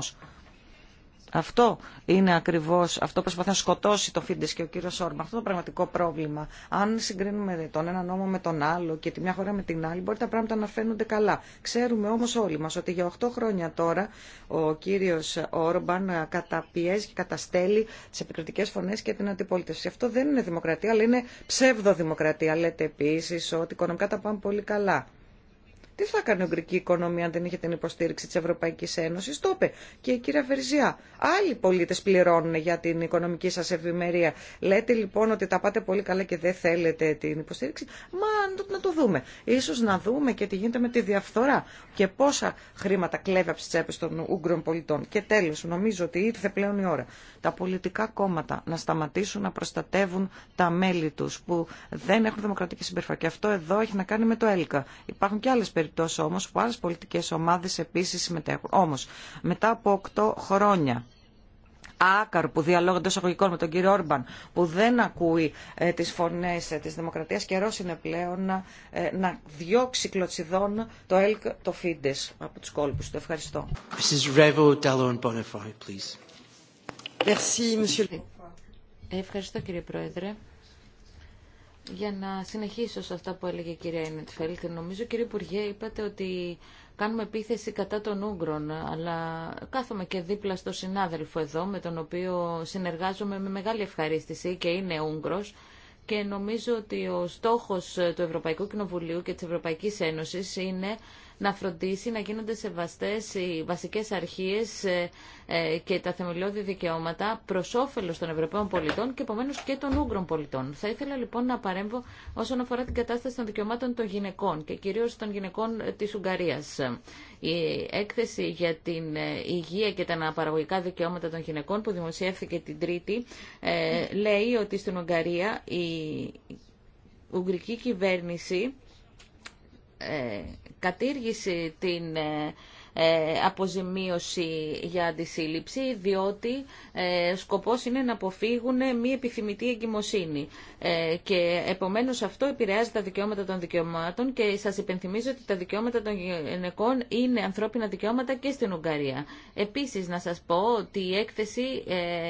Αυτό είναι ακριβώ αυτό που προσπαθεί να σκοτώσει το Φίντε και ο κύριο Όρμπαν. Αυτό το πραγματικό πρόβλημα. Αν συγκρίνουμε τον ένα νόμο με τον άλλο και τη μια χώρα με την άλλη, μπορεί τα πράγματα να φαίνονται καλά. Ξέρουμε όμω όλοι μα ότι για 8 χρόνια τώρα ο κύριο Όρμπαν καταπιέζει και καταστέλει τι επικριτικέ φωνέ και την αντιπολίτευση. Αυτό δεν είναι δημοκρατία, αλλά είναι ψεύδο δημοκρατία. Λέτε επίση ότι οικονομικά τα πάμε πολύ καλά. Τι θα κάνει η Ουγγρική οικονομία αν δεν είχε την υποστήριξη τη Ευρωπαϊκή Ένωση, το είπε και η κυρία Βερζιά. Άλλοι πολίτε πληρώνουν για την οικονομική σα ευημερία. Λέτε λοιπόν ότι τα πάτε πολύ καλά και δεν θέλετε την υποστήριξη. Μα να το δούμε. σω να δούμε και τι γίνεται με τη διαφθορά και πόσα χρήματα κλέβει από τι τσέπε των Ούγγρων πολιτών. Και τέλο, νομίζω ότι ήρθε πλέον η ώρα τα πολιτικά κόμματα να σταματήσουν να προστατεύουν τα μέλη του που δεν έχουν δημοκρατική συμπεριφορά. Και αυτό εδώ έχει να κάνει με το ΕΛΚΑ. Υπάρχουν και άλλε περιπτώσει όμως που άλλες πολιτικές ομάδες επίσης συμμετέχουν. Όμως, μετά από 8 χρόνια άκαρ που διαλόγονται εισαγωγικών με τον κύριο Όρμπαν, που δεν ακούει ε, τις φωνές ε, της δημοκρατίας, καιρό είναι πλέον ε, να διώξει κλωτσιδών το ΕΛΚ το Φίντες από τους κόλπους του. Ευχαριστώ. Ευχαριστώ κύριε Πρόεδρε για να συνεχίσω σε αυτά που έλεγε η κυρία Ινετφέλτ. Νομίζω, κύριε Υπουργέ, είπατε ότι κάνουμε επίθεση κατά των Ούγγρων, αλλά κάθομαι και δίπλα στο συνάδελφο εδώ, με τον οποίο συνεργάζομαι με μεγάλη ευχαρίστηση και είναι Ούγγρος. Και νομίζω ότι ο στόχος του Ευρωπαϊκού Κοινοβουλίου και της Ευρωπαϊκής Ένωσης είναι να φροντίσει να γίνονται σεβαστές οι βασικές αρχίες ε, ε, και τα θεμελιώδη δικαιώματα προς όφελος των Ευρωπαίων πολιτών και επομένω και των Ούγγρων πολιτών. Θα ήθελα λοιπόν να παρέμβω όσον αφορά την κατάσταση των δικαιωμάτων των γυναικών και κυρίως των γυναικών ε, της Ουγγαρίας. Η έκθεση για την υγεία και τα αναπαραγωγικά δικαιώματα των γυναικών που δημοσιεύθηκε την Τρίτη λέει ότι στην Ουγγαρία η Ουγγρική κυβέρνηση ε, κατήργηση την ε, ε, αποζημίωση για αντισύλληψη, διότι ε, σκοπός είναι να αποφύγουν μη επιθυμητή εγκυμοσύνη. Ε, και επομένως αυτό επηρεάζει τα δικαιώματα των δικαιωμάτων και σας υπενθυμίζω ότι τα δικαιώματα των γυναικών είναι ανθρώπινα δικαιώματα και στην Ουγγαρία. Επίσης να σας πω ότι η έκθεση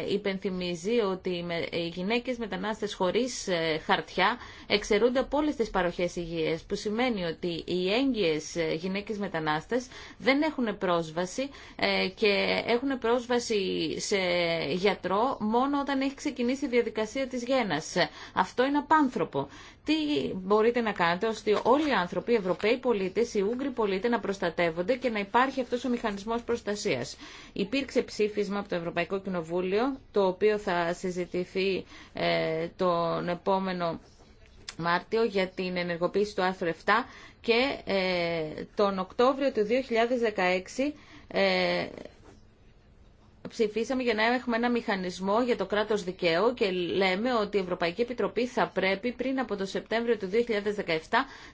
υπενθυμίζει ότι οι γυναίκες μετανάστες χωρίς χαρτιά εξαιρούνται από όλες τις παροχές υγείας, που σημαίνει ότι οι έγκυες γυναίκες μετανάστες δεν έχουν έχουν πρόσβαση ε, και έχουν πρόσβαση σε γιατρό μόνο όταν έχει ξεκινήσει η διαδικασία της γένας. Αυτό είναι απάνθρωπο. Τι μπορείτε να κάνετε ώστε όλοι οι άνθρωποι, οι Ευρωπαίοι πολίτες, οι Ούγγροι πολίτες να προστατεύονται και να υπάρχει αυτός ο μηχανισμός προστασίας. Υπήρξε ψήφισμα από το Ευρωπαϊκό Κοινοβούλιο, το οποίο θα συζητηθεί ε, τον επόμενο Μάρτιο για την ενεργοποίηση του άρθρου 7 και ε, τον Οκτώβριο του 2016 ε, ψηφίσαμε για να έχουμε ένα μηχανισμό για το κράτος δικαίου και λέμε ότι η Ευρωπαϊκή Επιτροπή θα πρέπει πριν από το Σεπτέμβριο του 2017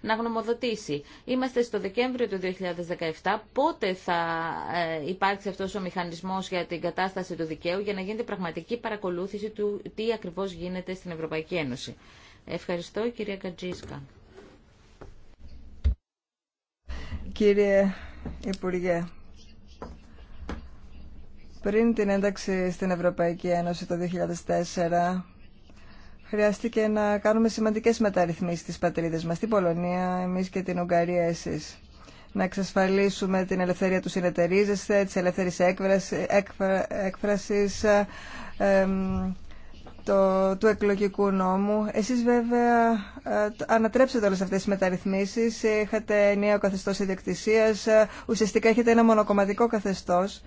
να γνωμοδοτήσει. Είμαστε στο Δεκέμβριο του 2017. Πότε θα ε, υπάρξει αυτός ο μηχανισμός για την κατάσταση του δικαίου για να γίνεται πραγματική παρακολούθηση του τι ακριβώς γίνεται στην Ευρωπαϊκή Ένωση. Ευχαριστώ, κυρία Κατζίσκα. Κύριε Υπουργέ, πριν την ένταξη στην Ευρωπαϊκή Ένωση το 2004, χρειάστηκε να κάνουμε σημαντικές μεταρρυθμίσεις στις πατρίδες μας, την Πολωνία, εμείς και την Ουγγαρία εσείς. Να εξασφαλίσουμε την ελευθερία του συνεταιρίζεσθε, της ελευθερής έκφρασης, ε, του εκλογικού νόμου. Εσείς βέβαια ε, ανατρέψετε όλες αυτές τις μεταρρυθμίσεις, είχατε νέο καθεστώς ιδιοκτησίας, ε, ουσιαστικά έχετε ένα μονοκομματικό καθεστώς.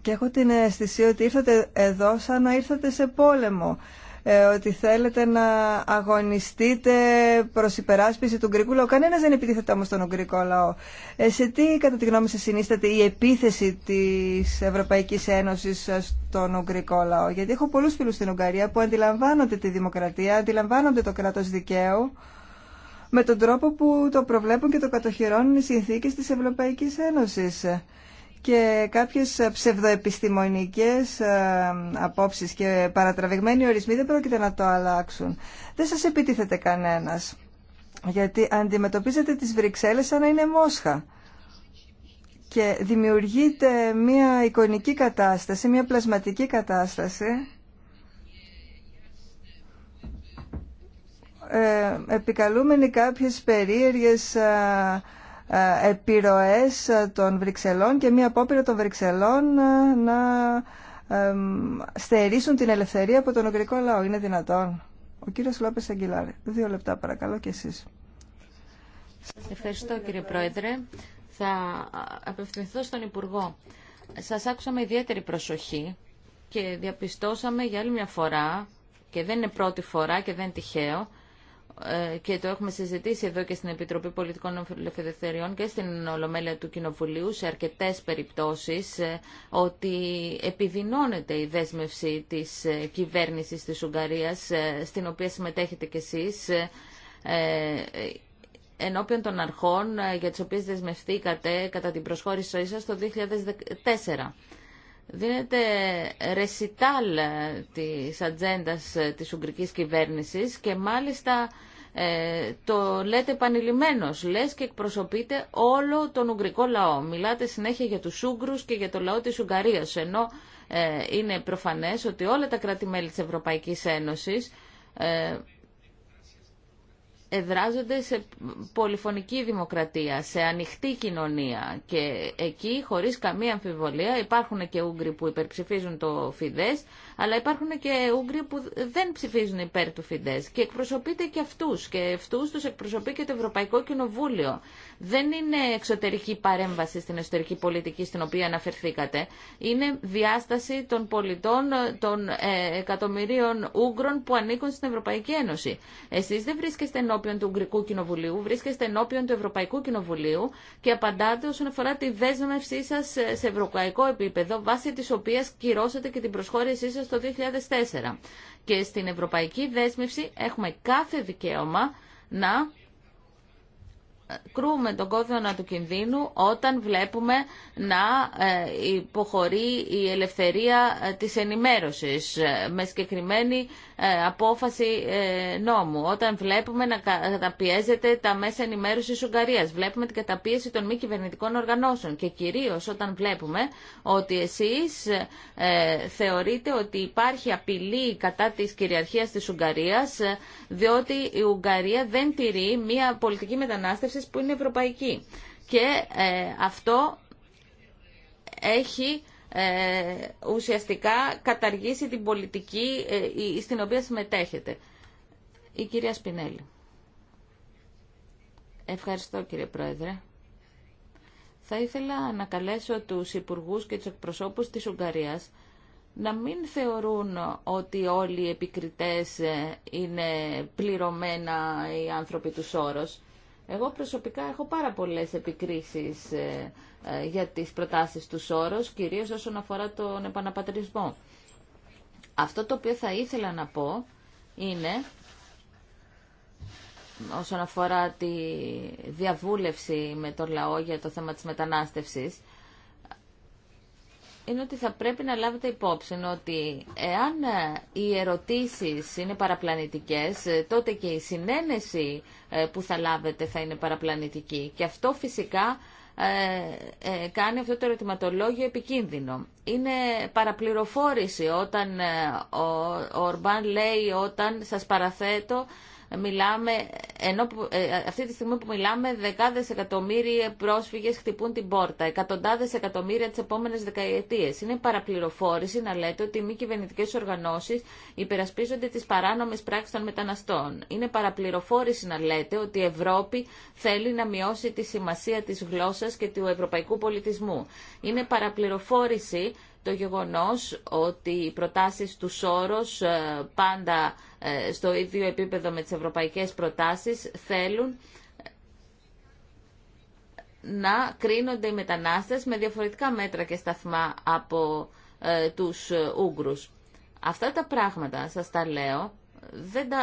Και έχω την αισθησία ότι ήρθατε εδώ σαν να ήρθατε σε πόλεμο. Ε, ότι θέλετε να αγωνιστείτε προς υπεράσπιση του γκρικού λαού. Κανένας δεν επιτίθεται όμω τον γκρικό λαό. Ε, σε τι κατά τη γνώμη σας συνίσταται η επίθεση της Ευρωπαϊκής Ένωσης στον Ουγγρικό λαό. Γιατί έχω πολλούς φίλους στην Ουγγαρία που αντιλαμβάνονται τη δημοκρατία, αντιλαμβάνονται το κράτος δικαίου με τον τρόπο που το προβλέπουν και το κατοχυρώνουν οι συνθήκες της Ευρωπαϊκής Ένωσης και κάποιες ψευδοεπιστημονικές ε, απόψεις και παρατραβηγμένοι ορισμοί δεν πρόκειται να το αλλάξουν. Δεν σας επιτίθεται κανένας, γιατί αντιμετωπίζετε τις Βρυξέλλες σαν να είναι Μόσχα και δημιουργείται μια εικονική κατάσταση, μια πλασματική κατάσταση ε, επικαλούμενοι κάποιες περίεργες ε, ε, επιρροές ε, των Βρυξελών και μία απόπειρα των Βρυξελών ε, να στερήσουν την ελευθερία από τον ουγγρικό λαό. Είναι δυνατόν. Ο κύριος Λόπες Αγγιλάρη. Δύο λεπτά παρακαλώ και εσείς. Ευχαριστώ κύριε Πρόεδρε. Θα απευθυνθώ στον Υπουργό. Σας άκουσα με ιδιαίτερη προσοχή και διαπιστώσαμε για άλλη μια φορά και δεν είναι πρώτη φορά και δεν τυχαίο ε, και το έχουμε συζητήσει εδώ και στην Επιτροπή Πολιτικών Ελευθεριών και στην Ολομέλεια του Κοινοβουλίου σε αρκετές περιπτώσεις ε, ότι επιδεινώνεται η δέσμευση της ε, κυβέρνησης της Ουγγαρίας στην οποία συμμετέχετε κι εσείς ενώπιον των αρχών για τις οποίες δεσμευθήκατε κατά την προσχώρησή σας το 2004 δίνεται ρεσιτάλ της ατζέντα της Ουγγρικής κυβέρνησης και μάλιστα ε, το λέτε επανειλημμένο. λες και εκπροσωπείτε όλο τον Ουγγρικό λαό. Μιλάτε συνέχεια για τους Ούγγρους και για το λαό της Ουγγαρίας, ενώ ε, είναι προφανές ότι όλα τα κράτη-μέλη της Ευρωπαϊκής Ένωσης ε, εδράζονται σε πολυφωνική δημοκρατία, σε ανοιχτή κοινωνία και εκεί χωρίς καμία αμφιβολία υπάρχουν και Ούγγροι που υπερψηφίζουν το Φιδές αλλά υπάρχουν και Ούγγροι που δεν ψηφίζουν υπέρ του Φιδές και εκπροσωπείται και αυτούς και αυτούς τους εκπροσωπεί και το Ευρωπαϊκό Κοινοβούλιο. Δεν είναι εξωτερική παρέμβαση στην εσωτερική πολιτική στην οποία αναφερθήκατε. Είναι διάσταση των πολιτών των ε, εκατομμυρίων Ούγγρων που ανήκουν στην Ευρωπαϊκή Ένωση. Εσείς δεν βρίσκεστε ενώπιον του Ουγγρικού Κοινοβουλίου, βρίσκεστε ενώπιον του Ευρωπαϊκού Κοινοβουλίου και απαντάτε όσον αφορά τη δέσμευσή σα σε ευρωπαϊκό επίπεδο, βάσει τη οποία κυρώσατε και την προσχώρησή σα το 2004. Και στην ευρωπαϊκή δέσμευση έχουμε κάθε δικαίωμα να ε, κρούμε τον κόδωνα του κινδύνου όταν βλέπουμε να ε, υποχωρεί η ελευθερία ε, της ενημέρωσης με συγκεκριμένη ε, απόφαση ε, νόμου. Όταν βλέπουμε να καταπιέζεται τα μέσα ενημέρωση τη Ουγγαρία, βλέπουμε την καταπίεση των μη κυβερνητικών οργανώσεων και κυρίω όταν βλέπουμε ότι εσεί ε, θεωρείτε ότι υπάρχει απειλή κατά τη κυριαρχία τη Ουγγαρία, διότι η Ουγγαρία δεν τηρεί μια πολιτική μετανάστευση που είναι ευρωπαϊκή. Και αυτό έχει ε, ουσιαστικά καταργήσει την πολιτική ε, στην οποία συμμετέχετε. Η κυρία Σπινέλη. Ευχαριστώ κύριε Πρόεδρε. Θα ήθελα να καλέσω τους υπουργούς και τους εκπροσώπους της Ουγγαρίας να μην θεωρούν ότι όλοι οι επικριτές ε, είναι πληρωμένα οι άνθρωποι του Σόρος. Εγώ προσωπικά έχω πάρα πολλές επικρίσεις ε, ε, για τις προτάσεις του Σόρος, κυρίως όσον αφορά τον επαναπατρισμό. Αυτό το οποίο θα ήθελα να πω είναι, όσον αφορά τη διαβούλευση με τον λαό για το θέμα της μετανάστευσης, είναι ότι θα πρέπει να λάβετε υπόψη ότι εάν ε, οι ερωτήσεις είναι παραπλανητικές, ε, τότε και η συνένεση ε, που θα λάβετε θα είναι παραπλανητική. Και αυτό φυσικά κάνει αυτό το ερωτηματολόγιο επικίνδυνο. Είναι παραπληροφόρηση όταν ο Ορμπάν λέει όταν σας παραθέτω μιλάμε, ενώ ε, αυτή τη στιγμή που μιλάμε δεκάδες εκατομμύρια πρόσφυγες χτυπούν την πόρτα, εκατοντάδες εκατομμύρια τις επόμενες δεκαετίες. Είναι παραπληροφόρηση να λέτε ότι οι μη κυβερνητικέ οργανώσει υπερασπίζονται τις παράνομες πράξεις των μεταναστών. Είναι παραπληροφόρηση να λέτε ότι η Ευρώπη θέλει να μειώσει τη σημασία τη γλώσσα και του ευρωπαϊκού πολιτισμού. Είναι παραπληροφόρηση το γεγονός ότι οι προτάσεις του Σόρος ε, πάντα ε, στο ίδιο επίπεδο με τις ευρωπαϊκές προτάσεις θέλουν ε, να κρίνονται οι μετανάστες με διαφορετικά μέτρα και σταθμά από τους Ούγγρους. Αυτά τα πράγματα, σας τα λέω, δεν τα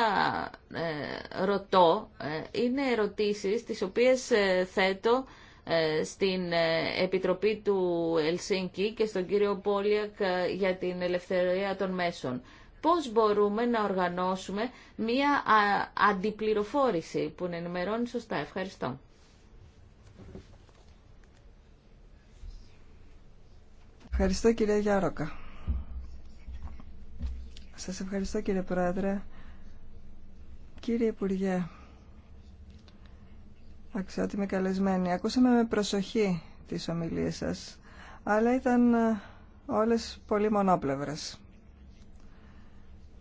ρωτώ, είναι ερωτήσεις τις οποίες θέτω ε, στην ε, Επιτροπή του Ελσίνκη και στον κύριο Πόλιακ ε, για την ελευθερία των μέσων. Πώς μπορούμε να οργανώσουμε μία αντιπληροφόρηση που ενημερώνει σωστά. Ευχαριστώ. Ευχαριστώ κύριε Γιάροκα. Σας ευχαριστώ κύριε Πρόεδρε. Κύριε Υπουργέ, Αξιότιμοι καλεσμένη, ακούσαμε με προσοχή τις ομιλίες σας, αλλά ήταν ε, όλες πολύ μονόπλευρες.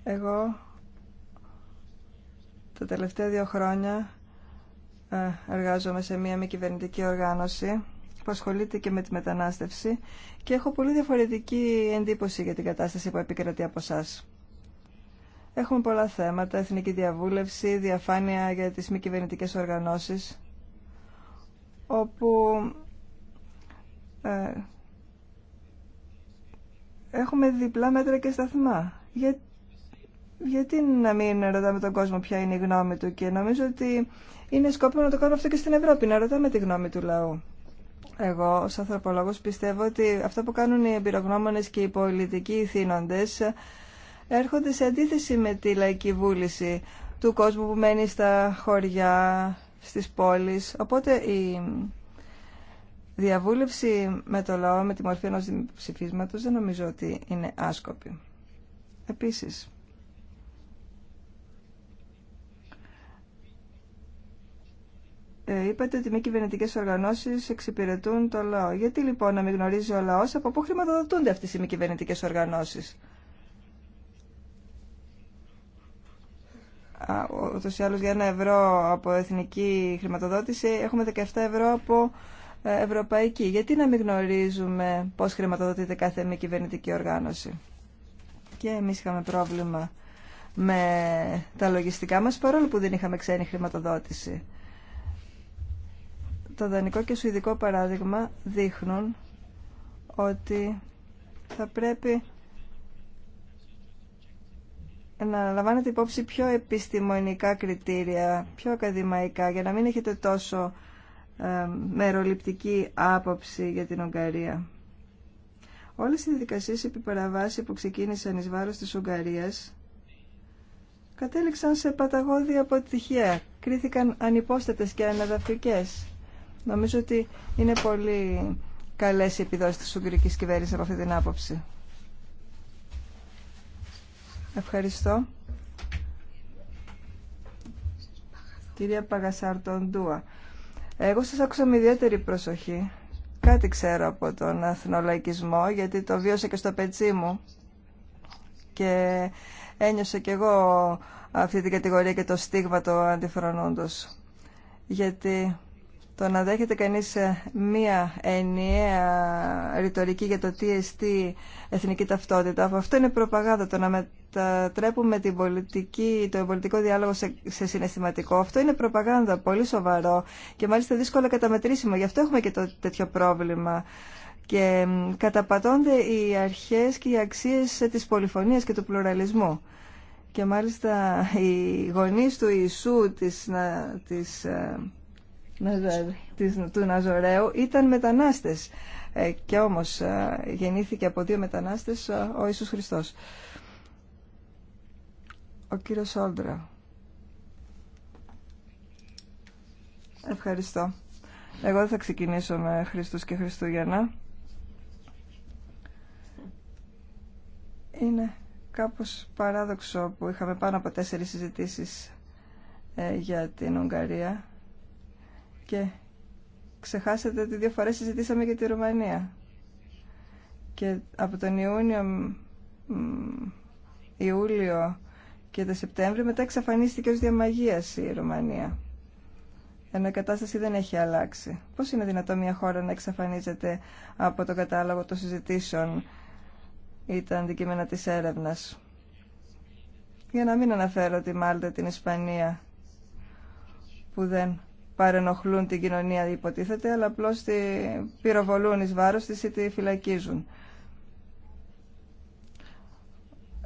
Εγώ τα τελευταία δύο χρόνια ε, εργάζομαι σε μία μη κυβερνητική οργάνωση που ασχολείται και με τη μετανάστευση και έχω πολύ διαφορετική εντύπωση για την κατάσταση που επικρατεί από εσά. Έχουμε πολλά θέματα, εθνική διαβούλευση, διαφάνεια για τις μη κυβερνητικέ οργανώσεις όπου ε, έχουμε διπλά μέτρα και σταθμά. Για, γιατί να μην ρωτάμε τον κόσμο ποια είναι η γνώμη του και νομίζω ότι είναι σκόπιμο να το κάνουμε αυτό και στην Ευρώπη, να ρωτάμε τη γνώμη του λαού. Εγώ, ως ανθρωπολόγος, πιστεύω ότι αυτά που κάνουν οι εμπειρογνώμονες και οι πολιτικοί θύνοντες, ε, έρχονται σε αντίθεση με τη λαϊκή βούληση του κόσμου που μένει στα χωριά, στις πόλεις. Οπότε η διαβούλευση με το λαό, με τη μορφή ενός ψηφίσματος, δεν νομίζω ότι είναι άσκοπη. Επίσης, ε, είπατε ότι μη κυβερνητικέ οργανώσει εξυπηρετούν το λαό. Γιατί λοιπόν να μην γνωρίζει ο λαό από πού χρηματοδοτούνται αυτέ οι μη κυβερνητικέ οργανώσει. ούτως ή άλλως για ένα ευρώ από εθνική χρηματοδότηση έχουμε 17 ευρώ από ε, ευρωπαϊκή. Γιατί να μην γνωρίζουμε πώς χρηματοδοτείται κάθε μη κυβερνητική οργάνωση. Και εμείς είχαμε πρόβλημα με τα λογιστικά μας παρόλο που δεν είχαμε ξένη χρηματοδότηση. Το δανεικό και σουηδικό παράδειγμα δείχνουν ότι θα πρέπει να λαμβάνετε υπόψη πιο επιστημονικά κριτήρια, πιο ακαδημαϊκά, για να μην έχετε τόσο ε, μεροληπτική άποψη για την Ουγγαρία. Όλες οι διαδικασίες επί που ξεκίνησαν εις βάρος της Ουγγαρίας κατέληξαν σε παταγώδη αποτυχία. Κρίθηκαν ανυπόστατες και αναδαφικές. Νομίζω ότι είναι πολύ καλές οι επιδόσεις της Ουγγρικής κυβέρνησης από αυτή την άποψη. Ευχαριστώ. Κυρία Παγασάρτον εγώ σας άκουσα με ιδιαίτερη προσοχή. Κάτι ξέρω από τον αθνολαϊκισμό, γιατί το βίωσα και στο πετσί μου. Και ένιωσα κι εγώ αυτή την κατηγορία και το στίγμα το αντιφρονούντος. Γιατί το να δέχεται κανείς ε, μία ενιαία ρητορική για το τι εστί εθνική ταυτότητα, αυτό είναι προπαγάνδα. Το να τα την πολιτική, το πολιτικό διάλογο σε, σε συναισθηματικό, αυτό είναι προπαγάνδα, πολύ σοβαρό και μάλιστα δύσκολο καταμετρήσιμο. Γι' αυτό έχουμε και το τέτοιο πρόβλημα. Και καταπατώνται οι αρχές και οι αξίες της πολυφωνίας και του πλουραλισμού. Και μάλιστα οι γονείς του Ιησού της, της, ε, της, του Ναζωρέου ήταν μετανάστες. Ε, και όμως ε, γεννήθηκε από δύο μετανάστες ο Ιησούς Χριστός. Ο κύριος Όλτρα. Ευχαριστώ. Εγώ δεν θα ξεκινήσω με Χριστούς και Χριστούγεννα. Είναι κάπως παράδοξο που είχαμε πάνω από τέσσερις συζητήσεις ε, για την Ουγγαρία και ξεχάσατε ότι δύο φορές συζητήσαμε για τη Ρουμανία. Και από τον Ιούνιο, Ιούλιο και το Σεπτέμβριο μετά εξαφανίστηκε ως διαμαγείας η Ρουμανία. Ενώ η κατάσταση δεν έχει αλλάξει. Πώς είναι δυνατόν μια χώρα να εξαφανίζεται από το κατάλογο των συζητήσεων ή τα αντικείμενα της έρευνας. Για να μην αναφέρω τη Μάλτα, την Ισπανία, που δεν παρενοχλούν την κοινωνία υποτίθεται, αλλά απλώς τη πυροβολούν εις βάρος της ή τη φυλακίζουν.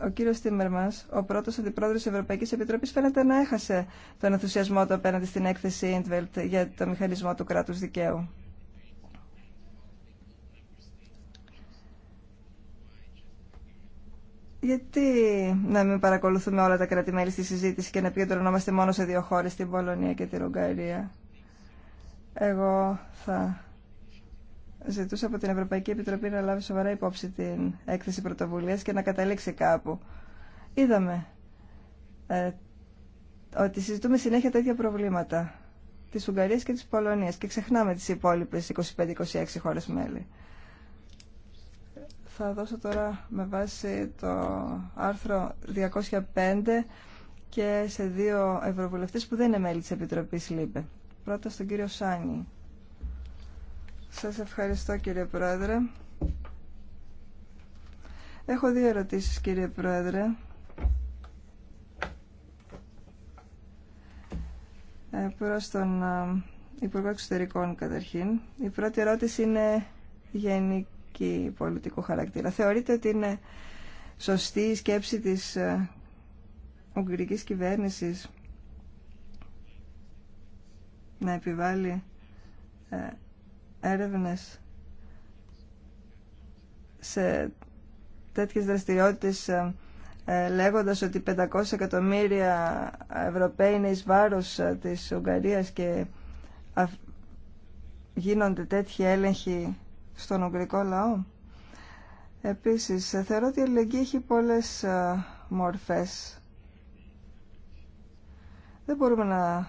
ο κύριος Τίμερμας, ο πρώτος αντιπρόεδρος τη Ευρωπαϊκής Επιτροπής, φαίνεται να έχασε τον ενθουσιασμό του απέναντι στην έκθεση Ιντβελτ για το μηχανισμό του κράτους δικαίου. Γιατί να μην παρακολουθούμε όλα τα κράτη-μέλη στη συζήτηση και να επικεντρωνόμαστε μόνο σε δύο χώρες, την Πολωνία και τη Ρουγγαρία. Εγώ θα ζητούσα από την Ευρωπαϊκή Επιτροπή να λάβει σοβαρά υπόψη την έκθεση πρωτοβουλίας και να καταλήξει κάπου. Είδαμε ε, ότι συζητούμε συνέχεια τα ίδια προβλήματα της Ουγγαρίας και της Πολωνίας και ξεχνάμε τις υπόλοιπες 25-26 χώρες μέλη. Θα δώσω τώρα με βάση το άρθρο 205 και σε δύο ευρωβουλευτές που δεν είναι μέλη της Επιτροπής Λύπε. Πρώτα στον κύριο Σάνι. Σας ευχαριστώ κύριε Πρόεδρε. Έχω δύο ερωτήσεις κύριε Πρόεδρε. Ε, προς τον Υπουργό Εξωτερικών καταρχήν. Η πρώτη ερώτηση είναι γενική πολιτικού χαρακτήρα. Θεωρείτε ότι είναι σωστή η σκέψη της Ουγγρικής κυβέρνησης να επιβάλλει ε, έρευνες σε τέτοιες δραστηριότητες ε, ε, λέγοντας ότι 500 εκατομμύρια Ευρωπαίοι είναι εις βάρος ε, της Ουγγαρίας και γίνονται τέτοιοι έλεγχοι στον Ουγγρικό λαό. Επίσης, θεωρώ ότι η αλληλεγγύη έχει πολλές μορφές. Δεν μπορούμε να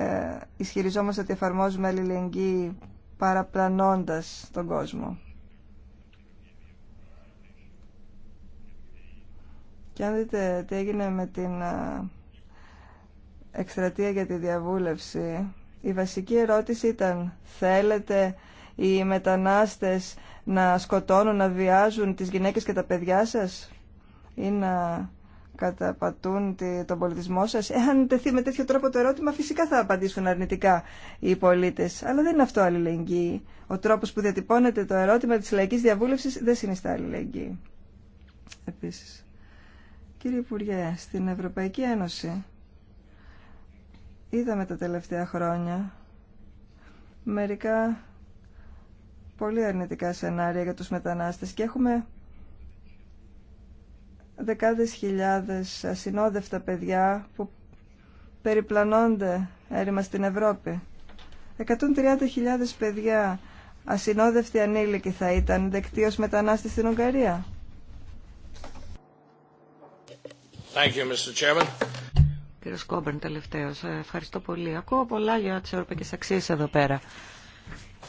Ε, ισχυριζόμαστε ότι εφαρμόζουμε αλληλεγγύη παραπλανώντας τον κόσμο. Και αν δείτε τι έγινε με την ε, εκστρατεία για τη διαβούλευση, η βασική ερώτηση ήταν «Θέλετε οι μετανάστες να σκοτώνουν, να βιάζουν τις γυναίκες και τα παιδιά σας» ή να καταπατούν τον πολιτισμό σας. Εάν τεθεί με τέτοιο τρόπο το ερώτημα, φυσικά θα απαντήσουν αρνητικά οι πολίτες. Αλλά δεν είναι αυτό αλληλεγγύη. Ο τρόπος που διατυπώνεται το ερώτημα της λαϊκής διαβούλευσης δεν συνιστά αλληλεγγύη. Επίσης. Κύριε Υπουργέ, στην Ευρωπαϊκή Ένωση είδαμε τα τελευταία χρόνια μερικά πολύ αρνητικά σενάρια για τους μετανάστες και έχουμε δεκάδες χιλιάδες ασυνόδευτα παιδιά που περιπλανώνται έρημα στην Ευρώπη. 130.000 παιδιά ασυνόδευτοι ανήλικοι θα ήταν δεκτοί ως μετανάστες στην Ουγγαρία. Thank Κύριο Κόμπερν, τελευταίο. Ε, ευχαριστώ πολύ. Ακούω πολλά για τι ευρωπαϊκέ αξίε εδώ πέρα.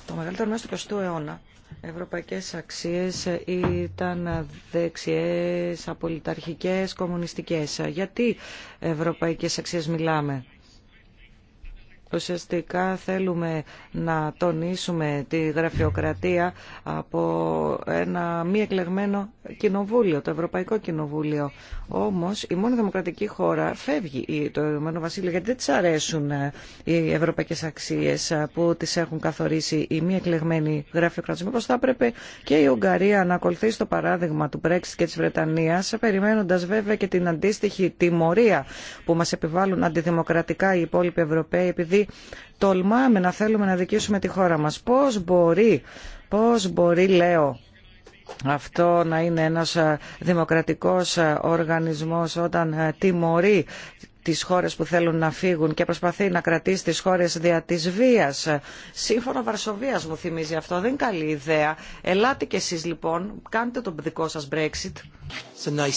Το μεγαλύτερο μέσο του 20ου αιώνα ευρωπαϊκές αξίες ήταν δεξιές, απολυταρχικές, κομμουνιστικές. Γιατί ευρωπαϊκές αξίες μιλάμε. Ουσιαστικά θέλουμε να τονίσουμε τη γραφειοκρατία από ένα μη εκλεγμένο κοινοβούλιο, το Ευρωπαϊκό Κοινοβούλιο. Όμως η μόνη δημοκρατική χώρα φεύγει το Ηνωμένο Βασίλειο γιατί δεν της αρέσουν ε, οι ευρωπαϊκές αξίες ε, που τις έχουν καθορίσει οι μη εκλεγμένοι γραφειοκρατές. Μήπως θα έπρεπε και η Ουγγαρία να ακολουθήσει το παράδειγμα του Brexit και της Βρετανίας περιμένοντας βέβαια και την αντίστοιχη τιμωρία που μας επιβάλλουν αντιδημοκρατικά οι υπόλοιποι Ευρωπαίοι επειδή τολμάμε να θέλουμε να δικήσουμε τη χώρα μας. Πώς μπορεί, πώς μπορεί λέω, αυτό να είναι ένας ε, δημοκρατικός ε, οργανισμός όταν ε, τιμωρεί τις χώρες που θέλουν να φύγουν και προσπαθεί να κρατήσει τις χώρες δια της βίας. Σύμφωνο Βαρσοβίας μου θυμίζει αυτό, δεν είναι καλή ιδέα. Ελάτε κι εσείς λοιπόν, κάντε τον δικό σας Brexit. It's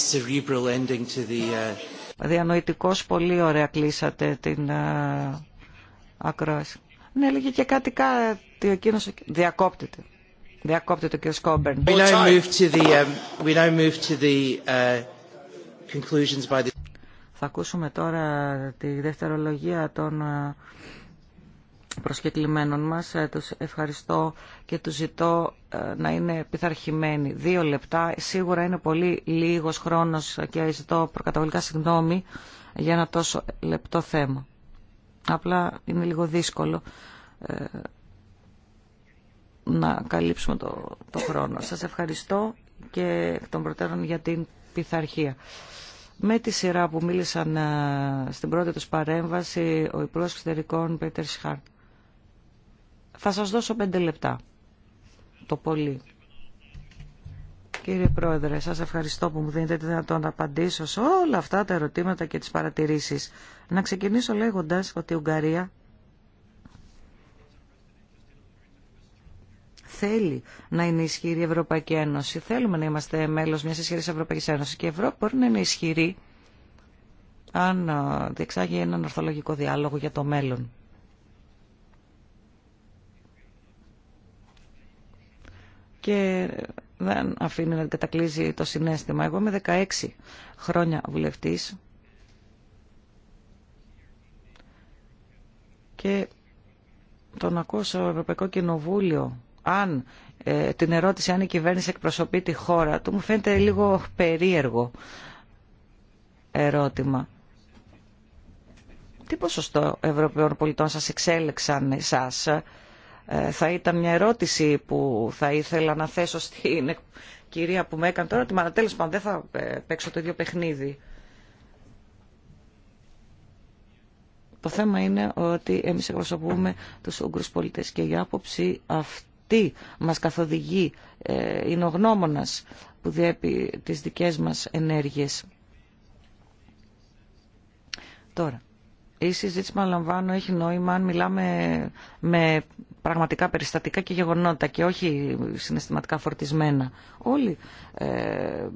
nice πολύ ωραία κλείσατε την ακρόαση. Ναι, έλεγε και κάτι κάτι ο κύριος διακόπτεται. Διακόπτεται ο κ. Σκόμπερν. Um, uh, Θα ακούσουμε τώρα τη δευτερολογία των ε, προσκεκλημένων μας. Ε, τους ευχαριστώ και τους ζητώ ε, να είναι πειθαρχημένοι. Δύο λεπτά, σίγουρα είναι πολύ λίγος χρόνος και ζητώ προκαταβολικά συγγνώμη για ένα τόσο λεπτό θέμα. Απλά είναι λίγο δύσκολο ε, να καλύψουμε το, το χρόνο. Σας ευχαριστώ και εκ των προτέρων για την πειθαρχία. Με τη σειρά που μίλησαν ε, στην πρώτη τους παρέμβαση ο Υπουργός Εξωτερικών Πέτερ Θα σας δώσω πέντε λεπτά, το πολύ. Κύριε Πρόεδρε, σας ευχαριστώ που μου δίνετε τη δυνατότητα να απαντήσω σε όλα αυτά τα ερωτήματα και τις παρατηρήσεις. Να ξεκινήσω λέγοντας ότι η Ουγγαρία θέλει να είναι ισχυρή η Ευρωπαϊκή Ένωση. Θέλουμε να είμαστε μέλος μιας ισχυρής Ευρωπαϊκής Ένωσης και η Ευρώπη μπορεί να είναι ισχυρή αν διεξάγει έναν ορθολογικό διάλογο για το μέλλον. Και δεν αφήνει να την κατακλείζει το συνέστημα. Εγώ είμαι 16 χρόνια βουλευτής και το να ακούω στο Ευρωπαϊκό Κοινοβούλιο αν ε, την ερώτηση αν η κυβέρνηση εκπροσωπεί τη χώρα του μου φαίνεται λίγο περίεργο ερώτημα. Τι ποσοστό Ευρωπαίων πολιτών σας εξέλεξαν εσάς ε, θα ήταν μια ερώτηση που θα ήθελα να θέσω στην κυρία που με έκανε τώρα ότι τέλος πάντων δεν θα ε, παίξω το ίδιο παιχνίδι. Το θέμα είναι ότι εμείς εκπροσωπούμε τους Ούγκρους πολίτες και η άποψη αυτή μας καθοδηγεί, ε, είναι ο γνώμονας που διέπει τις δικές μας ενέργειες. Τώρα, η συζήτηση παραλαμβάνω έχει νόημα αν μιλάμε με πραγματικά περιστατικά και γεγονότα και όχι συναισθηματικά φορτισμένα. Όλοι ε,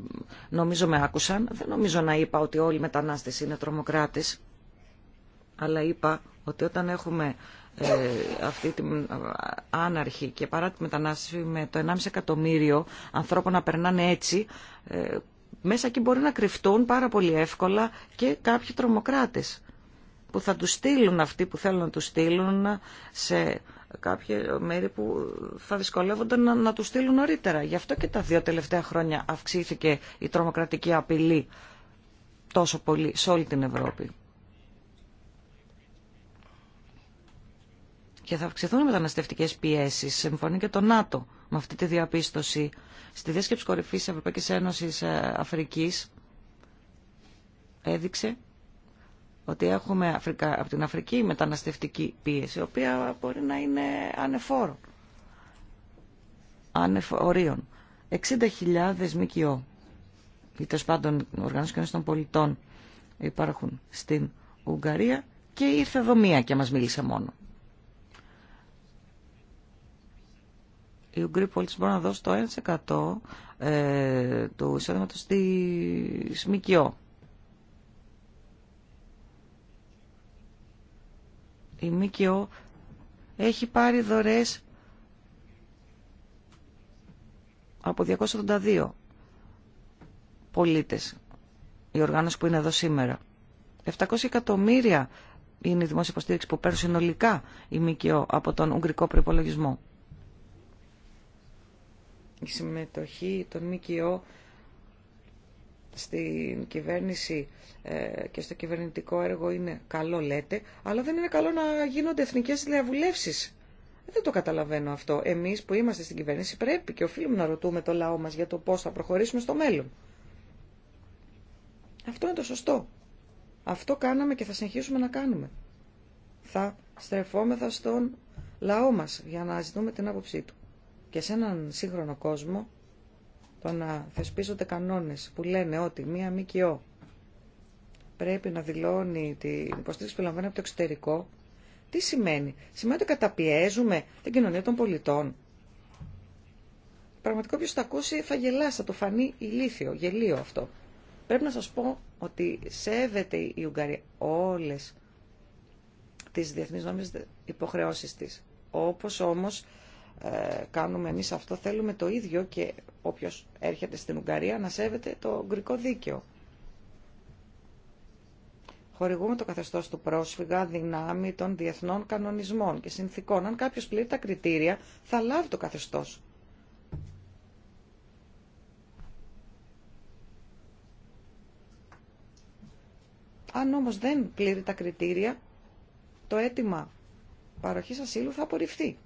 νομίζω με άκουσαν. Δεν νομίζω να είπα ότι όλοι οι μετανάστες είναι τρομοκράτες. Αλλά είπα ότι όταν έχουμε ε, αυτή την ε, άναρχη και παρά τη μετανάστευση με το 1,5 εκατομμύριο ανθρώπων να περνάνε έτσι, ε, μέσα εκεί μπορεί να κρυφτούν πάρα πολύ εύκολα και κάποιοι τρομοκράτες που θα τους στείλουν αυτοί που θέλουν να τους στείλουν σε κάποια μέρη που θα δυσκολεύονται να, να τους στείλουν νωρίτερα. Γι' αυτό και τα δύο τελευταία χρόνια αυξήθηκε η τρομοκρατική απειλή τόσο πολύ σε όλη την Ευρώπη. Και θα αυξηθούν οι μεταναστευτικέ πιέσεις. Συμφωνεί και το ΝΑΤΟ με αυτή τη διαπίστωση. Στη διάσκεψη κορυφή Ευρωπαϊκή Ένωση ε, Αφρική έδειξε ότι έχουμε Αφρικα, από την Αφρική μεταναστευτική πίεση, η οποία μπορεί να είναι ανεφόρο, ανεφορίων. 60.000 ΜΚΟ, ή τέλο πάντων οργανώσει των πολιτών, υπάρχουν στην Ουγγαρία και ήρθε εδώ και μας μίλησε μόνο. Οι Ουγγροί πολίτες μπορούν να δώσουν το 1% ε, του εισόδηματος στη ΜΚΟ. η ΜΚΟ έχει πάρει δωρές από 282 πολίτες, η οργάνωση που είναι εδώ σήμερα. 700 εκατομμύρια είναι η δημόσια υποστήριξη που παίρνει συνολικά η ΜΚΟ από τον Ουγγρικό προπολογισμό. Η συμμετοχή των ΜΚΟ στην κυβέρνηση ε, και στο κυβερνητικό έργο είναι καλό λέτε, αλλά δεν είναι καλό να γίνονται εθνικές διαβουλεύσεις. Δεν το καταλαβαίνω αυτό. Εμείς που είμαστε στην κυβέρνηση πρέπει και οφείλουμε να ρωτούμε το λαό μας για το πώς θα προχωρήσουμε στο μέλλον. Αυτό είναι το σωστό. Αυτό κάναμε και θα συνεχίσουμε να κάνουμε. Θα στρεφόμεθα στον λαό μας για να ζητούμε την άποψή του. Και σε έναν σύγχρονο κόσμο το να θεσπίζονται κανόνες που λένε ότι μία ΜΚΟ πρέπει να δηλώνει την υποστήριξη που λαμβάνει από το εξωτερικό, τι σημαίνει. Σημαίνει ότι καταπιέζουμε την κοινωνία των πολιτών. Πραγματικό ποιος το ακούσει θα γελάσει, θα του φανεί ηλίθιο, γελίο αυτό. Πρέπει να σας πω ότι σέβεται η Ουγγαρία όλες τις διεθνείς νόμιες υποχρεώσεις της. Όπως όμως ε, κάνουμε εμείς αυτό, θέλουμε το ίδιο και όποιος έρχεται στην Ουγγαρία να σέβεται το γκρικό δίκαιο. Χορηγούμε το καθεστώς του πρόσφυγα δυνάμει των διεθνών κανονισμών και συνθήκων. Αν κάποιος πλήρει τα κριτήρια, θα λάβει το καθεστώς. Αν όμως δεν πλήρει τα κριτήρια, το αίτημα παροχής ασύλου θα απορριφθεί.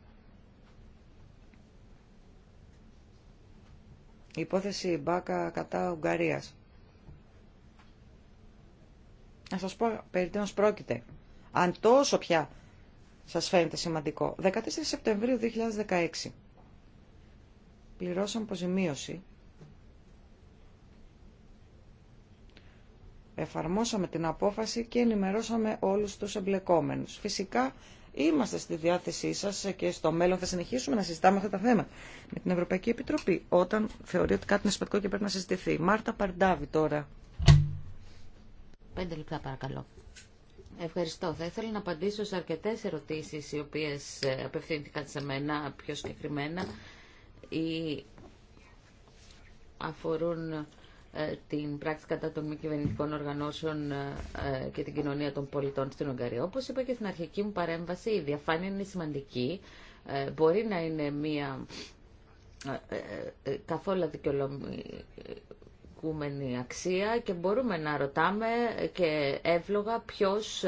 υπόθεση Μπάκα κατά Ουγγαρίας. Να σας πω περί πρόκειται. Αν τόσο πια σας φαίνεται σημαντικό. 14 Σεπτεμβρίου 2016 πληρώσαμε αποζημίωση. Εφαρμόσαμε την απόφαση και ενημερώσαμε όλους τους εμπλεκόμενους. Φυσικά Είμαστε στη διάθεσή σας και στο μέλλον θα συνεχίσουμε να συζητάμε αυτά τα θέματα με την Ευρωπαϊκή Επιτροπή όταν θεωρεί ότι κάτι είναι σημαντικό και πρέπει να συζητηθεί. Μάρτα Παρντάβη τώρα. Πέντε λεπτά παρακαλώ. Ευχαριστώ. Θα ήθελα να απαντήσω σε αρκετές ερωτήσεις οι οποίες ε, απευθύνθηκαν σε μένα πιο συγκεκριμένα οι αφορούν ε, την πράξη κατά των μη κυβερνητικών οργανώσεων ε, ε, και την κοινωνία των πολιτών στην Ουγγαρία. Όπως είπα και στην αρχική μου παρέμβαση, η διαφάνεια είναι σημαντική. Μπορεί να είναι μία καθόλου δικαιολογούμενη αξία και μπορούμε να ρωτάμε και εύλογα ποιος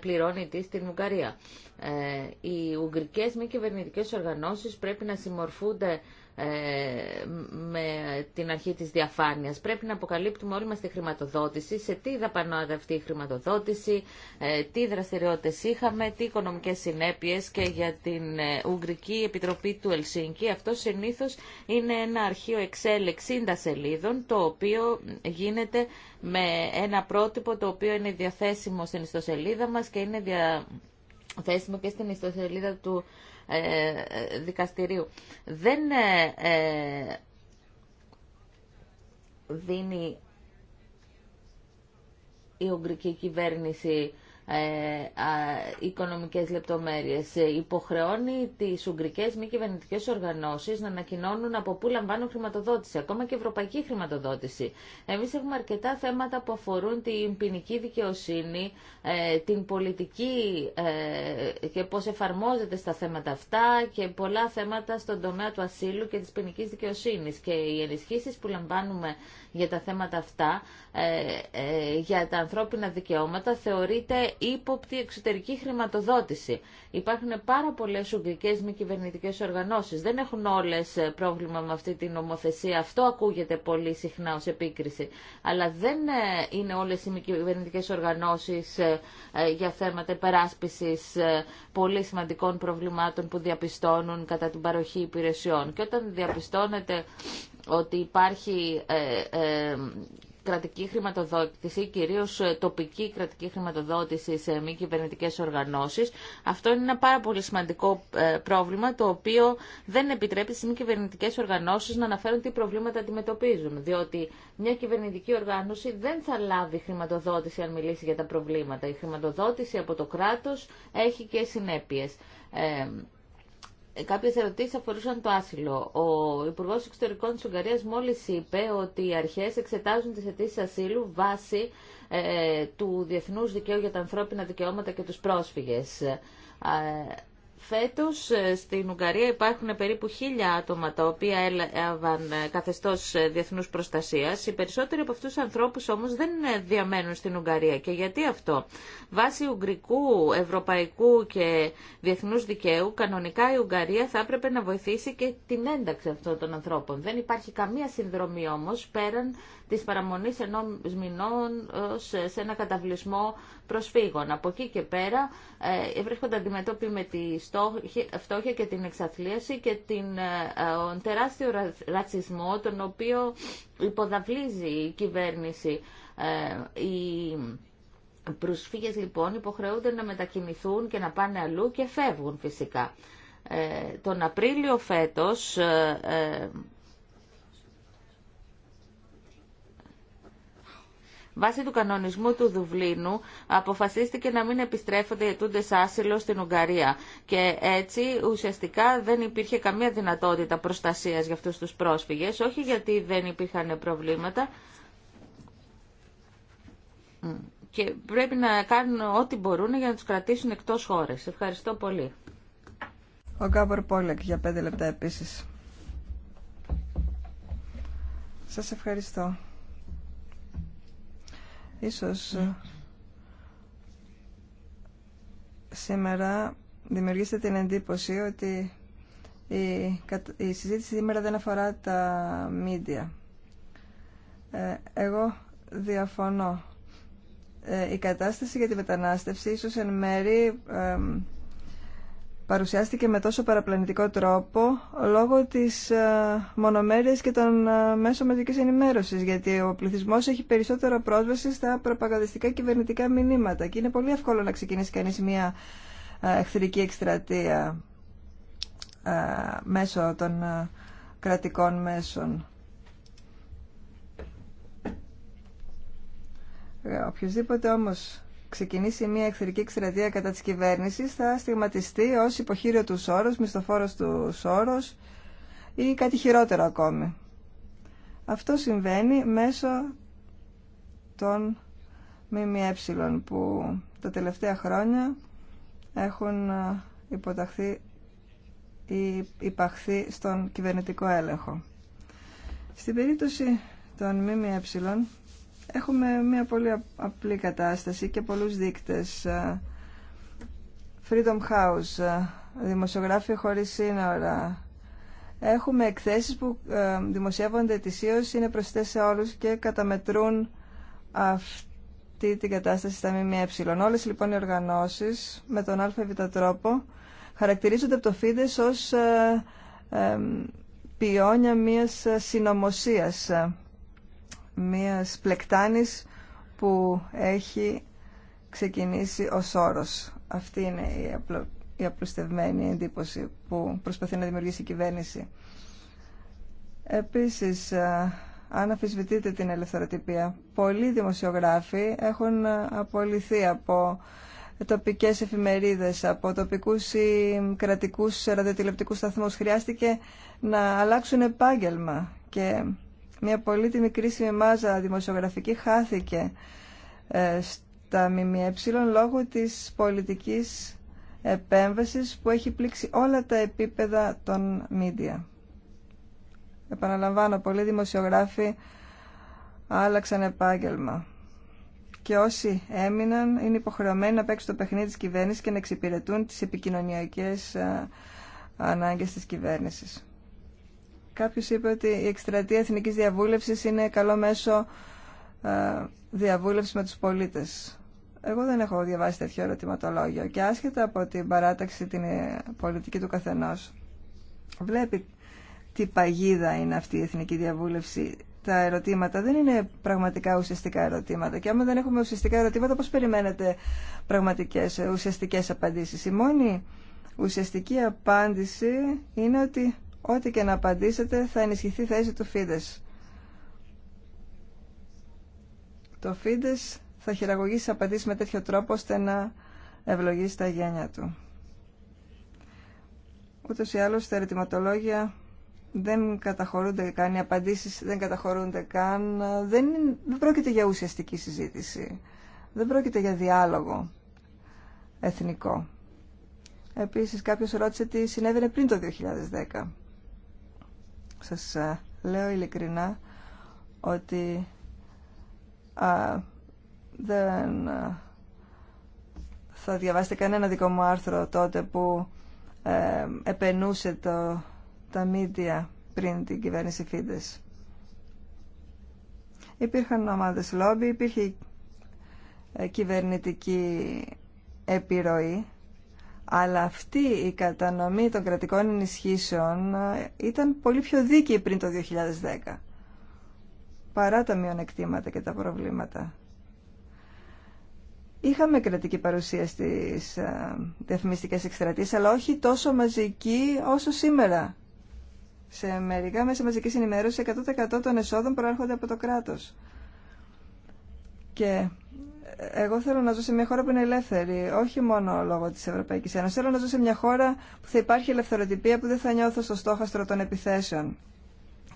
πληρώνει τι στην Ουγγαρία. Οι ουγγρικές μη κυβερνητικές οργανώσεις πρέπει να συμμορφούνται ε, με την αρχή της διαφάνειας. Πρέπει να αποκαλύπτουμε όλη μας τη χρηματοδότηση, σε τι δαπανώνεται αυτή η χρηματοδότηση, ε, τι δραστηριότητες είχαμε, τι οικονομικές συνέπειες και για την ε, Ουγγρική Επιτροπή του Ελσίνκη. Αυτό συνήθως είναι ένα αρχείο Excel 60 σελίδων, το οποίο γίνεται με ένα πρότυπο το οποίο είναι διαθέσιμο στην ιστοσελίδα μας και είναι διαθέσιμο και στην ιστοσελίδα του ε, δικαστηρίου δεν ε, ε, δίνει η Ουγγρική κυβέρνηση ε, οικονομικές λεπτομέρειες. Ε, υποχρεώνει τις ουγγρικές μη κυβερνητικέ οργανώσεις να ανακοινώνουν από πού λαμβάνουν χρηματοδότηση, ακόμα και ευρωπαϊκή χρηματοδότηση. Εμείς έχουμε αρκετά θέματα που αφορούν την ποινική δικαιοσύνη, ε, την πολιτική και πώς εφαρμόζεται στα θέματα αυτά και πολλά θέματα στον τομέα του ασύλου και της ποινική δικαιοσύνης. Και οι ενισχύσεις που λαμβάνουμε για τα θέματα αυτά, για τα ανθρώπινα δικαιώματα, θεωρείται ύποπτη εξωτερική χρηματοδότηση. Υπάρχουν πάρα πολλές ουγγρικές μη κυβερνητικέ οργανώσεις. Δεν έχουν όλες ε, πρόβλημα με αυτή την νομοθεσία. Αυτό ακούγεται πολύ συχνά ως επίκριση. Αλλά δεν ε, είναι όλες οι μη κυβερνητικέ οργανώσεις ε, για θέματα υπεράσπισης πολύ σημαντικών προβλημάτων που διαπιστώνουν κατά την παροχή υπηρεσιών. Και όταν διαπιστώνεται ότι υπάρχει κρατική χρηματοδότηση, κυρίως ε, τοπική κρατική χρηματοδότηση σε μη κυβερνητικέ οργανώσεις. Αυτό είναι ένα πάρα πολύ σημαντικό ε, πρόβλημα, το οποίο δεν επιτρέπει στις μη κυβερνητικέ οργανώσεις να αναφέρουν τι προβλήματα αντιμετωπίζουν, διότι μια κυβερνητική οργάνωση δεν θα λάβει χρηματοδότηση αν μιλήσει για τα προβλήματα. Η χρηματοδότηση από το κράτος έχει και συνέπειες. Ε, Κάποιε ερωτήσει αφορούσαν το άσυλο. Ο Υπουργό Εξωτερικών τη Ουγγαρία μόλι είπε ότι οι αρχέ εξετάζουν τι αιτήσει ασύλου βάσει ε, του διεθνού δικαίου για τα ανθρώπινα δικαιώματα και του πρόσφυγε. Ε, Φέτος ε, στην Ουγγαρία υπάρχουν περίπου χίλια άτομα τα οποία έλαβαν ε, καθεστώς ε, διεθνούς προστασίας. Οι περισσότεροι από αυτούς τους ανθρώπους όμως δεν διαμένουν στην Ουγγαρία. Και γιατί αυτό. Βάσει ουγγρικού, ευρωπαϊκού και διεθνούς δικαίου, κανονικά η Ουγγαρία θα έπρεπε να βοηθήσει και την ένταξη αυτών των ανθρώπων. Δεν υπάρχει καμία συνδρομή όμως πέραν της παραμονής ενός μηνών ε, σε ένα καταβλισμό προσφύγων. Από εκεί και πέρα ε, βρίσκονται αντιμετώπιοι με τη φτώχεια και την εξαθλίαση και την ε, τεράστιο ρατσισμό τον οποίο υποδαβλίζει η κυβέρνηση. Οι προσφύγες λοιπόν υποχρεούνται να μετακινηθούν και να πάνε αλλού και φεύγουν φυσικά. Τον Απρίλιο φέτος Βάσει του κανονισμού του Δουβλίνου αποφασίστηκε να μην επιστρέφονται οι αιτούντε άσυλο στην Ουγγαρία και έτσι ουσιαστικά δεν υπήρχε καμία δυνατότητα προστασίας για αυτούς τους πρόσφυγες, όχι γιατί δεν υπήρχαν προβλήματα, και πρέπει να κάνουν ό,τι μπορούν για να τους κρατήσουν εκτός χώρες. Ευχαριστώ πολύ. Ο Γκάμπορ Πόλεκ για πέντε λεπτά επίσης. Σας ευχαριστώ. Ίσως ναι. σήμερα δημιουργήσετε την εντύπωση ότι η συζήτηση σήμερα δεν αφορά τα μίντια. Ε, εγώ διαφωνώ. Ε, η κατάσταση για τη μετανάστευση ίσως εν μέρη παρουσιάστηκε με τόσο παραπλανητικό τρόπο λόγω της ε, μονομέρειας και των ε, μέσων μαζικής ενημέρωσης γιατί ο πληθυσμός έχει περισσότερο πρόσβαση στα προπαγανδιστικά κυβερνητικά μηνύματα και είναι πολύ εύκολο να ξεκινήσει κανείς μια ε, εχθρική εκστρατεία μέσω των κρατικών μέσων. Οποιοςδήποτε όμως ξεκινήσει μια εχθρική εξτρατεία κατά της κυβέρνησης θα στιγματιστεί ως υποχείριο του Σόρος, μισθοφόρος του Σόρος ή κάτι χειρότερο ακόμη. Αυτό συμβαίνει μέσω των ΜΜΕ που τα τελευταία χρόνια έχουν υποταχθεί ή υπαχθεί στον κυβερνητικό έλεγχο. Στην περίπτωση των ΜΜΕ Έχουμε μια πολύ απλή κατάσταση και πολλούς δείκτες. Freedom House, δημοσιογράφοι χωρίς σύνορα. Έχουμε εκθέσεις που ε, δημοσιεύονται ετησίως, είναι προσιτές σε όλους και καταμετρούν αυτή την κατάσταση στα ΜΜΕ. Όλες λοιπόν οι οργανώσεις με τον ΑΒ τρόπο χαρακτηρίζονται από το ΦΙΔΕΣ ως ε, ε, πιόνια μιας συνωμοσίας μιας πλεκτάνης που έχει ξεκινήσει ο όρος. Αυτή είναι η, απλο, η απλουστευμένη εντύπωση που προσπαθεί να δημιουργήσει η κυβέρνηση. Επίσης, αν αφισβητείτε την ελευθεροτυπία, πολλοί δημοσιογράφοι έχουν απολυθεί από τοπικές εφημερίδες, από τοπικούς ή κρατικούς ραδιοτηλεπτικούς σταθμούς. Χρειάστηκε να αλλάξουν επάγγελμα και μια πολύτιμη κρίσιμη μάζα δημοσιογραφική χάθηκε ε, στα ΜΜΕ λόγω της πολιτικής επέμβασης που έχει πλήξει όλα τα επίπεδα των μίντια. Επαναλαμβάνω, πολλοί δημοσιογράφοι άλλαξαν επάγγελμα και όσοι έμειναν είναι υποχρεωμένοι να παίξουν το παιχνίδι της κυβέρνησης και να εξυπηρετούν τις επικοινωνιακές ε, ανάγκες της κυβέρνησης. Κάποιο είπε ότι η εκστρατεία εθνική διαβούλευση είναι καλό μέσο ε, διαβούλευση με του πολίτε. Εγώ δεν έχω διαβάσει τέτοιο ερωτηματολόγιο και άσχετα από την παράταξη την ε, πολιτική του καθενό. βλέπει τι παγίδα είναι αυτή η εθνική διαβούλευση. Τα ερωτήματα δεν είναι πραγματικά ουσιαστικά ερωτήματα και άμα δεν έχουμε ουσιαστικά ερωτήματα πώ περιμένετε πραγματικές ε, ουσιαστικές απαντήσεις. Η μόνη ουσιαστική απάντηση είναι ότι Ό,τι και να απαντήσετε θα ενισχυθεί θέση του Φίδες. Το Φίδες θα χειραγωγήσει απαντήσει με τέτοιο τρόπο ώστε να ευλογήσει τα γένια του. Ούτως ή άλλως τα ερωτηματολόγια δεν καταχωρούνται καν, οι απαντήσεις δεν καταχωρούνται καν, δεν, δεν πρόκειται για ουσιαστική συζήτηση, δεν πρόκειται για διάλογο εθνικό. Επίσης κάποιος ρώτησε τι συνέβαινε πριν το 2010. Σας ε, λέω ειλικρινά ότι α, δεν ε, θα διαβάσετε κανένα δικό μου άρθρο τότε που ε, επενούσε το, τα μίντια πριν την κυβέρνηση Φίντες. Υπήρχαν ομάδες λόμπι, υπήρχε κυβερνητική επιρροή αλλά αυτή η κατανομή των κρατικών ενισχύσεων ε, ήταν πολύ πιο δίκαιη πριν το 2010, παρά τα μειονεκτήματα και τα προβλήματα. Είχαμε κρατική παρουσία στις ε, διαφημιστικές εκστρατείες, αλλά όχι τόσο μαζική όσο σήμερα. Σε μερικά μέσα μαζικής ενημέρωσης, 100% των εσόδων προέρχονται από το κράτος. Και εγώ θέλω να ζω σε μια χώρα που είναι ελεύθερη, όχι μόνο λόγω τη Ευρωπαϊκή Ένωση. Θέλω να ζω σε μια χώρα που θα υπάρχει ελευθεροτυπία, που δεν θα νιώθω στο στόχαστρο των επιθέσεων.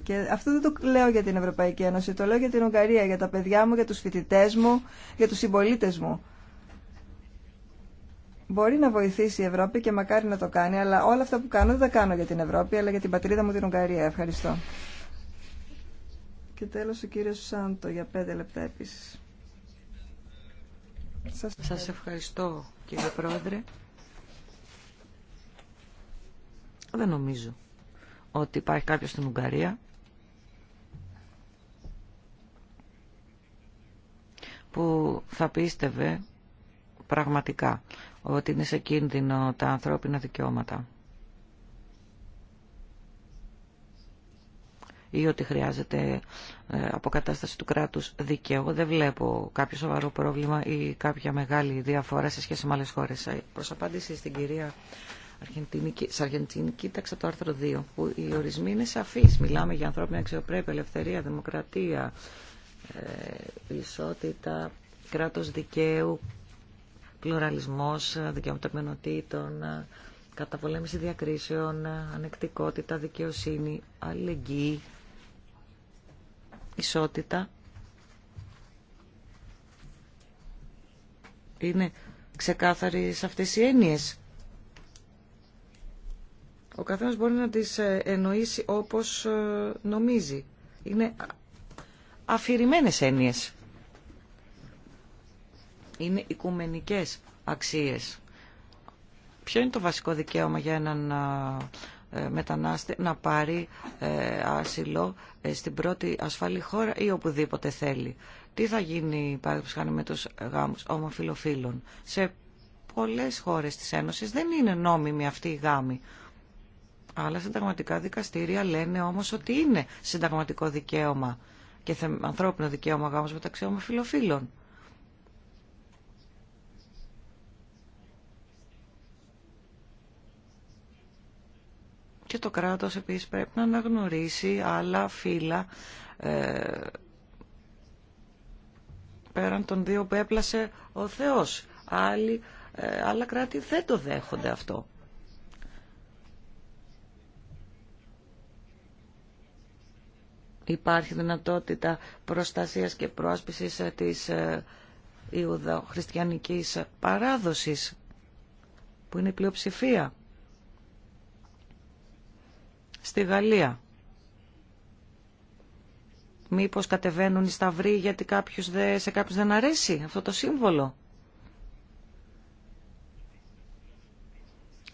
Και αυτό δεν το λέω για την Ευρωπαϊκή Ένωση, το λέω για την Ουγγαρία, για τα παιδιά μου, για του φοιτητέ μου, για του συμπολίτε μου. Μπορεί να βοηθήσει η Ευρώπη και μακάρι να το κάνει, αλλά όλα αυτά που κάνω δεν τα κάνω για την Ευρώπη, αλλά για την πατρίδα μου την Ουγγαρία. Ευχαριστώ. Και τέλος ο κύριος Σάντο για πέντε λεπτά επίσης. Σας ευχαριστώ κύριε Πρόεδρε. Δεν νομίζω ότι υπάρχει κάποιος στην Ουγγαρία που θα πίστευε πραγματικά ότι είναι σε κίνδυνο τα ανθρώπινα δικαιώματα. ή ότι χρειάζεται ε, αποκατάσταση του κράτους δικαίου. δεν βλέπω κάποιο σοβαρό πρόβλημα ή κάποια μεγάλη διαφορά σε σχέση με άλλες χώρες. Ε, προς απάντηση στην κυρία Αργεντινή, κοίταξε κοίταξα το άρθρο 2, που οι ορισμοί είναι σαφείς. Μιλάμε για ανθρώπινη αξιοπρέπεια, ελευθερία, δημοκρατία, ε, ισότητα, κράτος δικαίου, πλουραλισμός, δικαιώματα καταπολέμηση διακρίσεων, ανεκτικότητα, δικαιοσύνη, αλληλεγγύη, ισότητα είναι ξεκάθαρη σε αυτές οι έννοιες. Ο καθένας μπορεί να τις ε, εννοήσει όπως ε, νομίζει. Είναι αφηρημένες έννοιες. Είναι οικουμενικές αξίες. Ποιο είναι το βασικό δικαίωμα για έναν ε, ε, μετανάστη να πάρει ε, άσυλο ε, στην πρώτη ασφαλή χώρα ή οπουδήποτε θέλει. Τι θα γίνει, παραδείγματος με τους γάμους ομοφιλοφίλων. Σε πολλές χώρες της Ένωσης δεν είναι νόμιμη αυτή η γάμη. Άλλα συνταγματικά δικαστήρια λένε όμως ότι είναι συνταγματικό δικαίωμα και ανθρώπινο δικαίωμα γάμος μεταξύ ομοφιλοφίλων. Και το κράτος επίσης πρέπει να αναγνωρίσει άλλα φύλλα ε, πέραν των δύο που έπλασε ο Θεός. Άλλοι, ε, άλλα κράτη δεν το δέχονται αυτό. Υπάρχει δυνατότητα προστασίας και πρόσπισης της ε, Ιουδοχριστιανικής παράδοσης που είναι η πλειοψηφία στη Γαλλία. Μήπως κατεβαίνουν οι σταυροί γιατί δε, σε κάποιους δεν αρέσει αυτό το σύμβολο.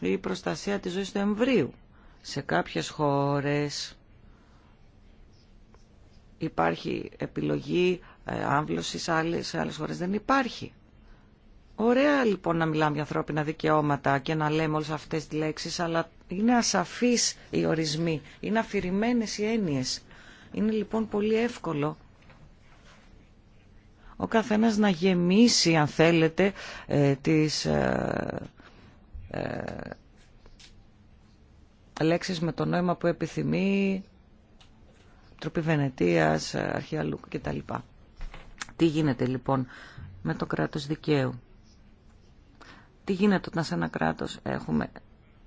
Η προστασία της ζωής του εμβρίου. Σε κάποιες χώρες υπάρχει επιλογή ε, άμβλωσης, σε άλλες χώρες δεν υπάρχει. Ωραία λοιπόν να μιλάμε για ανθρώπινα δικαιώματα και να λέμε όλες αυτές τις λέξεις, αλλά είναι ασαφείς οι ορισμοί, είναι αφηρημένες οι έννοιες. Είναι λοιπόν πολύ εύκολο ο καθένας να γεμίσει, αν θέλετε, ε, τις ε, ε, λέξεις με το νόημα που επιθυμεί, τροπή Βενετίας, αρχαία τα κτλ. Τι γίνεται λοιπόν με το κράτος δικαίου τι γίνεται όταν σε ένα κράτος έχουμε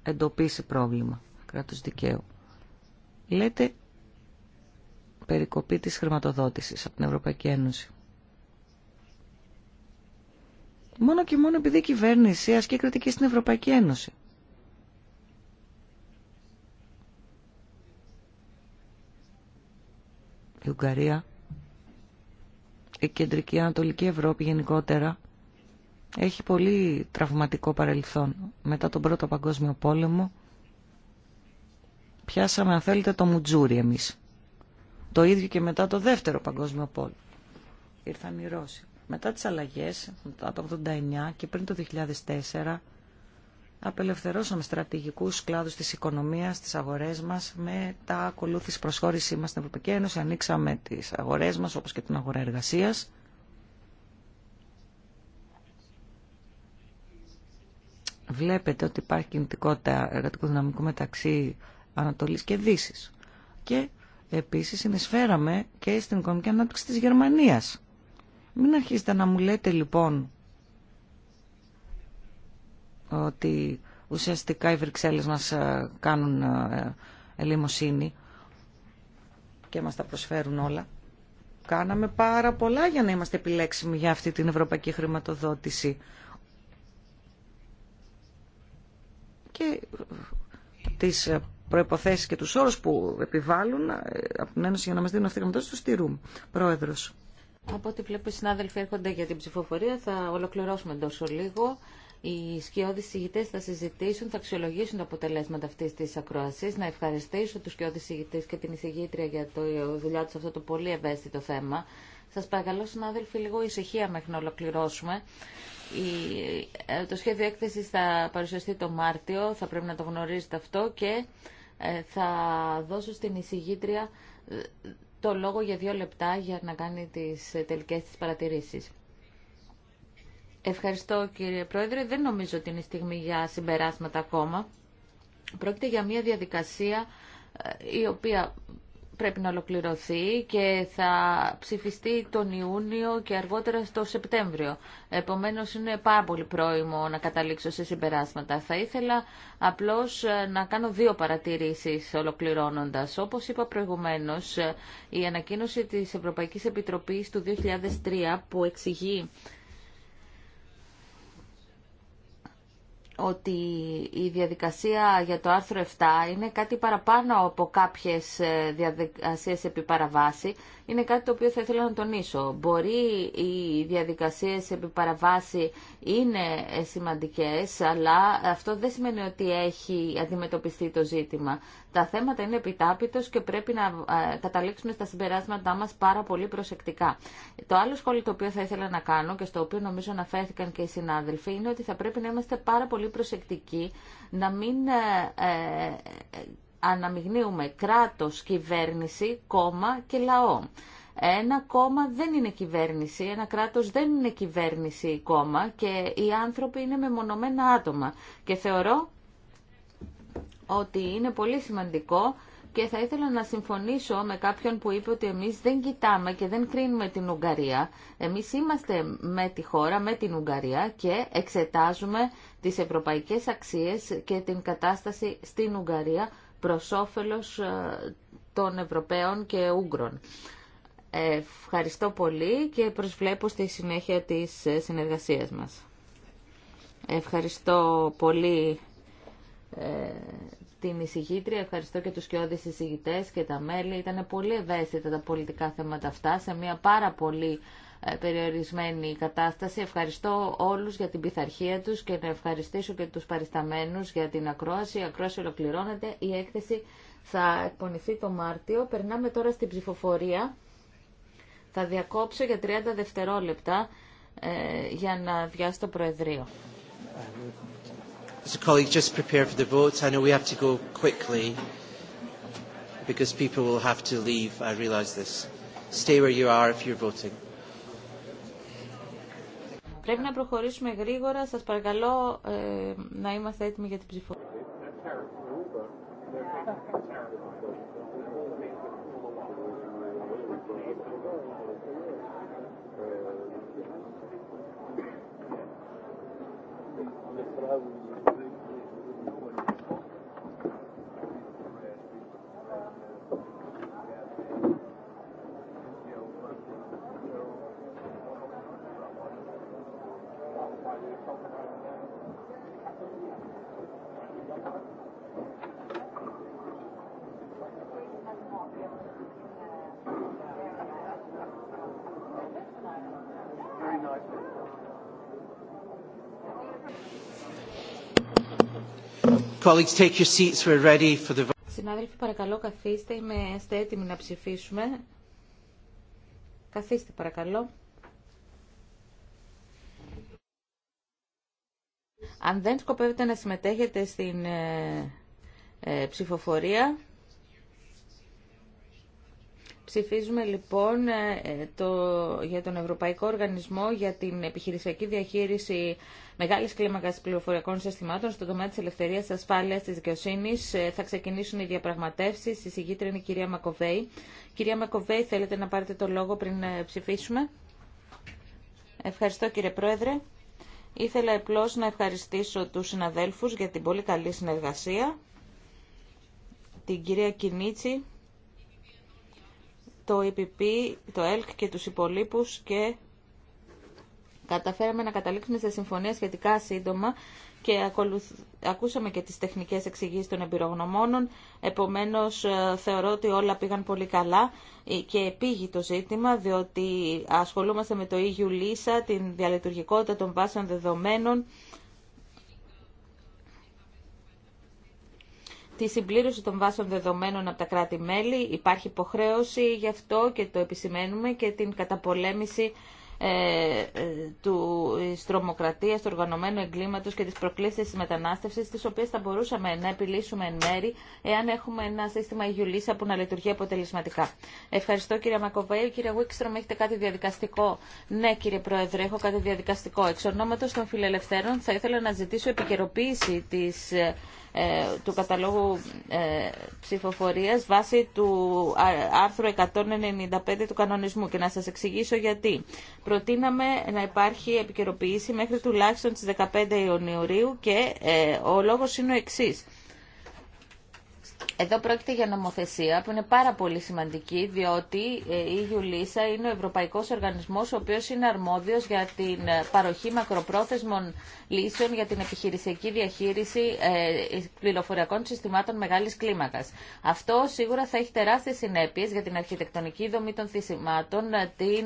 εντοπίσει πρόβλημα, κράτος δικαίου. Λέτε περικοπή της χρηματοδότησης από την Ευρωπαϊκή Ένωση. Μόνο και μόνο επειδή η κυβέρνηση ασκεί κριτική στην Ευρωπαϊκή Ένωση. Η Ουγγαρία, η κεντρική Ανατολική Ευρώπη γενικότερα, έχει πολύ τραυματικό παρελθόν. Μετά τον Πρώτο Παγκόσμιο Πόλεμο πιάσαμε αν θέλετε το Μουτζούρι εμείς. Το ίδιο και μετά το Δεύτερο Παγκόσμιο Πόλεμο. Ήρθαν οι Ρώσοι. Μετά τις αλλαγές, μετά το 1989 και πριν το 2004, απελευθερώσαμε στρατηγικούς κλάδους της οικονομίας, της αγορές μας, με τα ακολούθηση προσχώρησή μας στην Ευρωπαϊκή Ένωση, ανοίξαμε τις αγορές μας όπως και την αγορά εργασίας βλέπετε ότι υπάρχει κινητικότητα εργατικού δυναμικού μεταξύ Ανατολής και Δύσης. Και επίσης συνεισφέραμε και στην οικονομική ανάπτυξη της Γερμανίας. Μην αρχίσετε να μου λέτε λοιπόν ότι ουσιαστικά οι Βρυξέλλες μας ε, κάνουν ε, ελεημοσύνη και μας τα προσφέρουν όλα. Κάναμε πάρα πολλά για να είμαστε επιλέξιμοι για αυτή την ευρωπαϊκή χρηματοδότηση. και τις προϋποθέσεις και τους όρους που επιβάλλουν ε, από την Ένωση για να μας δίνουν αυτή τη του τους στηρούμε. Πρόεδρος. Από ό,τι βλέπω οι συνάδελφοι έρχονται για την ψηφοφορία, θα ολοκληρώσουμε τόσο λίγο. Οι σκιώδει συγητέ θα συζητήσουν, θα αξιολογήσουν τα αποτελέσματα αυτή τη ακρόαση. Να ευχαριστήσω του σκιώδει συγητέ και την εισηγήτρια για το δουλειά του σε αυτό το πολύ ευαίσθητο θέμα. Σα παρακαλώ, συνάδελφοι, λίγο ησυχία μέχρι να ολοκληρώσουμε. Ε, το σχέδιο έκθεσης θα παρουσιαστεί το Μάρτιο, θα πρέπει να το γνωρίζετε αυτό και ε, θα δώσω στην εισηγήτρια ε, το λόγο για δύο λεπτά για να κάνει τις τελικές της παρατηρήσεις. Ευχαριστώ κύριε Πρόεδρε. Δεν νομίζω ότι είναι στιγμή για συμπεράσματα ακόμα. Πρόκειται για μια διαδικασία η οποία πρέπει να ολοκληρωθεί και θα ψηφιστεί τον Ιούνιο και αργότερα στο Σεπτέμβριο. Επομένως είναι πάρα πολύ πρόημο να καταλήξω σε συμπεράσματα. Θα ήθελα απλώς ε, να κάνω δύο παρατηρήσεις ολοκληρώνοντας. Όπως είπα προηγουμένως, ε, η ανακοίνωση της Ευρωπαϊκής Επιτροπής του 2003 που εξηγεί ότι η διαδικασία για το άρθρο 7 είναι κάτι παραπάνω από κάποιες ε, διαδικασίες επί παραβάση. Είναι κάτι το οποίο θα ήθελα να τονίσω. Μπορεί οι διαδικασίες επί παραβάση είναι ε, σημαντικές, αλλά αυτό δεν σημαίνει ότι έχει αντιμετωπιστεί το ζήτημα. Τα θέματα είναι επιτάπητος και πρέπει να ε, καταλήξουμε στα συμπεράσματά μας πάρα πολύ προσεκτικά. Το άλλο σχόλιο το οποίο θα ήθελα να κάνω και στο οποίο νομίζω αναφέρθηκαν και οι συνάδελφοι είναι ότι θα πρέπει να είμαστε πάρα πολύ προσεκτική να μην ε, ε, ε, αναμειγνύουμε κράτος, κυβέρνηση, κόμμα και λαό. Ένα κόμμα δεν είναι κυβέρνηση, ένα κράτος δεν είναι κυβέρνηση ή κόμμα και οι άνθρωποι είναι μεμονωμένα άτομα. Και θεωρώ ότι είναι πολύ σημαντικό και θα ήθελα να συμφωνήσω με κάποιον που είπε ότι εμείς δεν κοιτάμε και δεν κρίνουμε την Ουγγαρία. Εμείς είμαστε με τη χώρα, με την Ουγγαρία και εξετάζουμε τις ευρωπαϊκές αξίες και την κατάσταση στην Ουγγαρία προς όφελος ε, των Ευρωπαίων και Ούγγρων. Ε, ευχαριστώ πολύ και προσβλέπω στη συνέχεια της ε, συνεργασίας μας. Ευχαριστώ πολύ την εισηγήτρια, ευχαριστώ και τους κοιόδης εισηγητέ και τα μέλη. Ήταν πολύ ευαίσθητα τα πολιτικά θέματα αυτά σε μια πάρα πολύ ε, περιορισμένη κατάσταση. Ευχαριστώ όλους για την πειθαρχία τους και να ευχαριστήσω και τους παρισταμένους για την ακρόαση. Η ακρόαση ολοκληρώνεται. Η έκθεση θα εκπονηθεί το Μάρτιο. Περνάμε τώρα στην ψηφοφορία. Θα διακόψω για 30 δευτερόλεπτα ε, για να βιάσει το Προεδρείο. As a colleague, just prepare for the vote. I know we have to go quickly because people will have to leave. I realise this. Stay where you are if you're voting. Πρέπει να προχωρήσουμε γρήγορα. Σας παρακαλώ ε, να είμαστε έτοιμοι για την ψηφοφορία. Thank you. Συνάδελφοι, παρακαλώ καθίστε. Είμαστε έτοιμοι να ψηφίσουμε. Καθίστε, παρακαλώ. Αν δεν σκοπεύετε να συμμετέχετε στην ε, ε, ψηφοφορία, Ψηφίζουμε λοιπόν ε, ε, το, για τον Ευρωπαϊκό Οργανισμό για την επιχειρησιακή διαχείριση μεγάλης κλίμακας πληροφοριακών συστημάτων στον τομέα της ελευθερίας, της ασφάλειας, της δικαιοσύνης. Ε, θα ξεκινήσουν οι διαπραγματεύσεις. Η συγγήτρια είναι η κυρία Μακοβέη. Κυρία Μακοβέη, θέλετε να πάρετε το λόγο πριν ψηφίσουμε. Ευχαριστώ κύριε Πρόεδρε. Ήθελα απλώ να ευχαριστήσω τους συναδέλφους για την πολύ καλή συνεργασία. Την κυρία Κινίτσι το ΕΠΠ, e το ΕΛΚ και τους υπολείπους και καταφέραμε να καταλήξουμε σε συμφωνία σχετικά σύντομα και ακούσαμε και τις τεχνικές εξηγήσεις των εμπειρογνωμόνων. Επομένως, ε, θεωρώ ότι όλα πήγαν πολύ καλά ε, και πήγει το ζήτημα, διότι ασχολούμαστε με το EU LISA, την διαλειτουργικότητα των βάσεων δεδομένων, τη συμπλήρωση των βάσεων δεδομένων από τα κράτη-μέλη. Υπάρχει υποχρέωση γι' αυτό και το επισημαίνουμε και την καταπολέμηση ε, ε του τρομοκρατίας, του οργανωμένου εγκλήματος και της προκλήσης της μετανάστευσης, τις οποίες θα μπορούσαμε να επιλύσουμε εν μέρη, εάν έχουμε ένα σύστημα υγιουλίσσα που να λειτουργεί αποτελεσματικά. Ευχαριστώ κύριε Μακοβέη. Κύριε Βίξτρομ, έχετε κάτι διαδικαστικό. Ναι κύριε Πρόεδρε, έχω κάτι διαδικαστικό. Εξ ονόματος των φιλελευθέρων θα ήθελα να ζητήσω επικαιροποίηση της ε, ε, του καταλόγου ε, ψηφοφορίας βάσει του άρθρου 195 του κανονισμού και να σας εξηγήσω γιατί. Προτείναμε να υπάρχει επικαιροποίηση μέχρι τουλάχιστον τις 15 Ιανουαρίου και ε, ο λόγος είναι ο εξής. Εδώ πρόκειται για νομοθεσία που είναι πάρα πολύ σημαντική διότι ε, η Ιουλίσα είναι ο Ευρωπαϊκός Οργανισμός ο οποίος είναι αρμόδιος για την ε, παροχή μακροπρόθεσμων λύσεων για την επιχειρησιακή διαχείριση ε, πληροφοριακών συστημάτων μεγάλης κλίμακας. Αυτό σίγουρα θα έχει τεράστιες συνέπειες για την αρχιτεκτονική δομή των θυσιμάτων, την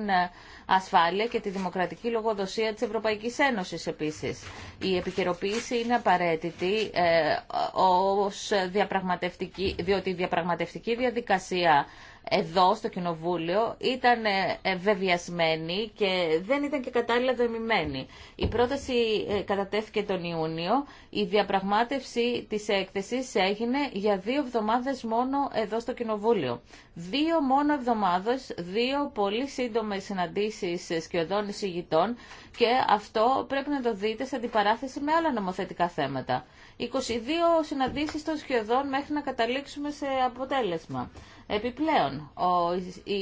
ασφάλεια και τη δημοκρατική λογοδοσία της Ευρωπαϊκής Ένωσης επίσης. Η επικαιροποίηση είναι απαραίτητη ε, ως διαπραγματευτική, διότι η διαπραγματευτική διαδικασία εδώ στο Κοινοβούλιο ήταν ε, ε, βεβαιασμένη και δεν ήταν και κατάλληλα δομημένη. Η πρόταση ε, κατατέθηκε τον Ιούνιο. Η διαπραγμάτευση της έκθεσης έγινε για δύο εβδομάδες μόνο εδώ στο Κοινοβούλιο. Δύο μόνο εβδομάδες, δύο πολύ σύντομες συναντήσεις σκιωδών εισηγητών και αυτό πρέπει να το δείτε σε αντιπαράθεση με άλλα νομοθετικά θέματα. 22 συναντήσεις των σκιωδών μέχρι να καταλήξουμε σε αποτέλεσμα. Επιπλέον, ο, η,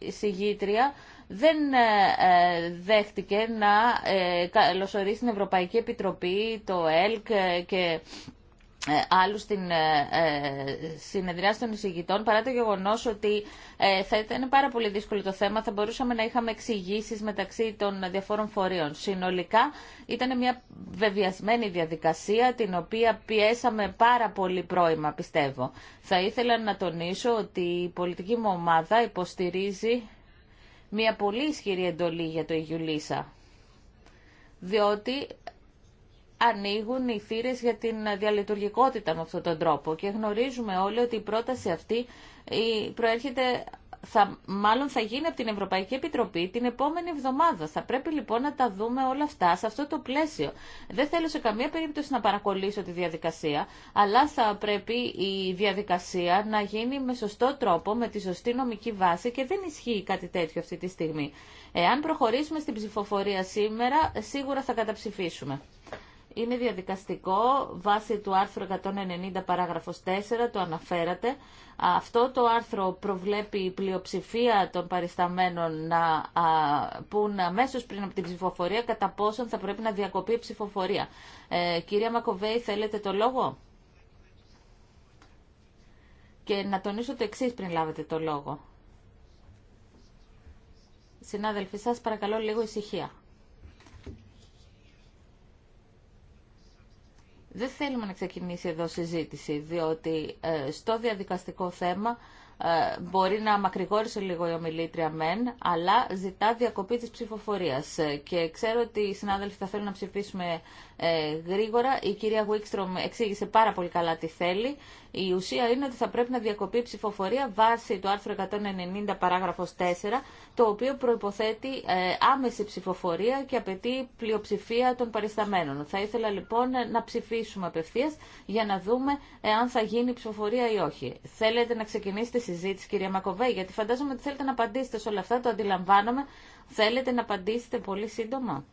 η, συγγήτρια δεν ε, ε, δέχτηκε να ε, καλωσορίσει την Ευρωπαϊκή Επιτροπή, το ΕΛΚ ε, και ε, άλλου στην ε, ε, συνεδριάση των εισηγητών, παρά το γεγονό ότι θα ήταν πάρα πολύ δύσκολο το θέμα, θα μπορούσαμε να είχαμε εξηγήσει μεταξύ των διαφόρων φορείων. Συνολικά ήταν μια βεβαιασμένη διαδικασία, την οποία πιέσαμε πάρα πολύ πρόημα, πιστεύω. Θα ήθελα να τονίσω ότι η πολιτική μου ομάδα υποστηρίζει μια πολύ ισχυρή εντολή για το Ιγιουλίσα. Διότι ανοίγουν οι θύρε για την διαλειτουργικότητα με αυτόν τον τρόπο και γνωρίζουμε όλοι ότι η πρόταση αυτή προέρχεται θα, μάλλον θα γίνει από την Ευρωπαϊκή Επιτροπή την επόμενη εβδομάδα. Θα πρέπει λοιπόν να τα δούμε όλα αυτά σε αυτό το πλαίσιο. Δεν θέλω σε καμία περίπτωση να παρακολύσω τη διαδικασία, αλλά θα πρέπει η διαδικασία να γίνει με σωστό τρόπο, με τη σωστή νομική βάση και δεν ισχύει κάτι τέτοιο αυτή τη στιγμή. Εάν προχωρήσουμε στην ψηφοφορία σήμερα, σίγουρα θα καταψηφίσουμε είναι διαδικαστικό βάσει του άρθρου 190 παράγραφος 4, το αναφέρατε. Αυτό το άρθρο προβλέπει η πλειοψηφία των παρισταμένων να πούν αμέσως πριν από την ψηφοφορία κατά πόσον θα πρέπει να διακοπεί η ψηφοφορία. Ε, κυρία Μακοβέη, θέλετε το λόγο? Και να τονίσω το εξής πριν λάβετε το λόγο. Συνάδελφοι σας, παρακαλώ λίγο ησυχία. Δεν θέλουμε να ξεκινήσει εδώ συζήτηση, διότι ε, στο διαδικαστικό θέμα ε, μπορεί να μακρηγόρησε λίγο η ομιλήτρια μεν, αλλά ζητά διακοπή της ψηφοφορίας. Ε, και ξέρω ότι οι συνάδελφοι θα θέλουν να ψηφίσουμε ε, γρήγορα. Η κυρία Γουίξτρομ εξήγησε πάρα πολύ καλά τι θέλει. Η ουσία είναι ότι θα πρέπει να διακοπεί ψηφοφορία βάσει του άρθρου 190 παράγραφος 4, το οποίο προϋποθέτει άμεση ψηφοφορία και απαιτεί πλειοψηφία των παρισταμένων. Θα ήθελα λοιπόν να ψηφίσουμε απευθείας για να δούμε αν θα γίνει ψηφοφορία ή όχι. Θέλετε να ξεκινήσετε συζήτηση, κυρία Μακοβέ, γιατί φαντάζομαι ότι θέλετε να απαντήσετε σε όλα αυτά, το αντιλαμβάνομαι. Θέλετε να απαντήσετε πολύ σύντομα.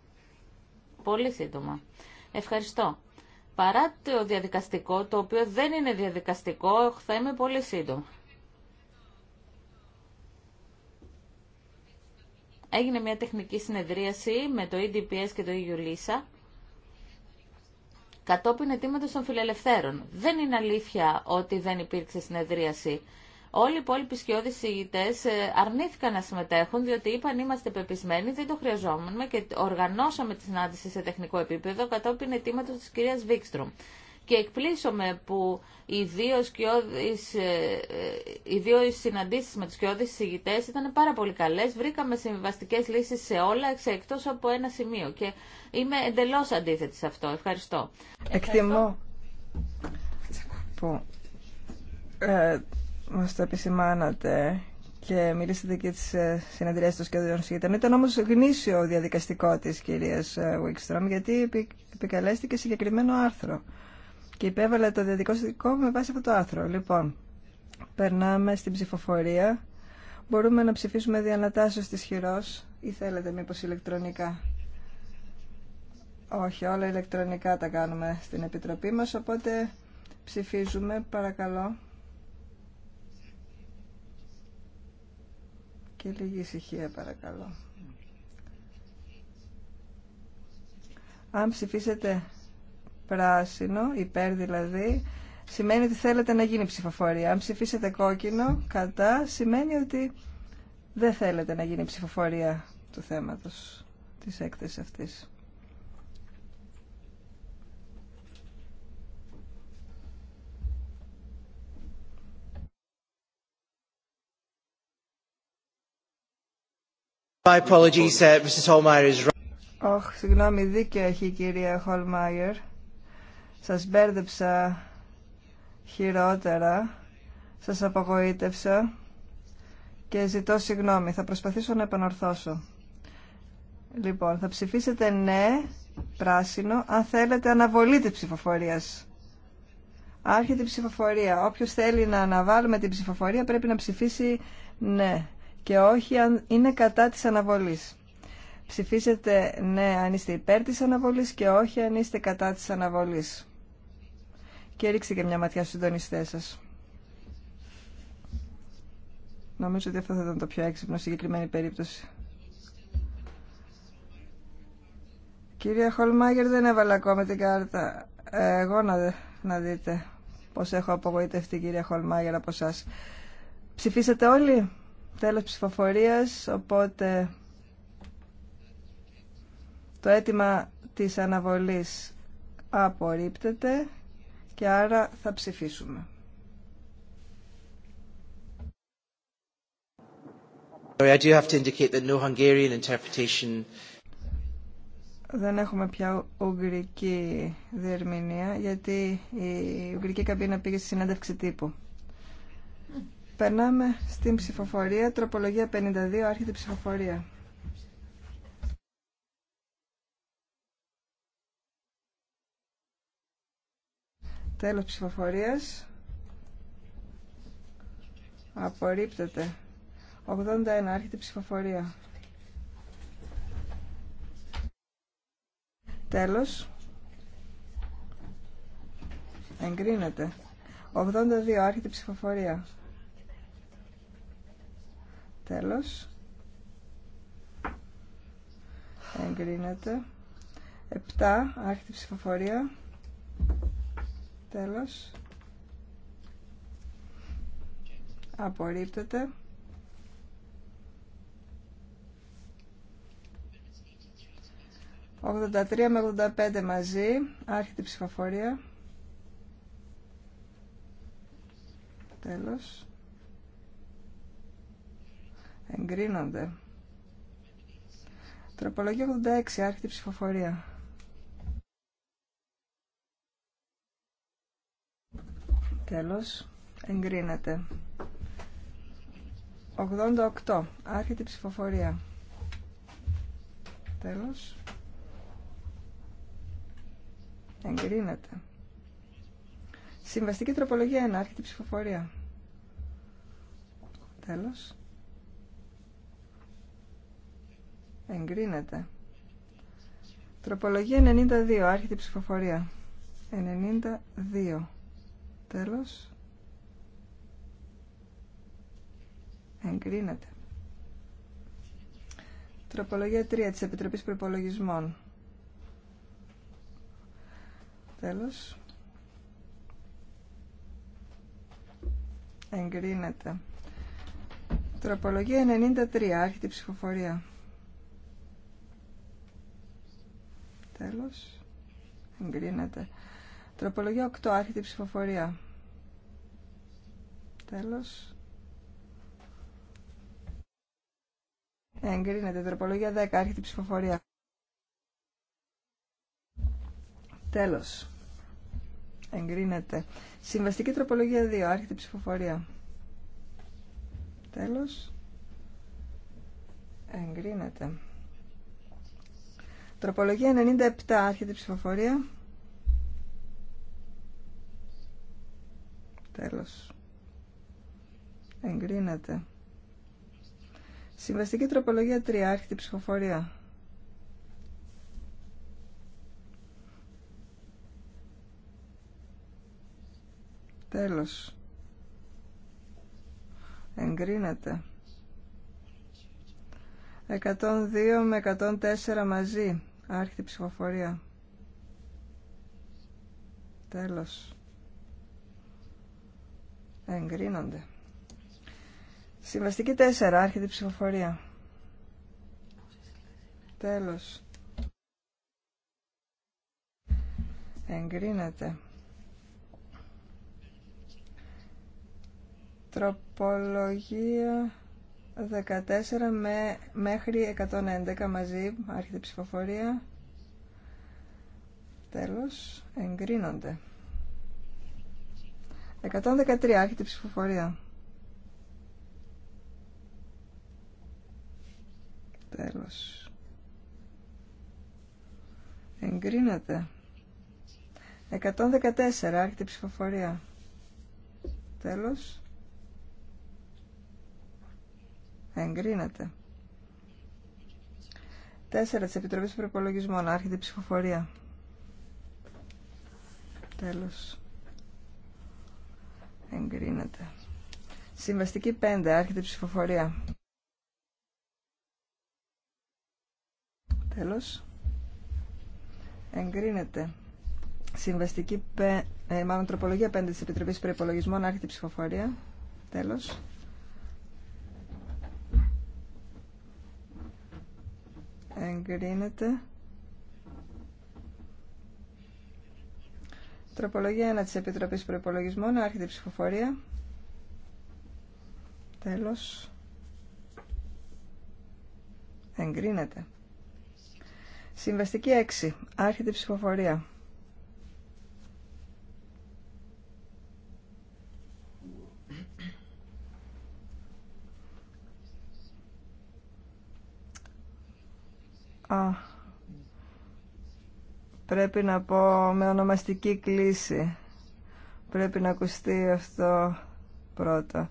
Πολύ σύντομα. Ευχαριστώ. Παρά το διαδικαστικό, το οποίο δεν είναι διαδικαστικό, θα είμαι πολύ σύντομα. Έγινε μια τεχνική συνεδρίαση με το EDPS και το EULISA κατόπιν αιτήματος των φιλελευθέρων. Δεν είναι αλήθεια ότι δεν υπήρξε συνεδρίαση Όλοι οι υπόλοιποι σκιώδει ηγητέ ε, αρνήθηκαν να συμμετέχουν διότι είπαν είμαστε πεπισμένοι, δεν το χρειαζόμουν και οργανώσαμε τη συνάντηση σε τεχνικό επίπεδο κατόπιν αιτήματο τη κυρία Βίξτρομ. Και εκπλήσωμε που οι δύο, σκιώδεις, ε, ε, οι δύο συναντήσεις με τους σκιώδεις συζητητές ήταν πάρα πολύ καλές. Βρήκαμε συμβαστικές λύσεις σε όλα, εκτός από ένα σημείο. Και είμαι εντελώς αντίθετη σε αυτό. Ευχαριστώ. Εκτιμώ μας το επισημάνατε και μιλήσατε και τις ε, συνεδριές των σχεδιών. σχεδίων. Ήταν όμως γνήσιο διαδικαστικό της κυρίας ε, Wickstrom γιατί επικαλέστηκε συγκεκριμένο άρθρο και υπέβαλε το διαδικαστικό με βάση αυτό το άρθρο. Λοιπόν, περνάμε στην ψηφοφορία. Μπορούμε να ψηφίσουμε διανατάσσεως της χειρός ή θέλετε μήπως ηλεκτρονικά. Όχι, όλα ηλεκτρονικά τα κάνουμε στην Επιτροπή μας, οπότε ψηφίζουμε, παρακαλώ. και λίγη ησυχία παρακαλώ. Αν ψηφίσετε πράσινο, υπέρ δηλαδή, σημαίνει ότι θέλετε να γίνει ψηφοφορία. Αν ψηφίσετε κόκκινο, κατά, σημαίνει ότι δεν θέλετε να γίνει ψηφοφορία του θέματος της έκθεσης αυτής. My uh, συγγνώμη, δίκιο έχει η κυρία Χολμάιερ. Σας μπέρδεψα χειρότερα, σας απογοήτευσα και ζητώ συγγνώμη. Θα προσπαθήσω να επανορθώσω. Λοιπόν, θα ψηφίσετε ναι, πράσινο, αν θέλετε αναβολή της ψηφοφορίας. Άρχεται η ψηφοφορία. Όποιος θέλει να αναβάλουμε την ψηφοφορία πρέπει να ψηφίσει ναι και όχι αν είναι κατά της αναβολής. Ψηφίσετε ναι αν είστε υπέρ της αναβολής και όχι αν είστε κατά της αναβολής. Και ρίξτε και μια ματιά στους συντονιστές σας. Νομίζω ότι αυτό θα ήταν το πιο έξυπνο συγκεκριμένη περίπτωση. Κυρία Χολμάγερ, δεν έβαλα ακόμα την κάρτα. Εγώ να, δείτε πώς έχω απογοητευτεί, κυρία Χολμάγερ, από εσάς. Ψηφίσατε όλοι. Τέλος ψηφοφορίας, οπότε το αίτημα της αναβολής απορρίπτεται και άρα θα ψηφίσουμε. Δεν έχουμε πια ουγγρική διερμηνία γιατί η ουγγρική καμπίνα πήγε στη συνέντευξη τύπου. Περνάμε στην ψηφοφορία. Τροπολογία 52. Άρχεται η ψηφοφορία. Τέλος ψηφοφορίας. Απορρίπτεται. 81. Άρχεται η ψηφοφορία. Τέλος. Εγκρίνεται. 82. Άρχεται η ψηφοφορία. Τέλος. Εγκρίνεται. 7. Άρχιτη ψηφοφορία. Τέλος. Απορρίπτεται. 83 με 85 μαζί. Άρχιτη ψηφοφορία. Τέλος. Εγκρίνονται. Τροπολογία 86, άρχιτη ψηφοφορία. Τέλος. Εγκρίνεται. 88, άρχιτη ψηφοφορία. Τέλος. Εγκρίνεται. Συμβαστική τροπολογία 1, άρχιτη ψηφοφορία. Τέλος. Εγκρίνεται. Τροπολογία 92. Άρχεται η ψηφοφορία. 92. Τέλος. Εγκρίνεται. Τροπολογία 3 της Επιτροπής Προπολογισμών. Τέλος. Εγκρίνεται. Τροπολογία 93. Άρχεται η ψηφοφορία. Τέλος. Εγκρίνεται. Τροπολογία 8. Άρχεται η ψηφοφορία. Τέλος. Εγκρίνεται. Τροπολογία 10. Άρχεται η ψηφοφορία. Τέλος. Εγκρίνεται. Συμβαστική τροπολογία 2. Άρχεται η ψηφοφορία. Τέλος. Εγκρίνεται. Τροπολογία 97, άρχεται η ψηφοφορία. Τέλος. Εγκρίνεται. Συμβαστική τροπολογία 3, άρχεται η ψηφοφορία. Τέλος. Εγκρίνεται. 102 με 104 μαζί. Άρχιτη ψηφοφορία. Τέλος. Εγκρίνονται. Συμβαστική 4. η ψηφοφορία. Τέλος. Εγκρίνεται. Τροπολογία 14 με, μέχρι 111 μαζί, άρχεται η ψηφοφορία. Τέλος, εγκρίνονται. 113, άρχεται η ψηφοφορία. Τέλος. Εγκρίνεται. 114, άρχεται η ψηφοφορία. Τέλος. Εγκρίνεται. Τέσσερα της Επιτροπής Προπολογισμών. Άρχεται η ψηφοφορία. Τέλο. Εγκρίνεται. Συμβαστική 5. Άρχεται η ψηφοφορία. Τέλο. Εγκρίνεται. Συμβαστική, πε... Ε, μάλλον τροπολογία 5 της Επιτροπής Προϋπολογισμών, άρχεται η ψηφοφορία. Τέλο. εγκρίνεται. Τροπολογία 1 της Επιτροπής Προϋπολογισμών, άρχεται η ψηφοφορία. Τέλος. Εγκρίνεται. Συμβαστική 6, άρχεται η ψηφοφορία. Α, πρέπει να πω με ονομαστική κλίση. Πρέπει να ακουστεί αυτό πρώτα.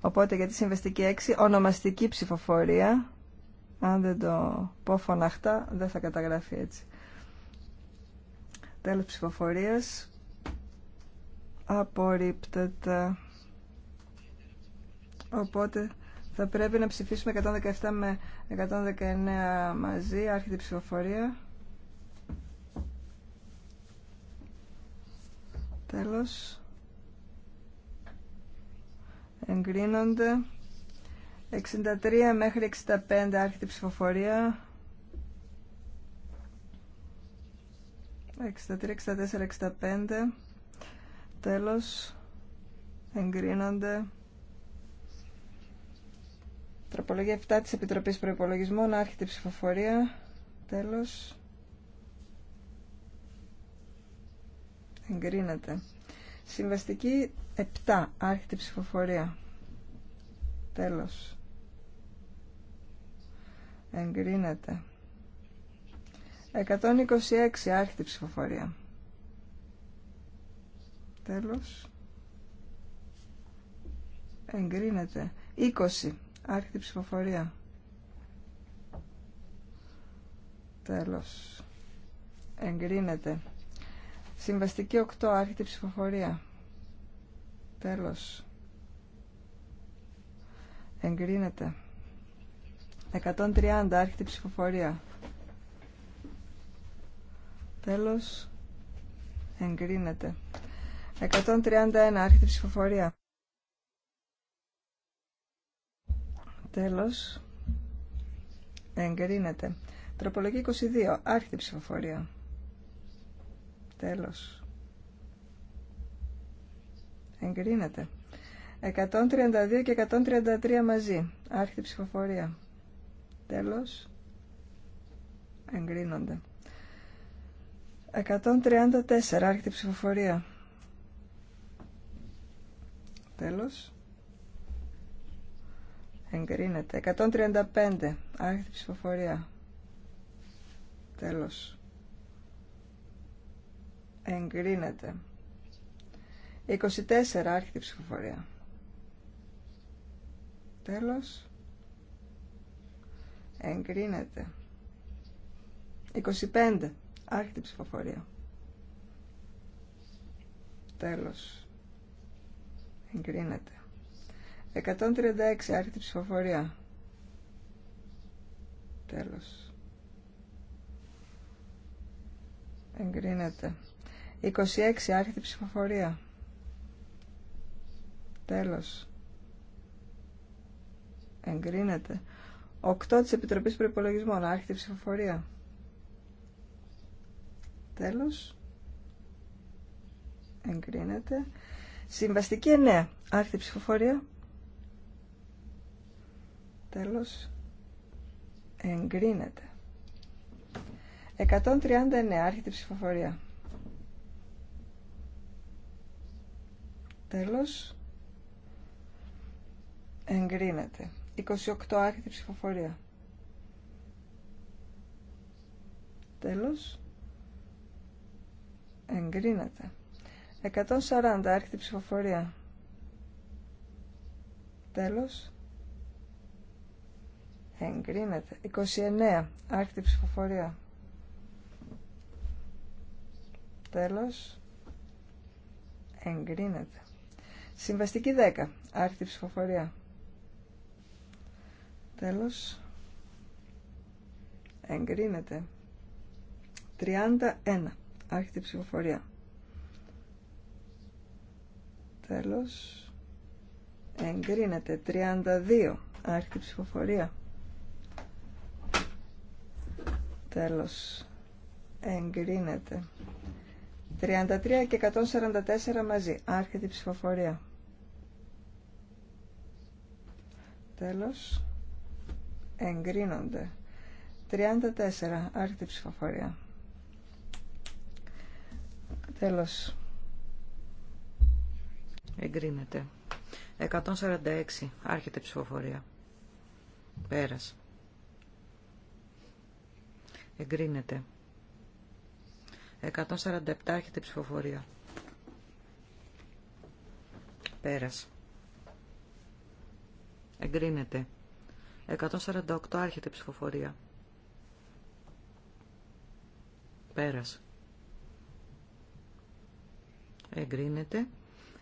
Οπότε για τη συμβαστική έξι ονομαστική ψηφοφορία. Αν δεν το πω φωναχτά, δεν θα καταγράφει έτσι. Τέλος ψηφοφορίας. Απορρίπτεται. Οπότε θα πρέπει να ψηφίσουμε 117 με 119 μαζί, άρχεται ψηφοφορία. Τέλος. Εγκρίνονται. 63 μέχρι 65 άρχεται ψηφοφορία. 63, 64, 65. Τέλος. Εγκρίνονται. Τροπολογία 7 της Επιτροπής Προϋπολογισμών, άρχεται η ψηφοφορία. Τέλος. Εγκρίνεται. Συμβαστική 7, άρχεται ψηφοφορία. Τέλος. Εγκρίνεται. 126, άρχεται η ψηφοφορία. Τέλος. Εγκρίνεται. 20 Άρχεται ψηφοφορία. Τέλος. Εγκρίνεται. Συμβαστική 8. Άρχεται ψηφοφορία. Τέλος. Εγκρίνεται. 130. Άρχεται η ψηφοφορία. Τέλος. Εγκρίνεται. 131. Άρχεται ψηφοφορία. Τέλος. Εγκρίνεται. Τροπολογία 22. Άρχιτη ψηφοφορία. Τέλος. Εγκρίνεται. 132 και 133 μαζί. Άρχιτη ψηφοφορία. Τέλος. Εγκρίνονται. 134. Άρχιτη ψηφοφορία. Τέλος. Εγκρίνεται. 135. Άρχεται ψηφοφορία. Τέλος. Εγκρίνεται. 24. Άρχεται ψηφοφορία. Τέλος. Εγκρίνεται. 25. Άρχεται ψηφοφορία. Τέλος. Εγκρίνεται. 136 άρχεται ψηφοφορία. Τέλος. Εγκρίνεται. 26 άρχεται ψηφοφορία. Τέλος. Εγκρίνεται. 8 της Επιτροπής Προϋπολογισμών άρχεται ψηφοφορία. Τέλος. Εγκρίνεται. Συμβαστική 9 άρχεται ψηφοφορία. Τέλος. Εγκρίνεται. 139. Άρχεται η ψηφοφορία. Τέλος. Εγκρίνεται. 28. Άρχεται ψηφοφορία. Τέλος. Εγκρίνεται. 140. Άρχεται η ψηφοφορία. Τέλος. Εγκρίνεται. 29. Άκτη ψηφοφορία. Τέλος. Εγκρίνεται. Συμβαστική 10. Άκτη ψηφοφορία. Τέλος. Εγκρίνεται. 31. Άκτη ψηφοφορία. Τέλος. Εγκρίνεται. 32. Άρχιτη ψηφοφορία. Τέλος. Εγκρίνεται. 33 και 144 μαζί. Άρχεται η ψηφοφορία. Τέλος. Εγκρίνονται. 34. Άρχεται η ψηφοφορία. Τέλος. Εγκρίνεται. 146. Άρχεται η ψηφοφορία. Πέρασε εγκρίνεται. 147 έχετε ψηφοφορία. Πέρας. Εγκρίνεται. 148 άρχεται ψηφοφορία. Πέρας. Εγκρίνεται.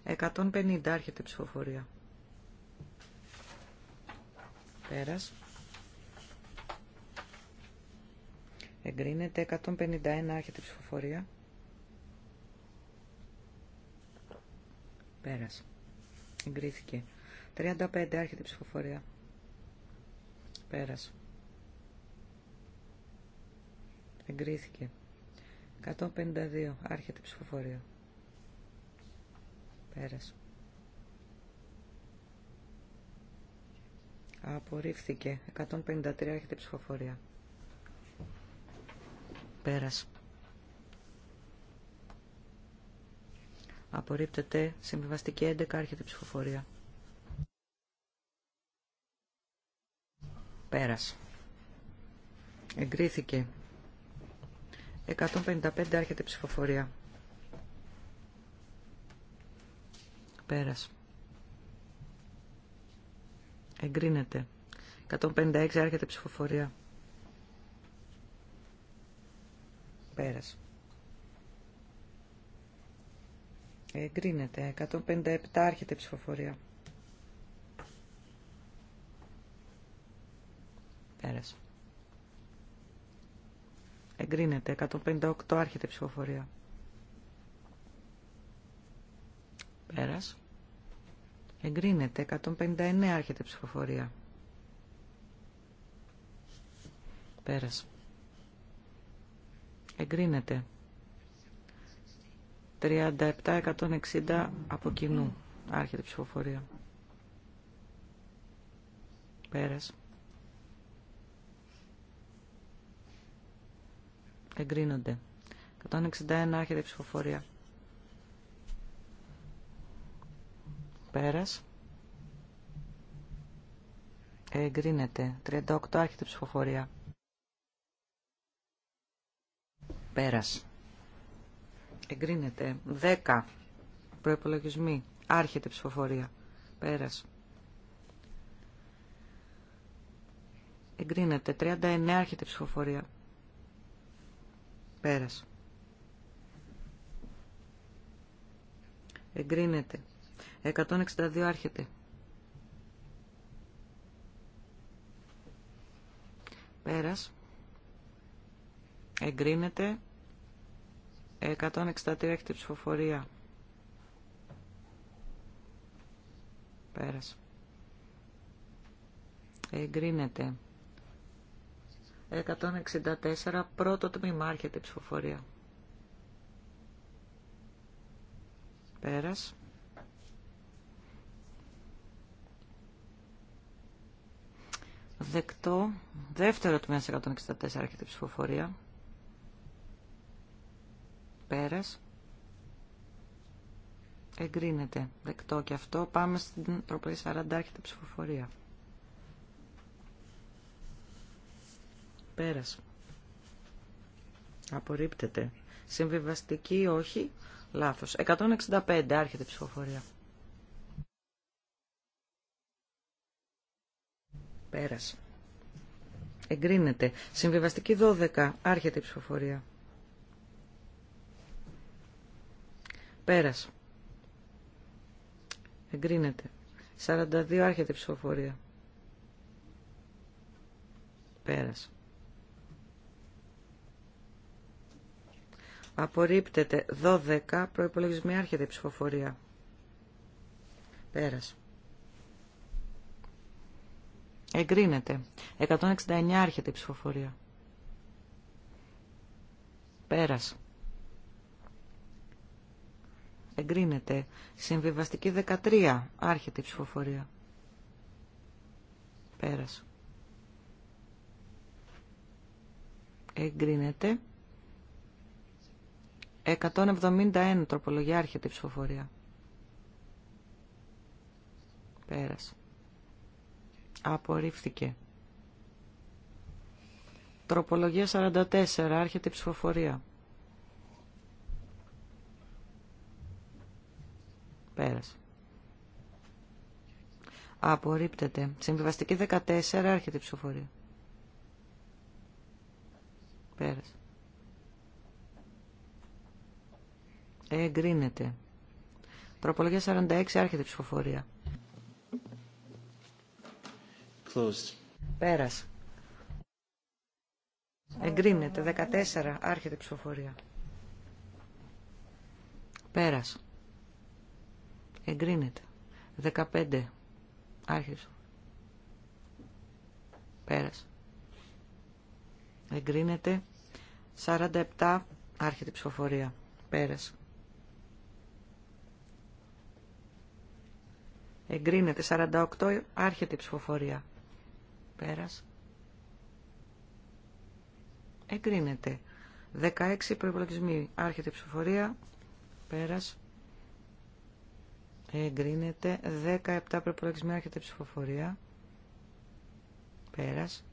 150 άρχεται ψηφοφορία. Πέρας. Εγκρίνεται 151 άρχεται η ψηφοφορία. Πέρασε. Εγκρίθηκε. 35 άρχεται η ψηφοφορία. Πέρασε. Εγκρίθηκε. 152 άρχεται η ψηφοφορία. Πέρασε. Απορρίφθηκε. 153 άρχεται η ψηφοφορία. Πέρας. Απορρίπτεται. Συμβιβαστική 11. Άρχεται ψηφοφορία. Πέρας. Εγκρίθηκε. 155. Άρχεται ψηφοφορία. Πέρας. Εγκρίνεται. 156. Άρχεται ψηφοφορία. Πέρας. Εγκρίνεται. 157 άρχεται ψηφοφορία. Πέρας. Εγκρίνεται. 158 άρχεται ψηφοφορία. Πέρας. Εγκρίνεται. 159 άρχεται ψηφοφορία. Πέρας εγκρίνεται. 37-160 από κοινού. Άρχεται η ψηφοφορία. Πέρας. Εγκρίνονται. 161 άρχεται η ψηφοφορία. Πέρας. Εγκρίνεται. 38 άρχεται η ψηφοφορία. Πέρας. Εγκρίνεται. 10. Προϋπολογισμοί. Άρχεται ψηφοφορία. Πέρας. Εγκρίνεται. 39. Άρχεται ψηφοφορία. Πέρας. Εγκρίνεται. 162 άρχεται. Πέρας. Εγκρίνεται. 163 έχετε ψηφοφορία. Πέρασε. Εγκρίνεται. 164 πρώτο τμήμα η ψηφοφορία. Πέρασε. Δεκτό. Δεύτερο τμήμα 164 η ψηφοφορία. Πέρας. Εγκρίνεται. Δεκτό και αυτό. Πάμε στην τροπή 40. Άρχεται ψηφοφορία. Πέρας. Απορρίπτεται. Συμβιβαστική όχι. Λάθος. 165. Άρχεται ψηφοφορία. Πέρας. Εγκρίνεται. Συμβιβαστική 12. Άρχεται η ψηφοφορία. Πέρας. Εγκρίνεται. 42 άρχεται η ψηφοφορία. Πέρας. Απορρίπτεται 12 προϋπολογισμή άρχεται η ψηφοφορία. Πέρας. Εγκρίνεται. 169 άρχεται η ψηφοφορία. Πέρας. Εγκρίνεται. Συμβιβαστική 13. Άρχεται η ψηφοφορία. Πέρασε. Εγκρίνεται. 171 τροπολογία άρχεται η ψηφοφορία. Πέρασε. Απορρίφθηκε. Τροπολογία 44 άρχεται η ψηφοφορία. Πέρασε. Απορρίπτεται. Συμβιβαστική 14. Άρχεται η ψηφοφορία. Πέρασε. Εγκρίνεται. Προπολογία 46. Άρχεται η ψηφοφορία. Closed. Πέρασε. Εγκρίνεται. 14. Άρχεται η ψηφοφορία. Πέρασε. Εγκρίνεται. 15. Άρχισε. Πέρασε. Εγκρίνεται. 47. Άρχεται η ψηφοφορία. Πέρασε. Εγκρίνεται. 48. Άρχεται η ψηφοφορία. Πέρασε. Εγκρίνεται. 16 προπολογισμοί. Άρχεται ψηφοφορία. Πέρασε εγκρίνεται 17 προπολογισμένα έρχεται ψηφοφορία πέρας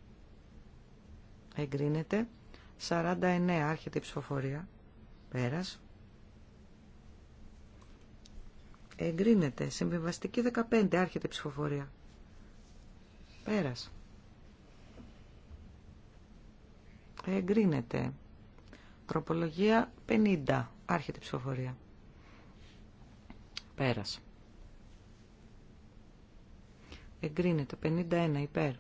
εγκρίνεται 49 άρχεται η ψηφοφορία πέρας εγκρίνεται συμβιβαστική 15 άρχεται η ψηφοφορία πέρας εγκρίνεται τροπολογία 50 άρχεται η ψηφοφορία πέρας εγκρίνεται 51 υπέρ.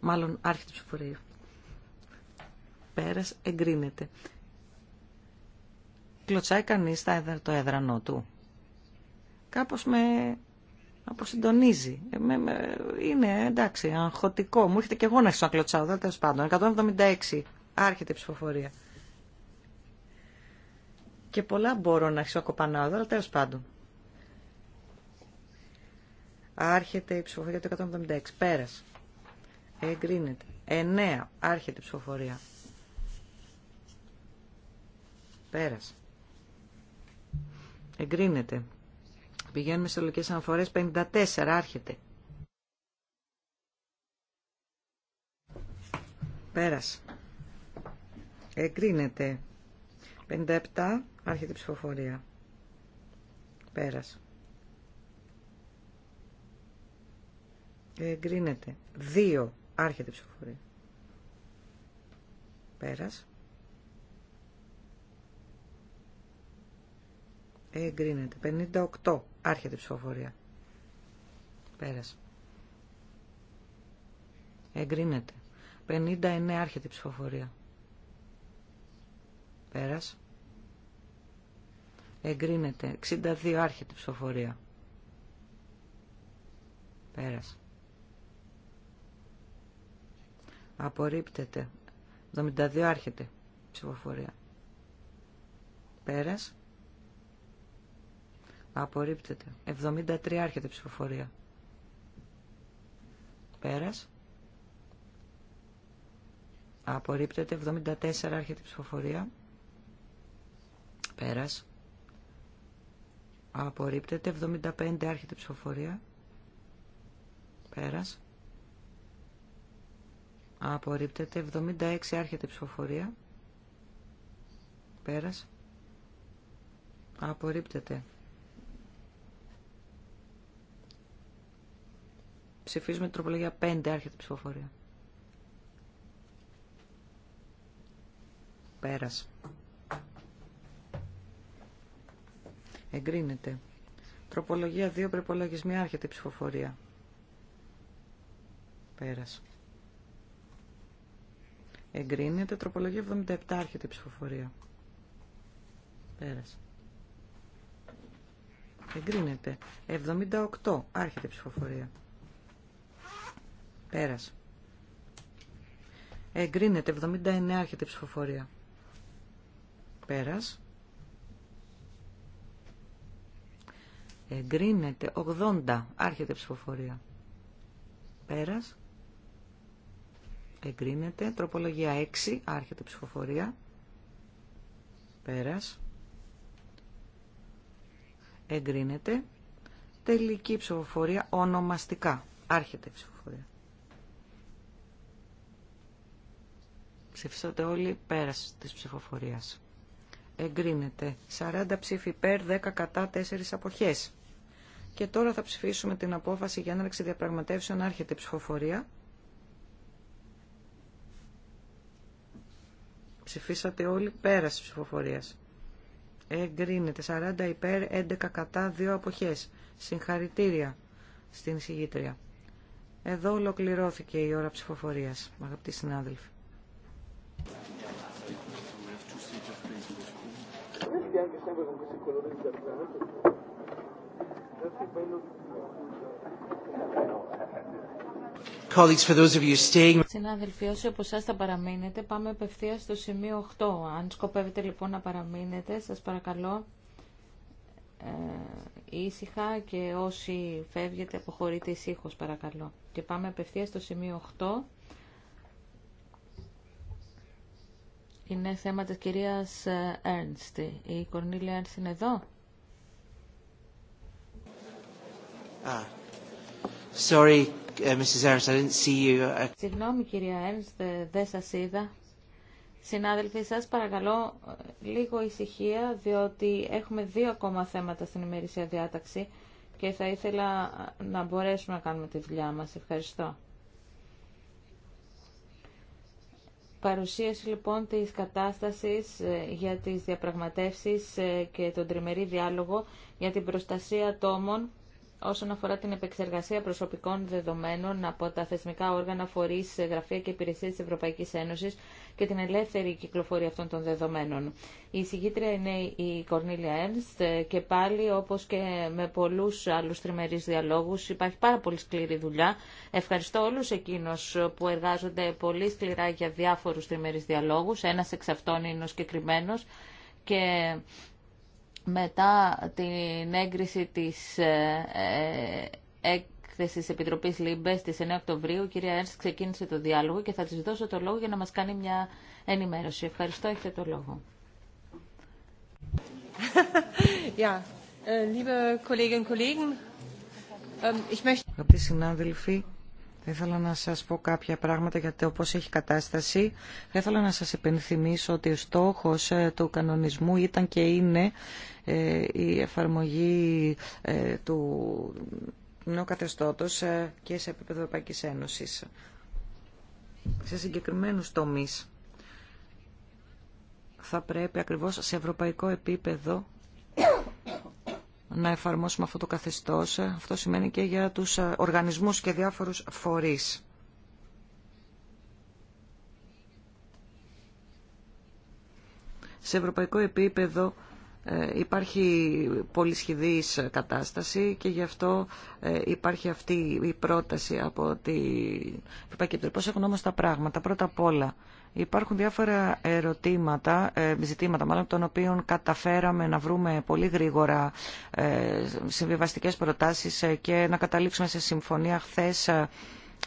Μάλλον άρχεται ψηφοφορία. Πέρας εγκρίνεται. Κλωτσάει κανεί το έδρανό του. Κάπως με αποσυντονίζει. Ε, με, είναι εντάξει, αγχωτικό. Μου έρχεται και εγώ να αρχίσω να κλωτσάω, δεν πάντων. 176 άρχεται η ψηφοφορία. Και πολλά μπορώ να αρχίσω κοπανάω, αλλά τέλο πάντων. Άρχεται η ψηφοφορία το 176. Πέρας. Εγκρίνεται. 9. Άρχεται η ψηφοφορία. Πέρας. Εγκρίνεται. Πηγαίνουμε σε λογικές αναφορές. 54. Άρχεται. Πέρας. Εγκρίνεται. 57. Άρχεται η ψηφοφορία. Πέρας. Εγκρίνεται. 2. Άρχεται η ψηφοφορία. Πέρας. Εγκρίνεται. 58. Άρχεται η ψηφοφορία. Πέρας. Εγκρίνεται. 59. Άρχεται η ψηφοφορία. Πέρας. Εγκρίνεται. 62. Άρχεται η ψηφοφορία. Πέρας. Απορρίπτεται. 72 άρχεται ψηφοφορία. Πέρας. Απορρίπτεται. 73 άρχεται ψηφοφορία. Πέρας. Απορρίπτεται. 74 άρχεται ψηφοφορία. Πέρας. Απορρίπτεται. 75 άρχεται ψηφοφορία. Πέρας. Απορρίπτεται. 76 άρχεται η ψηφοφορία. Πέρας. Απορρίπτεται. Ψηφίζουμε τροπολογία 5 άρχεται η ψηφοφορία. Πέρας. Εγκρίνεται. Τροπολογία 2 προπολογισμοί άρχεται η ψηφοφορία. Πέρας. Εγκρίνεται. Τροπολογία 77. Άρχεται η ψηφοφορία. Πέρασε. Εγκρίνεται. 78. Άρχεται η ψηφοφορία. Πέρασε. Εγκρίνεται. 79. Άρχεται η ψηφοφορία. Πέρασε. Εγκρίνεται. 80. Άρχεται η ψηφοφορία. Πέρας εγκρίνεται. Τροπολογία 6, άρχεται ψηφοφορία. Πέρας. Εγκρίνεται. Τελική ψηφοφορία ονομαστικά. Άρχεται η ψηφοφορία. Ψηφίσατε όλοι πέρας της ψηφοφορίας. Εγκρίνεται. 40 ψήφοι υπέρ, 10 κατά, 4 αποχές. Και τώρα θα ψηφίσουμε την απόφαση για έναρξη διαπραγματεύσεων. Άρχεται η ψηφοφορία. Ψηφίσατε όλοι πέρας της ψηφοφορίας. Εγκρίνεται 40 υπέρ, 11 κατά, 2 αποχές. Συγχαρητήρια στην εισηγήτρια. Εδώ ολοκληρώθηκε η ώρα ψηφοφορία αγαπητοί συνάδελφοι. Συνάδελφοι, όσοι από εσά θα παραμείνετε, πάμε απευθεία στο σημείο 8. Αν σκοπεύετε λοιπόν να παραμείνετε, σας παρακαλώ ε, ήσυχα και όσοι φεύγετε αποχωρείτε ήσύχο παρακαλώ. Και πάμε απευθεία στο σημείο 8. Είναι θέμα της κυρίας Έρνστ. Ε, Η Κορνίλια Έρνστ είναι εδώ. Ah. Sorry, Uh, Mrs. I didn't see you. Uh, Συγγνώμη, κυρία Έρνστ, δεν σα είδα. Συνάδελφοι, σας παρακαλώ ε, λίγο ησυχία, διότι έχουμε δύο ακόμα θέματα στην ημερήσια διάταξη και θα ήθελα ε, να μπορέσουμε να κάνουμε τη δουλειά μας. Ευχαριστώ. Παρουσίαση λοιπόν της κατάστασης ε, για τις διαπραγματεύσεις και τον τριμερή διάλογο για την προστασία ατόμων όσον αφορά την επεξεργασία προσωπικών δεδομένων από τα θεσμικά όργανα, φορείς, γραφεία και υπηρεσίες της Ευρωπαϊκής Ένωσης και την ελεύθερη κυκλοφορία αυτών των δεδομένων. Η εισηγήτρια είναι η Κορνίλια Ένστ και πάλι όπως και με πολλούς άλλους τριμερείς διαλόγους υπάρχει πάρα πολύ σκληρή δουλειά. Ευχαριστώ όλους εκείνους που εργάζονται πολύ σκληρά για διάφορους τριμερείς διαλόγους. Ένας εξ αυτών είναι ο συγκεκριμένο και μετά την έγκριση της ε, ε, έκθεσης Επιτροπής ΛΥΜΠΕ στις 9 Οκτωβρίου, η κυρία Ένστ ξεκίνησε το διάλογο και θα της δώσω το λόγο για να μας κάνει μια ενημέρωση. Ευχαριστώ, έχετε το λόγο. Äh, liebe Kolleginnen und Kollegen, ähm, ich möchte... Αγαπητοί συνάδελφοι, θα ήθελα να σας πω κάποια πράγματα για το έχει κατάσταση. Θα ήθελα να σας υπενθυμίσω ότι ο στόχος ε, του κανονισμού ήταν και είναι ε, η εφαρμογή ε, του νέου και σε επίπεδο Ευρωπαϊκής Ένωσης σε συγκεκριμένους τομείς. Θα πρέπει ακριβώς σε ευρωπαϊκό επίπεδο να εφαρμόσουμε αυτό το καθεστώς. Αυτό σημαίνει και για τους οργανισμούς και διάφορους φορείς. Σε ευρωπαϊκό επίπεδο ε, υπάρχει πολυσχηδής κατάσταση και γι' αυτό ε, υπάρχει αυτή η πρόταση από την Ευρωπαϊκή Επιτροπή. Πώς έχουν όμως τα πράγματα. Πρώτα απ' όλα, Υπάρχουν διάφορα ερωτήματα, ε, ζητήματα μάλλον, των οποίων καταφέραμε να βρούμε πολύ γρήγορα ε, συμβιβαστικές προτάσεις ε, και να καταλήξουμε σε συμφωνία χθες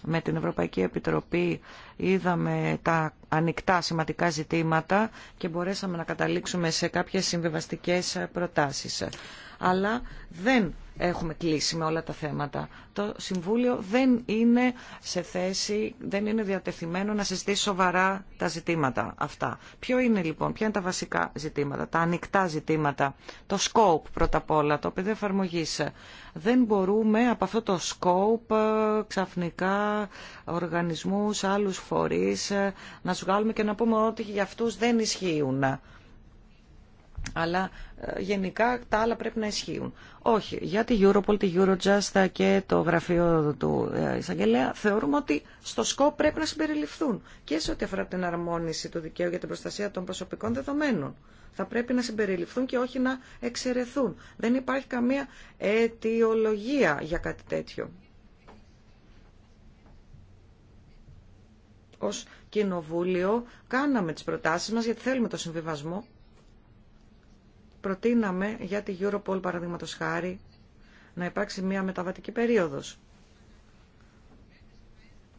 με την Ευρωπαϊκή Επιτροπή είδαμε τα ανοιχτά σημαντικά ζητήματα και μπορέσαμε να καταλήξουμε σε κάποιες συμβιβαστικές προτάσεις. Αλλά δεν έχουμε κλείσει με όλα τα θέματα. Το Συμβούλιο δεν είναι σε θέση, δεν είναι διατεθειμένο να συζητήσει σοβαρά τα ζητήματα αυτά. Ποιο είναι λοιπόν, ποια είναι τα βασικά ζητήματα, τα ανοιχτά ζητήματα, το scope πρώτα απ' όλα, το δεν εφαρμογή. Δεν μπορούμε από αυτό το scope ε, ξαφνικά οργανισμούς, άλλους φορείς ε, να σου βγάλουμε και να πούμε ότι για αυτούς δεν ισχύουν αλλά ε, γενικά τα άλλα πρέπει να ισχύουν. Όχι, για τη Europol, τη Eurojust και το γραφείο του ε, εισαγγελέα θεωρούμε ότι στο σκοπ πρέπει να συμπεριληφθούν και σε ό,τι αφορά την αρμόνιση του δικαίου για την προστασία των προσωπικών δεδομένων. Θα πρέπει να συμπεριληφθούν και όχι να εξαιρεθούν. Δεν υπάρχει καμία αιτιολογία για κάτι τέτοιο. Ως κοινοβούλιο κάναμε τις προτάσεις μας γιατί θέλουμε το συμβιβασμό προτείναμε για τη Europol παραδείγματο χάρη να υπάρξει μια μεταβατική περίοδος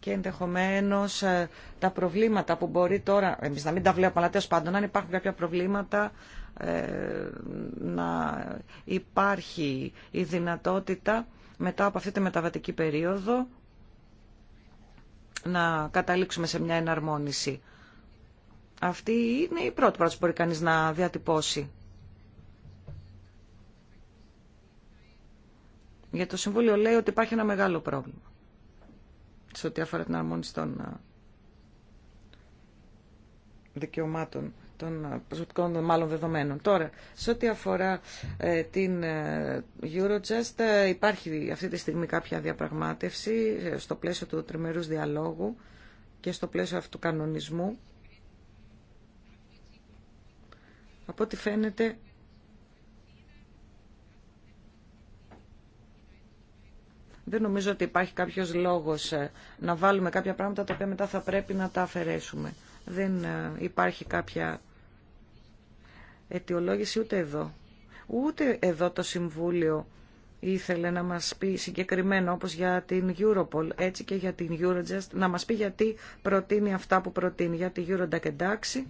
και ενδεχομένω ε, τα προβλήματα που μπορεί τώρα, εμεί να μην τα βλέπουμε, αλλά τέλο πάντων, αν υπάρχουν κάποια προβλήματα, ε, να υπάρχει η δυνατότητα μετά από αυτή τη μεταβατική περίοδο να καταλήξουμε σε μια εναρμόνιση. Αυτή είναι η πρώτη πράξη που μπορεί κανείς να διατυπώσει. Για το Συμβούλιο λέει ότι υπάρχει ένα μεγάλο πρόβλημα σε ό,τι αφορά την αρμόνιση των ε, δικαιωμάτων των ε, προσωπικών μάλλον δεδομένων. Τώρα, σε ό,τι αφορά ε, την ε, Eurojust, υπάρχει αυτή τη στιγμή κάποια διαπραγμάτευση στο πλαίσιο του τριμερούς διαλόγου και στο πλαίσιο αυτού κανονισμού. Από ό,τι φαίνεται, Δεν νομίζω ότι υπάρχει κάποιος λόγος ε, να βάλουμε κάποια πράγματα τα οποία μετά θα πρέπει να τα αφαιρέσουμε. Δεν ε, υπάρχει κάποια αιτιολόγηση ούτε εδώ. Ούτε εδώ το Συμβούλιο ήθελε να μας πει συγκεκριμένα όπως για την Europol, έτσι και για την Eurojust, να μας πει γιατί προτείνει αυτά που προτείνει, για τη Eurodac εντάξει.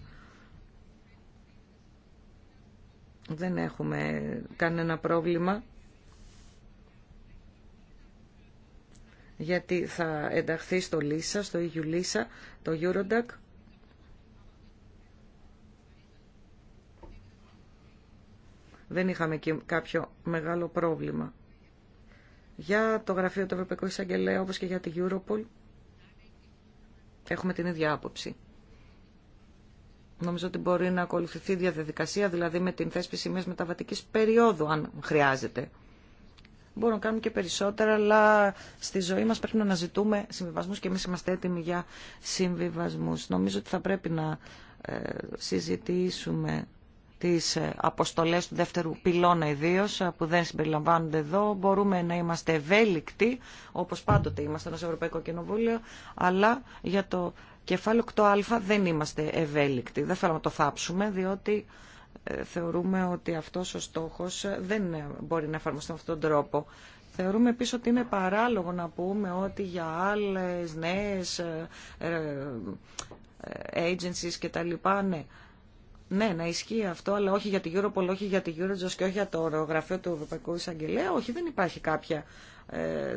Δεν έχουμε κανένα πρόβλημα γιατί θα ενταχθεί στο ΛΙΣΑ, στο EU ΛΙΣΑ, το Eurodac. Δεν είχαμε εκεί κάποιο μεγάλο πρόβλημα. Για το Γραφείο του Ευρωπαϊκού Εισαγγελέα, όπως και για τη Europol, έχουμε την ίδια άποψη. Νομίζω ότι μπορεί να ακολουθηθεί η διαδικασία, δηλαδή με την θέσπιση μιας μεταβατικής περίοδου, αν χρειάζεται. Μπορούμε να κάνουμε και περισσότερα, αλλά στη ζωή μας πρέπει να αναζητούμε συμβιβασμούς και εμείς είμαστε έτοιμοι για συμβιβασμούς. Νομίζω ότι θα πρέπει να ε, συζητήσουμε τις ε, αποστολές του δεύτερου πυλώνα ιδίω ε, που δεν συμπεριλαμβάνονται εδώ. Μπορούμε να είμαστε ευέλικτοι, όπως πάντοτε είμαστε ως Ευρωπαϊκό Κοινοβούλιο, αλλά για το κεφάλαιο 8α δεν είμαστε ευέλικτοι. Δεν θέλουμε να το θάψουμε, διότι θεωρούμε ότι αυτός ο στόχος δεν μπορεί να εφαρμοστεί με αυτόν τον τρόπο. Θεωρούμε επίσης ότι είναι παράλογο να πούμε ότι για άλλες νέες ε, ε, agencies και τα λοιπά, ναι. ναι. να ισχύει αυτό, αλλά όχι για την Europol, όχι για την Eurojust και όχι για το γραφείο του Ευρωπαϊκού Εισαγγελέα. Όχι, δεν υπάρχει κάποια ε,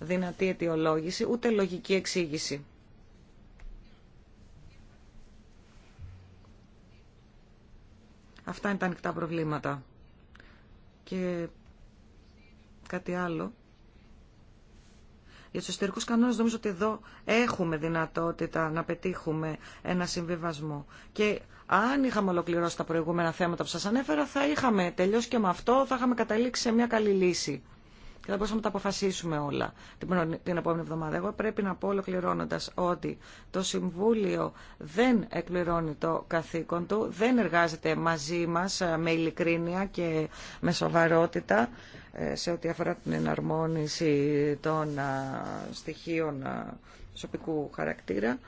δυνατή αιτιολόγηση, ούτε λογική εξήγηση. Αυτά είναι τα ανοιχτά προβλήματα. Και κάτι άλλο. Για του εσωτερικού κανόνε νομίζω ότι εδώ έχουμε δυνατότητα να πετύχουμε ένα συμβιβασμό. Και αν είχαμε ολοκληρώσει τα προηγούμενα θέματα που σα ανέφερα, θα είχαμε τελειώσει και με αυτό, θα είχαμε καταλήξει σε μια καλή λύση και θα μπορούσαμε να τα αποφασίσουμε όλα την επόμενη εβδομάδα. Εγώ πρέπει να πω ολοκληρώνοντα ότι το Συμβούλιο δεν εκπληρώνει το καθήκον του, δεν εργάζεται μαζί μα ε, με ειλικρίνεια και με σοβαρότητα ε, σε ό,τι αφορά την εναρμόνιση των ε, στοιχείων προσωπικού χαρακτήρα.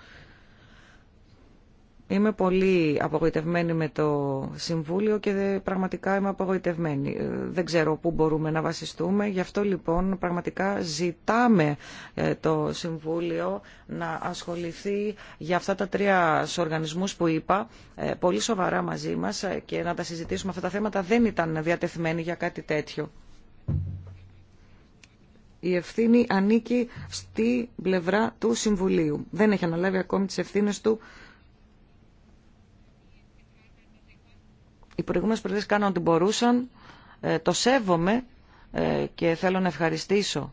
Είμαι πολύ απογοητευμένη με το Συμβούλιο και πραγματικά είμαι απογοητευμένη. Ε, δεν ξέρω πού μπορούμε να βασιστούμε. Γι' αυτό λοιπόν πραγματικά ζητάμε ε, το Συμβούλιο να ασχοληθεί για αυτά τα τρία οργανισμούς που είπα ε, πολύ σοβαρά μαζί μας και να τα συζητήσουμε αυτά τα θέματα. Δεν ήταν διατεθειμένοι για κάτι τέτοιο. Η ευθύνη ανήκει στη πλευρά του Συμβουλίου. Δεν έχει αναλάβει ακόμη τις ευθύνες του Οι προηγούμενε προεδρίες κάναν ό,τι μπορούσαν. Ε, το σέβομαι ε, και θέλω να ευχαριστήσω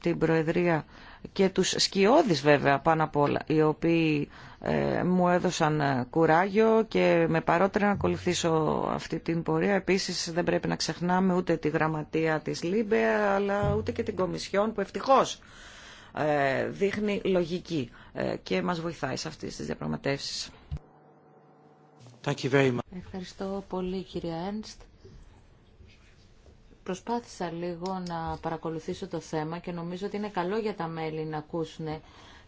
την Προεδρία και τους σκιώδεις βέβαια πάνω απ' όλα, οι οποίοι ε, μου έδωσαν κουράγιο και με παρότερα να ακολουθήσω αυτή την πορεία. Επίσης δεν πρέπει να ξεχνάμε ούτε τη γραμματεία της Λίμπε αλλά ούτε και την Κομισιόν που ευτυχώς ε, δείχνει λογική και μας βοηθάει σε αυτές τις διαπραγματεύσεις. Ευχαριστώ πολύ κύριε Ένστ. Προσπάθησα λίγο να παρακολουθήσω το θέμα και νομίζω ότι είναι καλό για τα μέλη να ακούσουν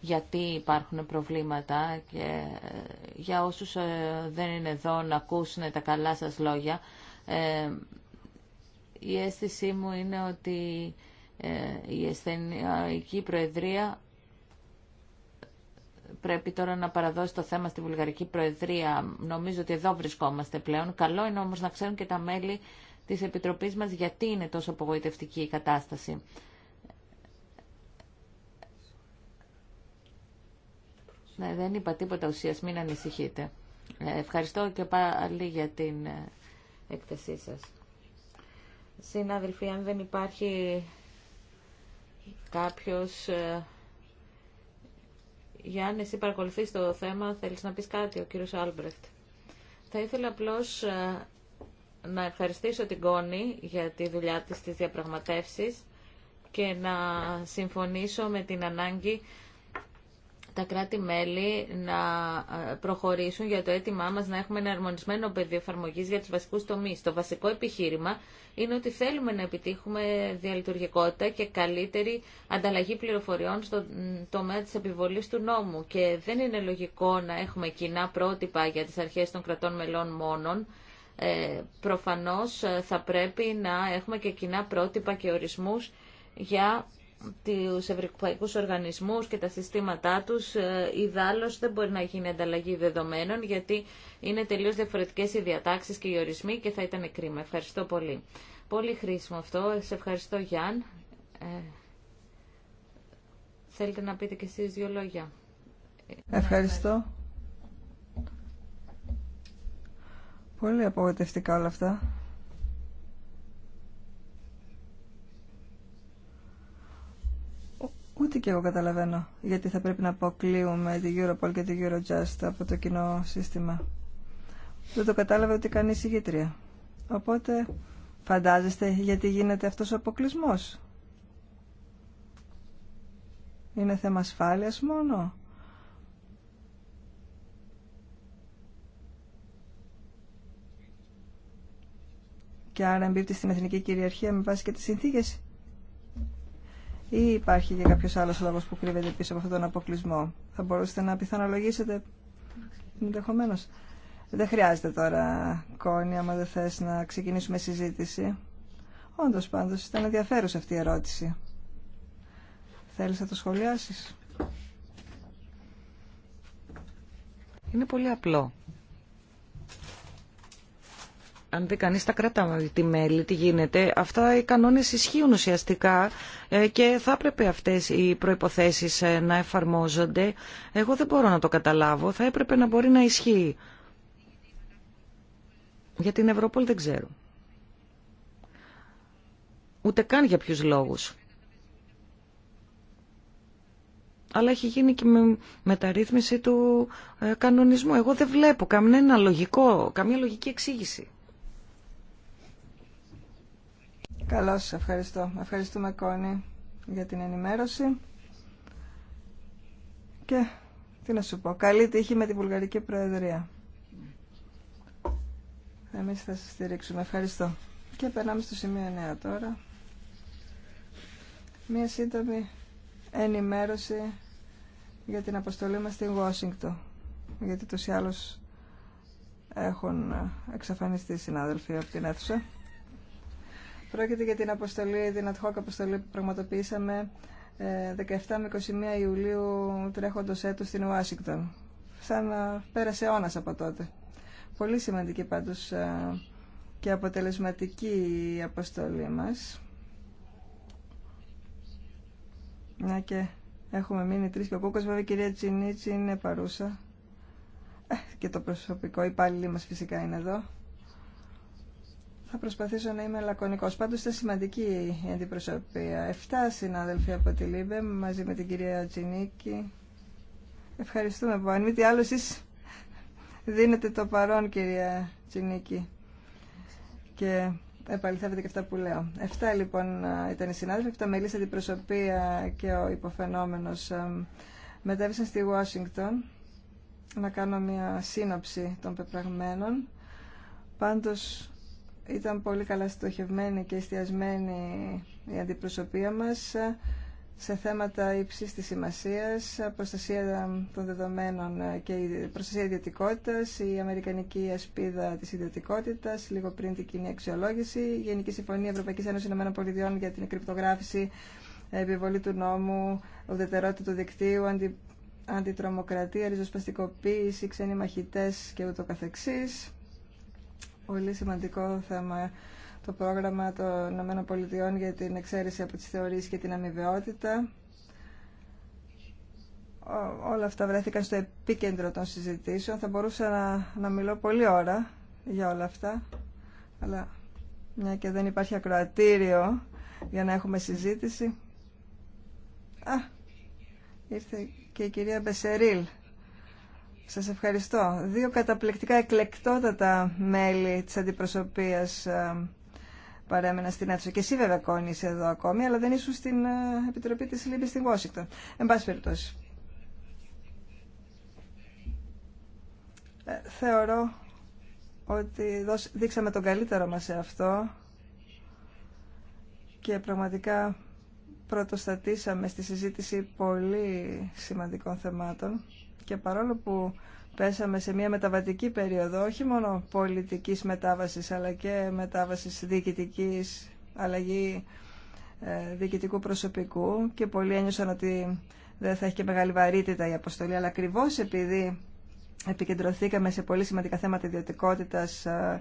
γιατί υπάρχουν προβλήματα και ε, για όσους ε, δεν είναι εδώ να ακούσουν τα καλά σας λόγια. Ε, η αίσθησή μου είναι ότι η Εσθενική Προεδρία πρέπει τώρα να παραδώσει το θέμα στη Βουλγαρική Προεδρία. Νομίζω ότι εδώ βρισκόμαστε πλέον. Καλό είναι όμως να ξέρουν και τα μέλη της Επιτροπής μας γιατί είναι τόσο απογοητευτική η κατάσταση. Ναι, δεν είπα τίποτα ουσίας, μην ανησυχείτε. Ε, ευχαριστώ και πάλι για την ε, έκθεσή σας. Συνάδελφοι, αν δεν υπάρχει κάποιος ε, Γιάννη, εσύ παρακολουθείς το θέμα, θέλεις να πεις κάτι, ο κύριος Άλμπρεχτ. Θα ήθελα απλώς ε, να ευχαριστήσω την Κόνη για τη δουλειά της στις διαπραγματεύσεις και να συμφωνήσω με την ανάγκη τα κράτη-μέλη να ε, προχωρήσουν για το αίτημά μας να έχουμε ένα αρμονισμένο πεδίο εφαρμογή για τους βασικούς τομείς. Το βασικό επιχείρημα είναι ότι θέλουμε να επιτύχουμε διαλειτουργικότητα και καλύτερη ανταλλαγή πληροφοριών στο τομέα της επιβολής του νόμου και δεν είναι λογικό να έχουμε κοινά πρότυπα για τις αρχές των κρατών μελών μόνον. Ε, προφανώς ε, θα πρέπει να έχουμε και κοινά πρότυπα και ορισμούς για τους ευρωπαϊκούς οργανισμούς και τα συστήματά τους, ε, ιδάλλως δεν μπορεί να γίνει ανταλλαγή δεδομένων, γιατί είναι τελείως διαφορετικές οι διατάξεις και οι ορισμοί και θα ήταν κρίμα. Ευχαριστώ πολύ. Πολύ χρήσιμο αυτό. Σε ευχαριστώ, Γιάν. Ε, θέλετε να πείτε και εσείς δύο λόγια. Ευχαριστώ. Πολύ απογοητευτικά όλα αυτά. Ούτε και εγώ καταλαβαίνω γιατί θα πρέπει να αποκλείουμε τη Europol και τη Eurojust από το κοινό σύστημα. Δεν το κατάλαβε ότι κάνει ηγήτρια. Οπότε φαντάζεστε γιατί γίνεται αυτός ο αποκλεισμό. Είναι θέμα ασφάλεια μόνο. Και άρα εμπίπτει στην εθνική κυριαρχία με βάση και τις συνθήκες ή υπάρχει και κάποιος άλλος λόγος που κρύβεται πίσω από αυτόν τον αποκλεισμό. Θα μπορούσατε να πιθανολογήσετε ενδεχομένω. Δεν χρειάζεται τώρα, Κόνη, άμα δεν θες να ξεκινήσουμε συζήτηση. Όντως πάντως ήταν ενδιαφέρουσα αυτή η ερώτηση. Θέλεις να το σχολιάσεις. Είναι πολύ απλό αν δει κανείς τα κρατάμε τη μέλη, τι γίνεται, αυτά οι κανόνες ισχύουν ουσιαστικά ε, και θα έπρεπε αυτές οι προϋποθέσεις ε, να εφαρμόζονται. Εγώ δεν μπορώ να το καταλάβω, θα έπρεπε να μπορεί να ισχύει. Για την Ευρωπόλ δεν ξέρω. Ούτε καν για ποιους λόγους. αλλά έχει γίνει και με μεταρρύθμιση του ε, κανονισμού. Εγώ δεν βλέπω καμία λογική εξήγηση. Καλώ ευχαριστώ. Ευχαριστούμε, Κόνη, για την ενημέρωση. Και τι να σου πω, καλή τύχη με την Βουλγαρική Προεδρία. Εμεί θα σα στηρίξουμε. Ευχαριστώ. Και περνάμε στο σημείο 9 τώρα. Μία σύντομη ενημέρωση για την αποστολή μας στην Βόσιγκτο. Γιατί τους άλλους έχουν εξαφανιστεί οι συνάδελφοι από την αίθουσα. Πρόκειται για την αποστολή, την ad hoc αποστολή που πραγματοποιήσαμε 17 ε, με 21 Ιουλίου τρέχοντος έτους στην Ουάσιγκτον. Σαν πέρασε αιώνα από τότε. Πολύ σημαντική πάντως ε, και αποτελεσματική η αποστολή μας. Να και έχουμε μείνει τρεις και ο Κούκος, βέβαια η κυρία Τσινίτσι είναι παρούσα. Ε, και το προσωπικό υπάλληλοι μας φυσικά είναι εδώ. Θα προσπαθήσω να είμαι λακωνικός. Πάντως ήταν σημαντική η αντιπροσωπεία. Εφτά συνάδελφοι από τη Λίμπε μαζί με την κυρία Τζινίκη. Ευχαριστούμε που αν μη τι άλλο εσείς δίνετε το παρόν κυρία Τσινίκη και επαληθεύετε και αυτά που λέω. Εφτά λοιπόν ήταν οι συνάδελφοι, εφτά μελής αντιπροσωπεία και ο υποφαινόμενος μετέβησαν στη Ουάσιγκτον να κάνω μια σύνοψη των πεπραγμένων. Πάντως ήταν πολύ καλά στοχευμένη και εστιασμένη η αντιπροσωπεία μας σε θέματα ύψης της σημασίας, προστασία των δεδομένων και προστασία ιδιωτικότητα, η Αμερικανική Ασπίδα της Ιδιωτικότητα, λίγο πριν την κοινή αξιολόγηση, η Γενική Συμφωνία Ευρωπαϊκής Ένωσης ΗΠΑ για την κρυπτογράφηση, επιβολή του νόμου, ουδετερότητα του δικτύου, αντι, αντιτρομοκρατία, ριζοσπαστικοποίηση, ξένοι μαχητές και ούτω καθεξής πολύ σημαντικό θέμα το πρόγραμμα των ΗΠΑ για την εξαίρεση από τις θεωρίες και την αμοιβαιότητα. Όλα αυτά βρέθηκαν στο επίκεντρο των συζητήσεων. Θα μπορούσα να, να μιλώ πολλή ώρα για όλα αυτά, αλλά μια και δεν υπάρχει ακροατήριο για να έχουμε συζήτηση. Α, ήρθε και η κυρία Μπεσερίλ. Σας ευχαριστώ. Δύο καταπληκτικά εκλεκτότατα μέλη της αντιπροσωπείας ε, παρέμενα στην αίθουσα. Και εσύ βέβαια κόνησε εδώ ακόμη, αλλά δεν ήσουν στην ε, Επιτροπή της Λίμπης στην Βόσικτον. Εν πάση περιπτώσει. Ε, θεωρώ ότι δείξαμε τον καλύτερο μας σε αυτό και πραγματικά πρωτοστατήσαμε στη συζήτηση πολύ σημαντικών θεμάτων και παρόλο που πέσαμε σε μια μεταβατική περίοδο, όχι μόνο πολιτικής μετάβασης, αλλά και μετάβασης διοικητικής, αλλαγή ε, διοικητικού προσωπικού και πολλοί ένιωσαν ότι δεν θα έχει και μεγάλη βαρύτητα η αποστολή, αλλά ακριβώ επειδή επικεντρωθήκαμε σε πολύ σημαντικά θέματα ιδιωτικότητα, ε,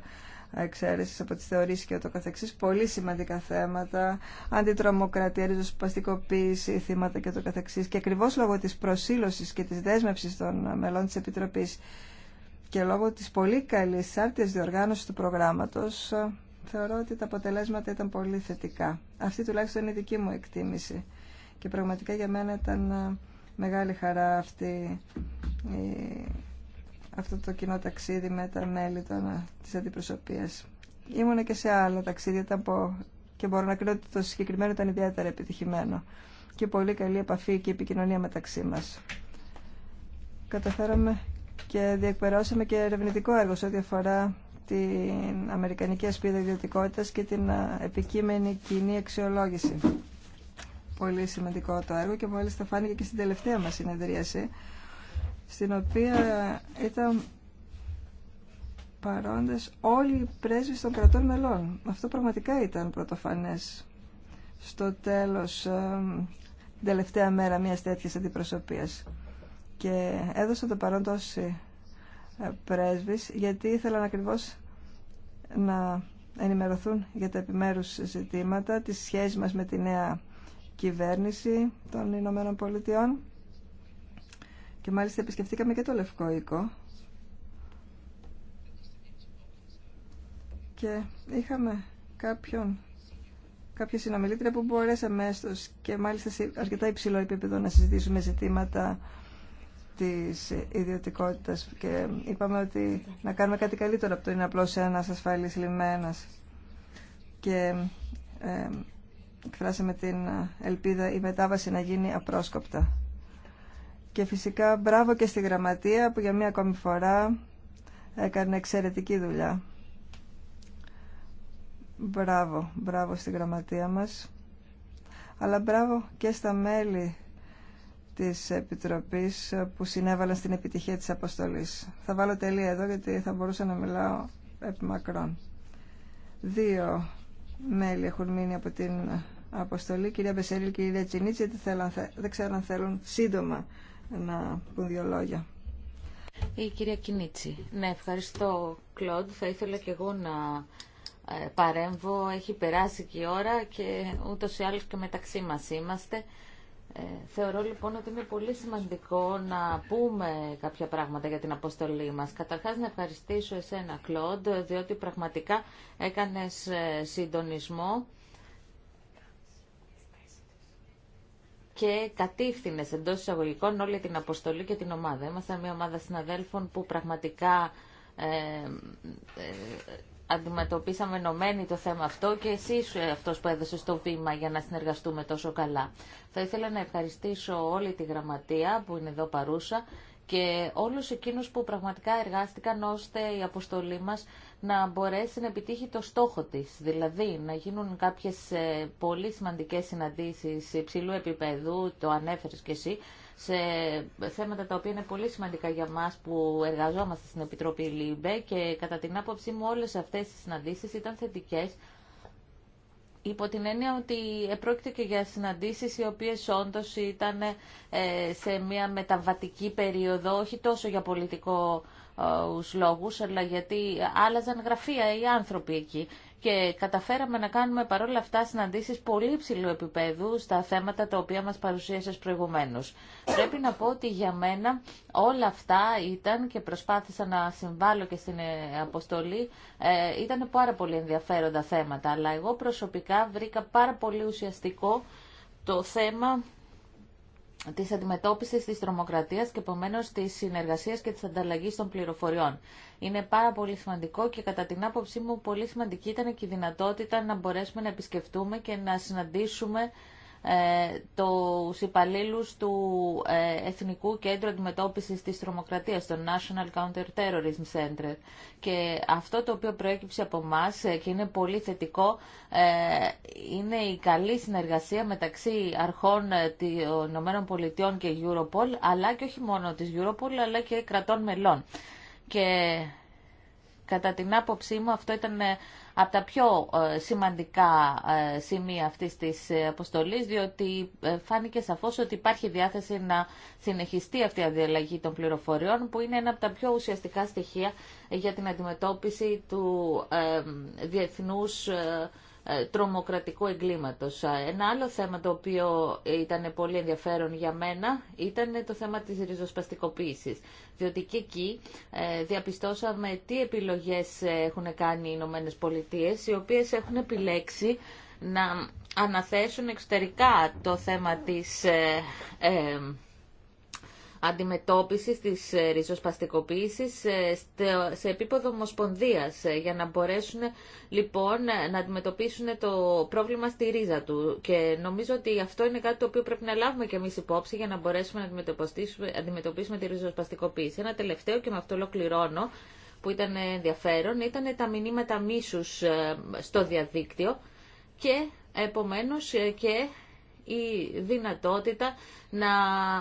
εξαίρεση από τι θεωρήσεις και ούτω καθεξής, πολύ σημαντικά θέματα, αντιτρομοκρατία, ριζοσπαστικοποίηση, θύματα και ούτω καθεξής. Και ακριβώς λόγω της προσήλωση και της δέσμευση των μελών της Επιτροπής και λόγω της πολύ καλής άρτια διοργάνωση του προγράμματος, θεωρώ ότι τα αποτελέσματα ήταν πολύ θετικά. Αυτή τουλάχιστον είναι η δική μου εκτίμηση. Και πραγματικά για μένα ήταν μεγάλη χαρά αυτή η αυτό το κοινό ταξίδι με τα μέλη των, ε, της αντιπροσωπείας. και σε άλλα ταξίδια πω, και μπορώ να κρίνω ότι το συγκεκριμένο ήταν ιδιαίτερα επιτυχημένο και πολύ καλή επαφή και επικοινωνία μεταξύ μας. Καταφέραμε και διεκπαιρώσαμε και ερευνητικό έργο σε ό,τι αφορά την Αμερικανική Ασπίδα Ιδιωτικότητα και την ε, επικείμενη κοινή αξιολόγηση. Πολύ σημαντικό το έργο και μάλιστα φάνηκε και στην τελευταία μας συνεδρίαση στην οποία ήταν παρόντες όλοι οι πρέσβεις των κρατών μελών. Αυτό πραγματικά ήταν πρωτοφανές στο τέλος, την τελευταία μέρα μιας τέτοιας αντιπροσωπείας. Και έδωσα το παρόν τόσοι ε, πρέσβεις, γιατί ήθελαν ακριβώς να ενημερωθούν για τα επιμέρους ζητήματα, τις σχέσεις μας με τη νέα κυβέρνηση των Ηνωμένων Πολιτειών και μάλιστα επισκεφτήκαμε και το Λευκό Οίκο. Και είχαμε κάποιον, κάποια συνομιλήτρια που μπορέσαμε έστω και μάλιστα σε αρκετά υψηλό επίπεδο να συζητήσουμε ζητήματα της ιδιωτικότητας και είπαμε ότι να κάνουμε κάτι καλύτερο από το είναι απλώς ένας ασφαλής λιμένας και ε, εκφράσαμε την ελπίδα η μετάβαση να γίνει απρόσκοπτα. Και φυσικά μπράβο και στη Γραμματεία που για μία ακόμη φορά έκανε εξαιρετική δουλειά. Μπράβο, μπράβο στη Γραμματεία μας. Αλλά μπράβο και στα μέλη της Επιτροπής που συνέβαλαν στην επιτυχία της αποστολής. Θα βάλω τελεία εδώ γιατί θα μπορούσα να μιλάω επί μακρόν. Δύο μέλη έχουν μείνει από την αποστολή, κυρία Μπεσέλη, και κυρία Τσινίτση, δεν ξέρω αν θέλουν σύντομα να πούν δύο λόγια. Η κυρία Κινίτσι. Ναι, ευχαριστώ, Κλοντ. Θα ήθελα και εγώ να ε, παρέμβω. Έχει περάσει και η ώρα και ούτως ή άλλως και μεταξύ μας είμαστε. Ε, θεωρώ λοιπόν ότι είναι πολύ σημαντικό να πούμε κάποια πράγματα για την αποστολή μας. Καταρχάς να ευχαριστήσω εσένα Κλοντ, διότι πραγματικά έκανες ε, συντονισμό και κατήφθηνε εντό εισαγωγικών όλη την αποστολή και την ομάδα. Ήμασταν μια ομάδα συναδέλφων που πραγματικά ε, ε, αντιμετωπίσαμε ενωμένοι το θέμα αυτό και εσείς ε, αυτός που έδωσε το βήμα για να συνεργαστούμε τόσο καλά. Θα ήθελα να ευχαριστήσω όλη τη γραμματεία που είναι εδώ παρούσα και όλους εκείνους που πραγματικά εργάστηκαν ώστε η αποστολή μας να μπορέσει να επιτύχει το στόχο της. Δηλαδή να γίνουν κάποιες ε, πολύ σημαντικές συναντήσεις υψηλού επίπεδου, το ανέφερες και εσύ, σε θέματα τα οποία είναι πολύ σημαντικά για μας που εργαζόμαστε στην Επιτροπή ΛΥΜΠΕ και κατά την άποψή μου όλες αυτές οι συναντήσεις ήταν θετικές υπό την έννοια ότι επρόκειται και για συναντήσεις οι οποίες όντως ήταν ε, σε μια μεταβατική περίοδο, όχι τόσο για πολιτικό λόγους, αλλά γιατί άλλαζαν γραφεία οι άνθρωποι εκεί. Και καταφέραμε να κάνουμε παρόλα αυτά συναντήσεις πολύ υψηλού επίπεδου στα θέματα τα οποία μας παρουσίασες προηγουμένως. Πρέπει να πω ότι για μένα όλα αυτά ήταν και προσπάθησα να συμβάλλω και στην ε, αποστολή, ε, ήταν πάρα πολύ ενδιαφέροντα θέματα, αλλά εγώ προσωπικά βρήκα πάρα πολύ ουσιαστικό το θέμα τη αντιμετώπιση τη τρομοκρατία και επομένω τη συνεργασία και τη ανταλλαγή των πληροφοριών. Είναι πάρα πολύ σημαντικό και κατά την άποψή μου πολύ σημαντική ήταν και η δυνατότητα να μπορέσουμε να επισκεφτούμε και να συναντήσουμε ε, τους του ε, Εθνικού Κέντρου Αντιμετώπισης της Τρομοκρατίας, το National Counter-Terrorism Center. Και αυτό το οποίο προέκυψε από εμά ε, και είναι πολύ θετικό, ε, είναι η καλή συνεργασία μεταξύ αρχών των ΗΠΑ Πολιτειών και Europol, αλλά και όχι μόνο της Europol, αλλά και κρατών μελών. Και κατά την άποψή μου αυτό ήταν από τα πιο ε, σημαντικά ε, σημεία αυτής της αποστολής, διότι ε, φάνηκε σαφώς ότι υπάρχει διάθεση να συνεχιστεί αυτή η αδιαλλαγή των πληροφοριών, που είναι ένα από τα πιο ουσιαστικά στοιχεία για την αντιμετώπιση του διεθνούς ε, τρομοκρατικού εγκλήματος. Ε, ένα άλλο θέμα το οποίο ήταν πολύ ενδιαφέρον για μένα ήταν το θέμα της ριζοσπαστικοποίησης. Διότι και εκεί ε, διαπιστώσαμε τι επιλογές έχουν κάνει οι Ηνωμένε Πολιτείε, οι οποίες έχουν επιλέξει να αναθέσουν εξωτερικά το θέμα της αντιμετώπισης της ε, ριζοσπαστικοποίησης ε, σε επίπεδο ομοσπονδίας ε, για να μπορέσουν λοιπόν να αντιμετωπίσουν το πρόβλημα στη ρίζα του. Και νομίζω ότι αυτό είναι κάτι το οποίο πρέπει να λάβουμε και εμείς υπόψη για να μπορέσουμε να αντιμετωπίσουμε, τη ριζοσπαστικοποίηση. Ένα τελευταίο και με αυτό ολοκληρώνω που ήταν ενδιαφέρον ήταν τα μηνύματα μίσους στο διαδίκτυο και επομένως και η δυνατότητα να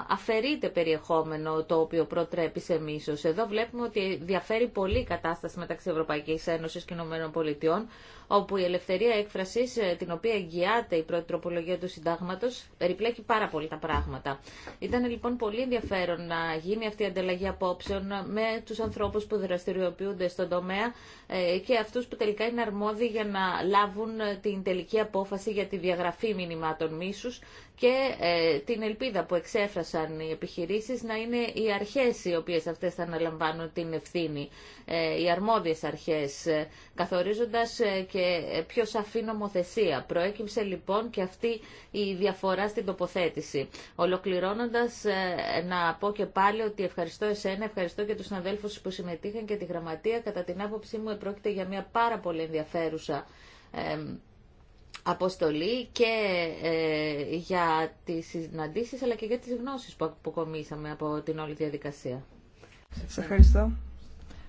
αφαιρείται περιεχόμενο το οποίο προτρέπει σε μίσος. Εδώ βλέπουμε ότι διαφέρει πολύ η κατάσταση μεταξύ Ευρωπαϊκής Ένωσης και ΗΠΑ, όπου η ελευθερία έκφρασης, ε, την οποία εγγυάται η πρώτη τροπολογία του συντάγματος, περιπλέκει πάρα πολύ τα πράγματα. Ήταν λοιπόν πολύ ενδιαφέρον να γίνει αυτή η ανταλλαγή απόψεων με τους ανθρώπους που δραστηριοποιούνται στον τομέα ε, και αυτούς που τελικά είναι αρμόδιοι για να λάβουν ε, την τελική απόφαση για τη διαγραφή μηνυμάτων μίσους και ε, την ελπίδα που εξέφρασαν οι επιχειρήσεις να είναι οι αρχές οι οποίες αυτές θα αναλαμβάνουν την ευθύνη, ε, οι αρμόδιες αρχές, ε, καθορίζοντας ε, και πιο σαφή νομοθεσία. Προέκυψε λοιπόν και αυτή η διαφορά στην τοποθέτηση. Ολοκληρώνοντας να πω και πάλι ότι ευχαριστώ εσένα, ευχαριστώ και τους συναδέλφους που συμμετείχαν και τη γραμματεία. Κατά την άποψή μου πρόκειται για μια πάρα πολύ ενδιαφέρουσα αποστολή και ε, για τις συναντήσεις αλλά και για τις γνώσεις που αποκομίσαμε από την όλη διαδικασία. Σας ευχαριστώ.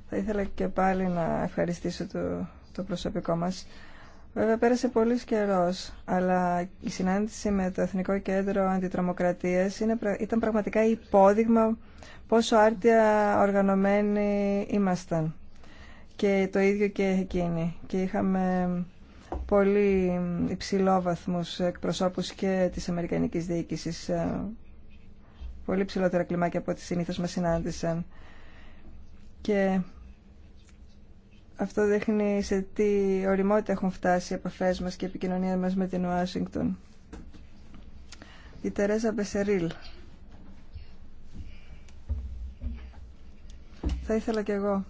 Θα ήθελα και πάλι να ευχαριστήσω το, το προσωπικό μας. Βέβαια πέρασε πολύ καιρό, αλλά η συνάντηση με το Εθνικό Κέντρο Αντιτρομοκρατίας ήταν πραγματικά υπόδειγμα πόσο άρτια οργανωμένοι ήμασταν. Και το ίδιο και εκείνοι. Και είχαμε πολύ υψηλόβαθμους εκπροσώπους και της Αμερικανικής Διοίκησης. Ε, πολύ ψηλότερα κλιμάκια από ό,τι συνήθως μας συνάντησαν. Και αυτό δείχνει σε τι οριμότητα έχουν φτάσει οι επαφές μας και η επικοινωνία μας με την Ουάσιγκτον. Η Τερέζα Μπεσερίλ. Θα ήθελα κι εγώ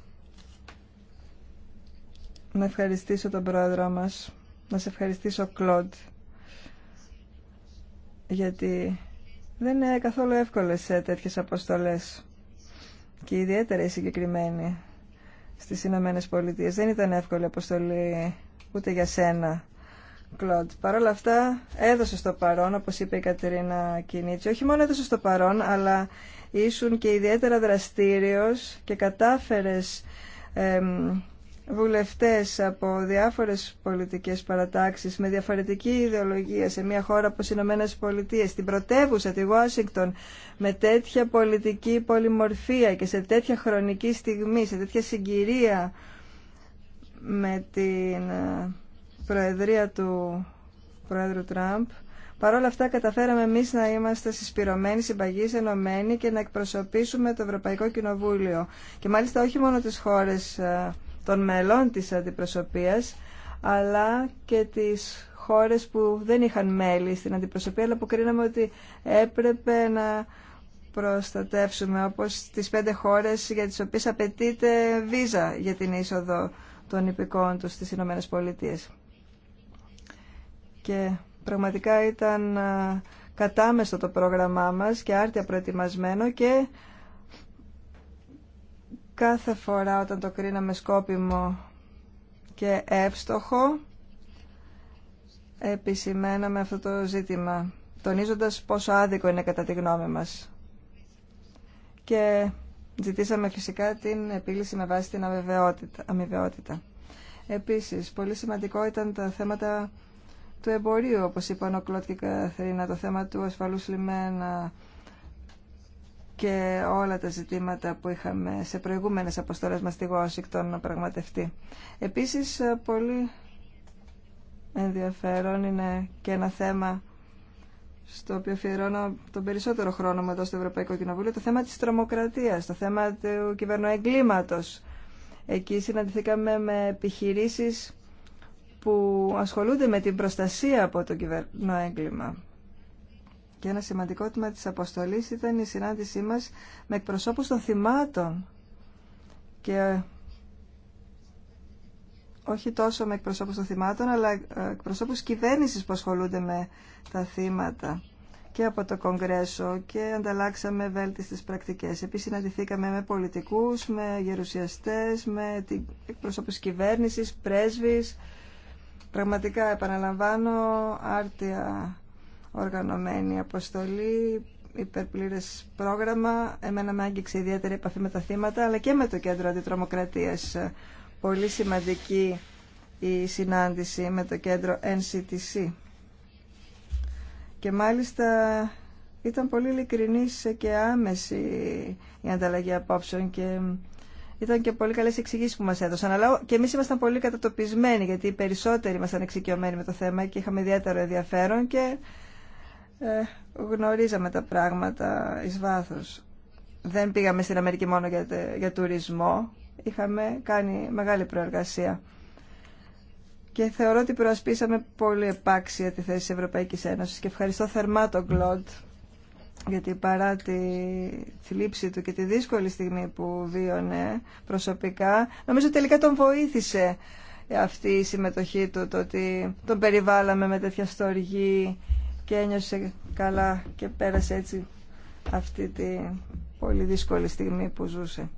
να ευχαριστήσω τον πρόεδρό μας να σε ευχαριστήσω, Κλοντ, γιατί δεν είναι καθόλου εύκολες ε, τέτοιες αποστολές και ιδιαίτερα οι συγκεκριμένοι στις Ηνωμένε Πολιτείες. Δεν ήταν εύκολη αποστολή ούτε για σένα, Κλοντ. Παρ' όλα αυτά έδωσε το παρόν, όπως είπε η Κατερίνα Κινίτση. Όχι μόνο έδωσε το παρόν, αλλά ήσουν και ιδιαίτερα δραστήριος και κατάφερες βουλευτές από διάφορες πολιτικές παρατάξεις με διαφορετική ιδεολογία σε μια χώρα από οι Ηνωμένες Πολιτείες, στην πρωτεύουσα, τη Βάσιγκτον με τέτοια πολιτική πολυμορφία και σε τέτοια χρονική στιγμή, σε τέτοια συγκυρία με την ε, προεδρία του Πρόεδρου Τραμπ, παρόλα αυτά καταφέραμε εμείς να είμαστε συσπηρωμένοι, συμπαγείς, ενωμένοι και να εκπροσωπήσουμε το Ευρωπαϊκό Κοινοβούλιο. Και μάλιστα όχι μόνο τι χώρε ε, των μελών της αντιπροσωπείας αλλά και τις χώρες που δεν είχαν μέλη στην αντιπροσωπεία αλλά που κρίναμε ότι έπρεπε να προστατεύσουμε όπως τις πέντε χώρες για τις οποίες απαιτείται βίζα για την είσοδο των υπηκών τους στις Ηνωμένες Πολιτείες. Και πραγματικά ήταν κατάμεστο το πρόγραμμά μας και άρτια προετοιμασμένο και κάθε φορά όταν το κρίναμε σκόπιμο και εύστοχο επισημέναμε αυτό το ζήτημα τονίζοντας πόσο άδικο είναι κατά τη γνώμη μας και ζητήσαμε φυσικά την επίλυση με βάση την αμοιβαιότητα. Επίσης, πολύ σημαντικό ήταν τα θέματα του εμπορίου, όπως είπαν ο Κλώτ και η το θέμα του ασφαλούς λιμένα, και όλα τα ζητήματα που είχαμε σε προηγούμενες αποστολές μας στη Γόσικτον να πραγματευτεί. Επίσης, πολύ ενδιαφέρον είναι και ένα θέμα στο οποίο αφιερώνω τον περισσότερο χρόνο μου εδώ στο Ευρωπαϊκό Κοινοβούλιο, το θέμα της τρομοκρατίας, το θέμα του κυβερνοεγκλήματος. Εκεί συναντηθήκαμε με επιχειρήσεις που ασχολούνται με την προστασία από το κυβερνοέγκλημα. Και ένα σημαντικό τμήμα της αποστολής ήταν η συνάντησή μας με εκπροσώπους των θυμάτων και ε, όχι τόσο με εκπροσώπους των θυμάτων, αλλά ε, εκπροσώπους κυβέρνησης που ασχολούνται με τα θύματα και από το Κογκρέσο και ανταλλάξαμε βέλτιστες πρακτικές. Επίσης συναντηθήκαμε με πολιτικούς, με γερουσιαστές, με την εκπροσώπους κυβέρνησης, πρέσβης. Πραγματικά επαναλαμβάνω άρτια οργανωμένη αποστολή, υπερπλήρες πρόγραμμα. Εμένα με άγγιξε ιδιαίτερη επαφή με τα θύματα, αλλά και με το Κέντρο Αντιτρομοκρατίας. Πολύ σημαντική η συνάντηση με το Κέντρο NCTC. Και μάλιστα ήταν πολύ ειλικρινή και άμεση η ανταλλαγή απόψεων και ήταν και πολύ καλές εξηγήσεις που μας έδωσαν. Αλλά και εμείς ήμασταν πολύ κατατοπισμένοι γιατί οι περισσότεροι ήμασταν εξοικειωμένοι με το θέμα και είχαμε ιδιαίτερο ενδιαφέρον και ε, γνωρίζαμε τα πράγματα εις βάθος. Δεν πήγαμε στην Αμερική μόνο για, για τουρισμό. Είχαμε κάνει μεγάλη προεργασία. Και θεωρώ ότι προασπίσαμε πολύ επάξια τη θέση της Ευρωπαϊκής Ένωσης. Και ευχαριστώ θερμά τον Κλοντ, γιατί παρά τη θλίψη του και τη δύσκολη στιγμή που βίωνε προσωπικά, νομίζω τελικά τον βοήθησε αυτή η συμμετοχή του, το ότι τον περιβάλαμε με τέτοια στοργή και ένιωσε καλά και πέρασε έτσι αυτή τη πολύ δύσκολη στιγμή που ζούσε.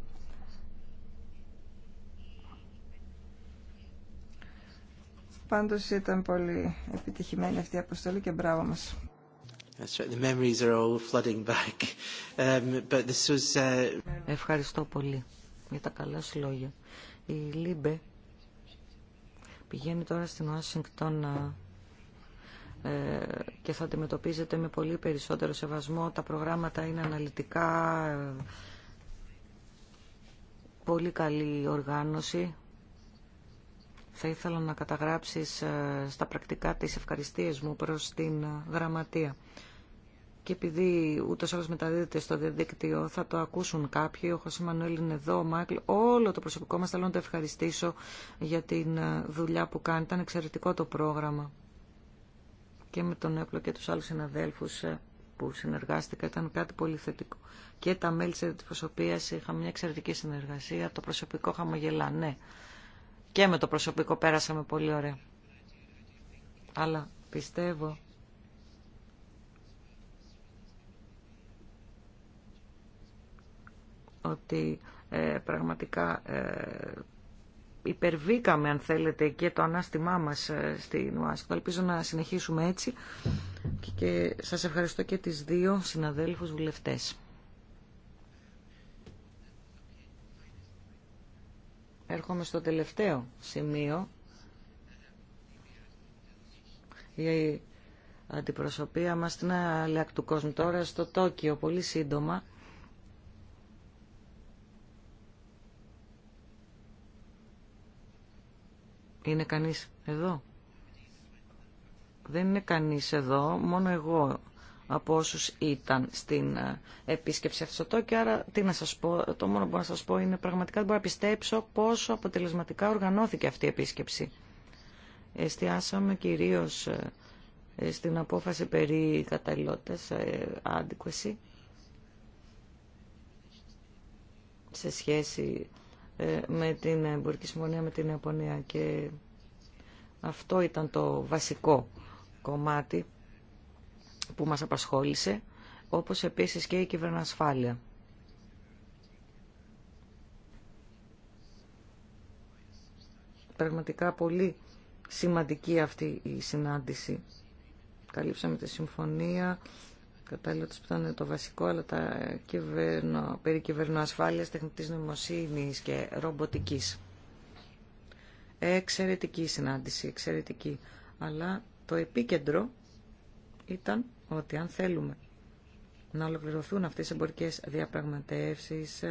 Πάντως ήταν πολύ επιτυχημένη αυτή η αποστολή και μπράβο μας. Ευχαριστώ πολύ για τα καλά σου λόγια. Η Λίμπε πηγαίνει τώρα στην Ουάσιγκτον ε, και θα αντιμετωπίζετε με πολύ περισσότερο σεβασμό. Τα προγράμματα είναι αναλυτικά, ε, πολύ καλή οργάνωση. Θα ήθελα να καταγράψεις ε, στα πρακτικά τις ευχαριστίες μου προς την γραμματεία. Και επειδή ούτε ή μεταδίδεται στο διαδίκτυο, θα το ακούσουν κάποιοι. Ο Χωσή Μανουέλ είναι εδώ, ο Μάικλ, όλο το προσωπικό μα. Θέλω να το ευχαριστήσω για την δουλειά που κάνει. Ήταν εξαιρετικό το πρόγραμμα και με τον Έπλο και τους άλλους συναδέλφους ε, που συνεργάστηκα ήταν κάτι πολύ θετικό. Και τα μέλη της αντιπροσωπείας είχαμε μια εξαιρετική συνεργασία, το προσωπικό χαμογελά, ναι. Και με το προσωπικό πέρασαμε πολύ ωραία. Αλλά πιστεύω ότι ε, πραγματικά ε, υπερβήκαμε αν θέλετε και το ανάστημά μας ε, στην ΟΑΣΚΟ. Ελπίζω να συνεχίσουμε έτσι και σας ευχαριστώ και τις δύο συναδέλφους βουλευτές. Έρχομαι στο τελευταίο σημείο. Η αντιπροσωπεία μας στην Αλλη του τώρα στο Τόκιο πολύ σύντομα. Είναι κανείς εδώ. Δεν είναι κανείς εδώ, μόνο εγώ από όσους ήταν στην ε, επίσκεψη αυτό και άρα τι να σας πω, το μόνο που μπορώ να σας πω είναι πραγματικά δεν μπορώ να πιστέψω πόσο αποτελεσματικά οργανώθηκε αυτή η επίσκεψη. Εστιάσαμε κυρίως ε, ε, στην απόφαση περί καταλληλότητας, adequacy, σε σχέση ε, με την εμπορική συμφωνία με την Ιαπωνία και αυτό ήταν το βασικό κομμάτι που μας απασχόλησε, όπως επίσης και η κυβερνασφάλεια. Πραγματικά πολύ σημαντική αυτή η συνάντηση. Καλύψαμε τη συμφωνία κατάλληλα που ήταν το βασικό, αλλά τα κυβερνο, περί κυβερνοασφάλειας, τεχνητής νοημοσύνης και ρομποτικής. Εξαιρετική συνάντηση, εξαιρετική. Αλλά το επίκεντρο ήταν ότι αν θέλουμε να ολοκληρωθούν αυτές οι εμπορικές διαπραγματεύσεις,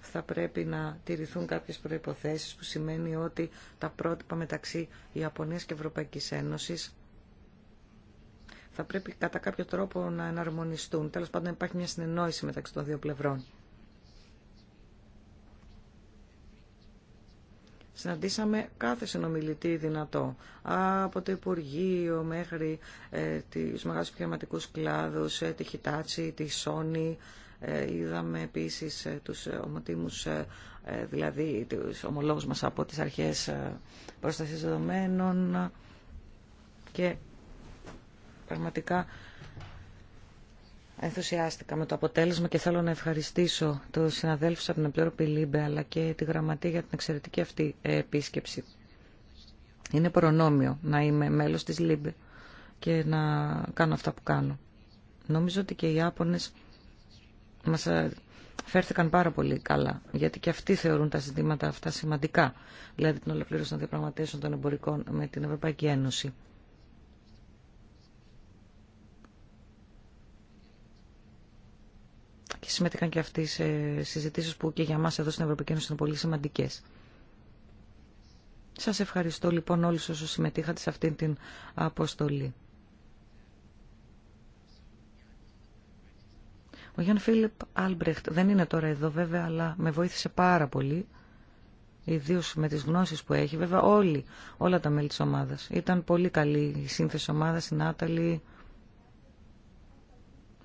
θα πρέπει να τηρηθούν κάποιες προϋποθέσεις που σημαίνει ότι τα πρότυπα μεταξύ Ιαπωνίας και Ευρωπαϊκής Ένωσης θα πρέπει κατά κάποιο τρόπο να εναρμονιστούν. Τέλος πάντων υπάρχει μια συνεννόηση μεταξύ των δύο πλευρών. Συναντήσαμε κάθε συνομιλητή δυνατό, από το Υπουργείο μέχρι ε, τους μεγάλους επιχειρηματικούς κλάδους, ε, τη Χιτάτσι, τη Σόνη. Ε, είδαμε επίσης ε, τους ομοτήμους, δηλαδή τους ομολόγους μας από τις αρχές προστασίας δεδομένων και Πραγματικά ενθουσιάστηκα με το αποτέλεσμα και θέλω να ευχαριστήσω τους συναδέλφους από την Επιτροπή Λίμπε αλλά και τη Γραμματεία για την εξαιρετική αυτή επίσκεψη. Είναι προνόμιο να είμαι μέλος της Λίμπε και να κάνω αυτά που κάνω. Νομίζω ότι και οι Ιάπωνες μας ε, φέρθηκαν πάρα πολύ καλά, γιατί και αυτοί θεωρούν τα ζητήματα αυτά σημαντικά, δηλαδή την ολοκλήρωση των διαπραγματεύσεων των εμπορικών με την Ευρωπαϊκή Ένωση. συμμετείχαν και αυτοί σε συζητήσεις που και για μας εδώ στην Ευρωπαϊκή Ένωση είναι πολύ σημαντικές. Σας ευχαριστώ λοιπόν όλους όσους συμμετείχατε σε αυτήν την αποστολή. Ο Γιάνν Φίλιπ Άλμπρεχτ δεν είναι τώρα εδώ βέβαια, αλλά με βοήθησε πάρα πολύ, ιδίως με τις γνώσεις που έχει. Βέβαια όλοι, όλα τα μέλη της ομάδας. Ήταν πολύ καλή η σύνθεση ομάδας, η Νάταλη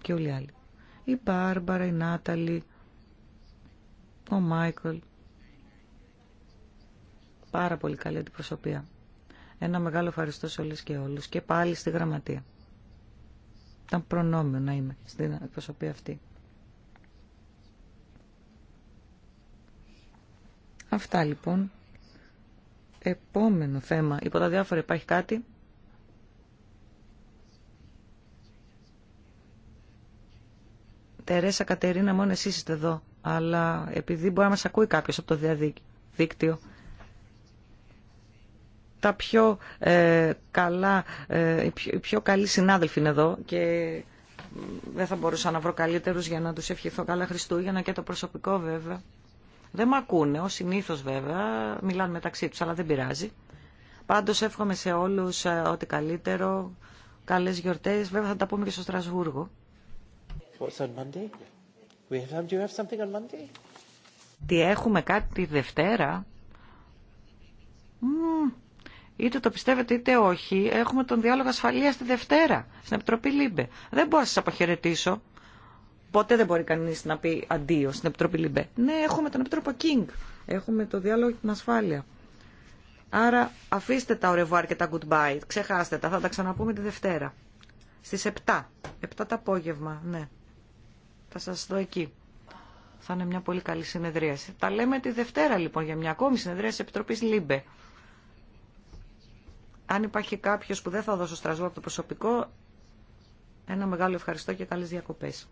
και όλοι οι άλλοι η Μπάρμπαρα, η Νάταλη, ο Μάικλ. Πάρα πολύ καλή αντιπροσωπεία. Ένα μεγάλο ευχαριστώ σε όλες και όλους και πάλι στη γραμματεία. Ήταν προνόμιο να είμαι στην αντιπροσωπεία αυτή. Αυτά λοιπόν. Επόμενο θέμα. Υπό τα διάφορα υπάρχει κάτι. Τερέσα Κατερίνα, μόνο εσεί είστε εδώ. Αλλά επειδή μπορεί να μα ακούει κάποιο από το διαδίκτυο. Τα πιο ε, καλά, ε, οι, πιο, οι πιο καλοί συνάδελφοι είναι εδώ και δεν θα μπορούσα να βρω καλύτερου για να του ευχηθώ καλά Χριστούγεννα και το προσωπικό βέβαια. Δεν με ακούνε, ω συνήθω βέβαια. Μιλάνε μεταξύ του, αλλά δεν πειράζει. Πάντω εύχομαι σε όλου ε, ό,τι καλύτερο. Καλέ γιορτέ. Βέβαια θα τα πούμε και στο Στρασβούργο. Τι έχουμε κάτι τη Δευτέρα. Είτε το πιστεύετε είτε όχι, έχουμε τον διάλογο ασφαλεία τη Δευτέρα, στην Επιτροπή Λίμπε. Δεν μπορώ να σας αποχαιρετήσω. Ποτέ δεν μπορεί κανεί να πει αντίο στην Επιτροπή Λίμπε. Ναι, έχουμε τον Επιτρόπο Κίνγκ. Έχουμε το διάλογο για την ασφάλεια. Άρα αφήστε τα ωρεβάρ και τα goodbye. Ξεχάστε τα. Θα τα ξαναπούμε τη Δευτέρα. Στι 7. 7 το απόγευμα, ναι. Θα σας δω εκεί. Θα είναι μια πολύ καλή συνεδρίαση. Τα λέμε τη Δευτέρα λοιπόν για μια ακόμη συνεδρίαση Επιτροπής ΛΥΜΠΕ. Αν υπάρχει κάποιος που δεν θα δώσω στρασβό από το προσωπικό, ένα μεγάλο ευχαριστώ και καλές διακοπές.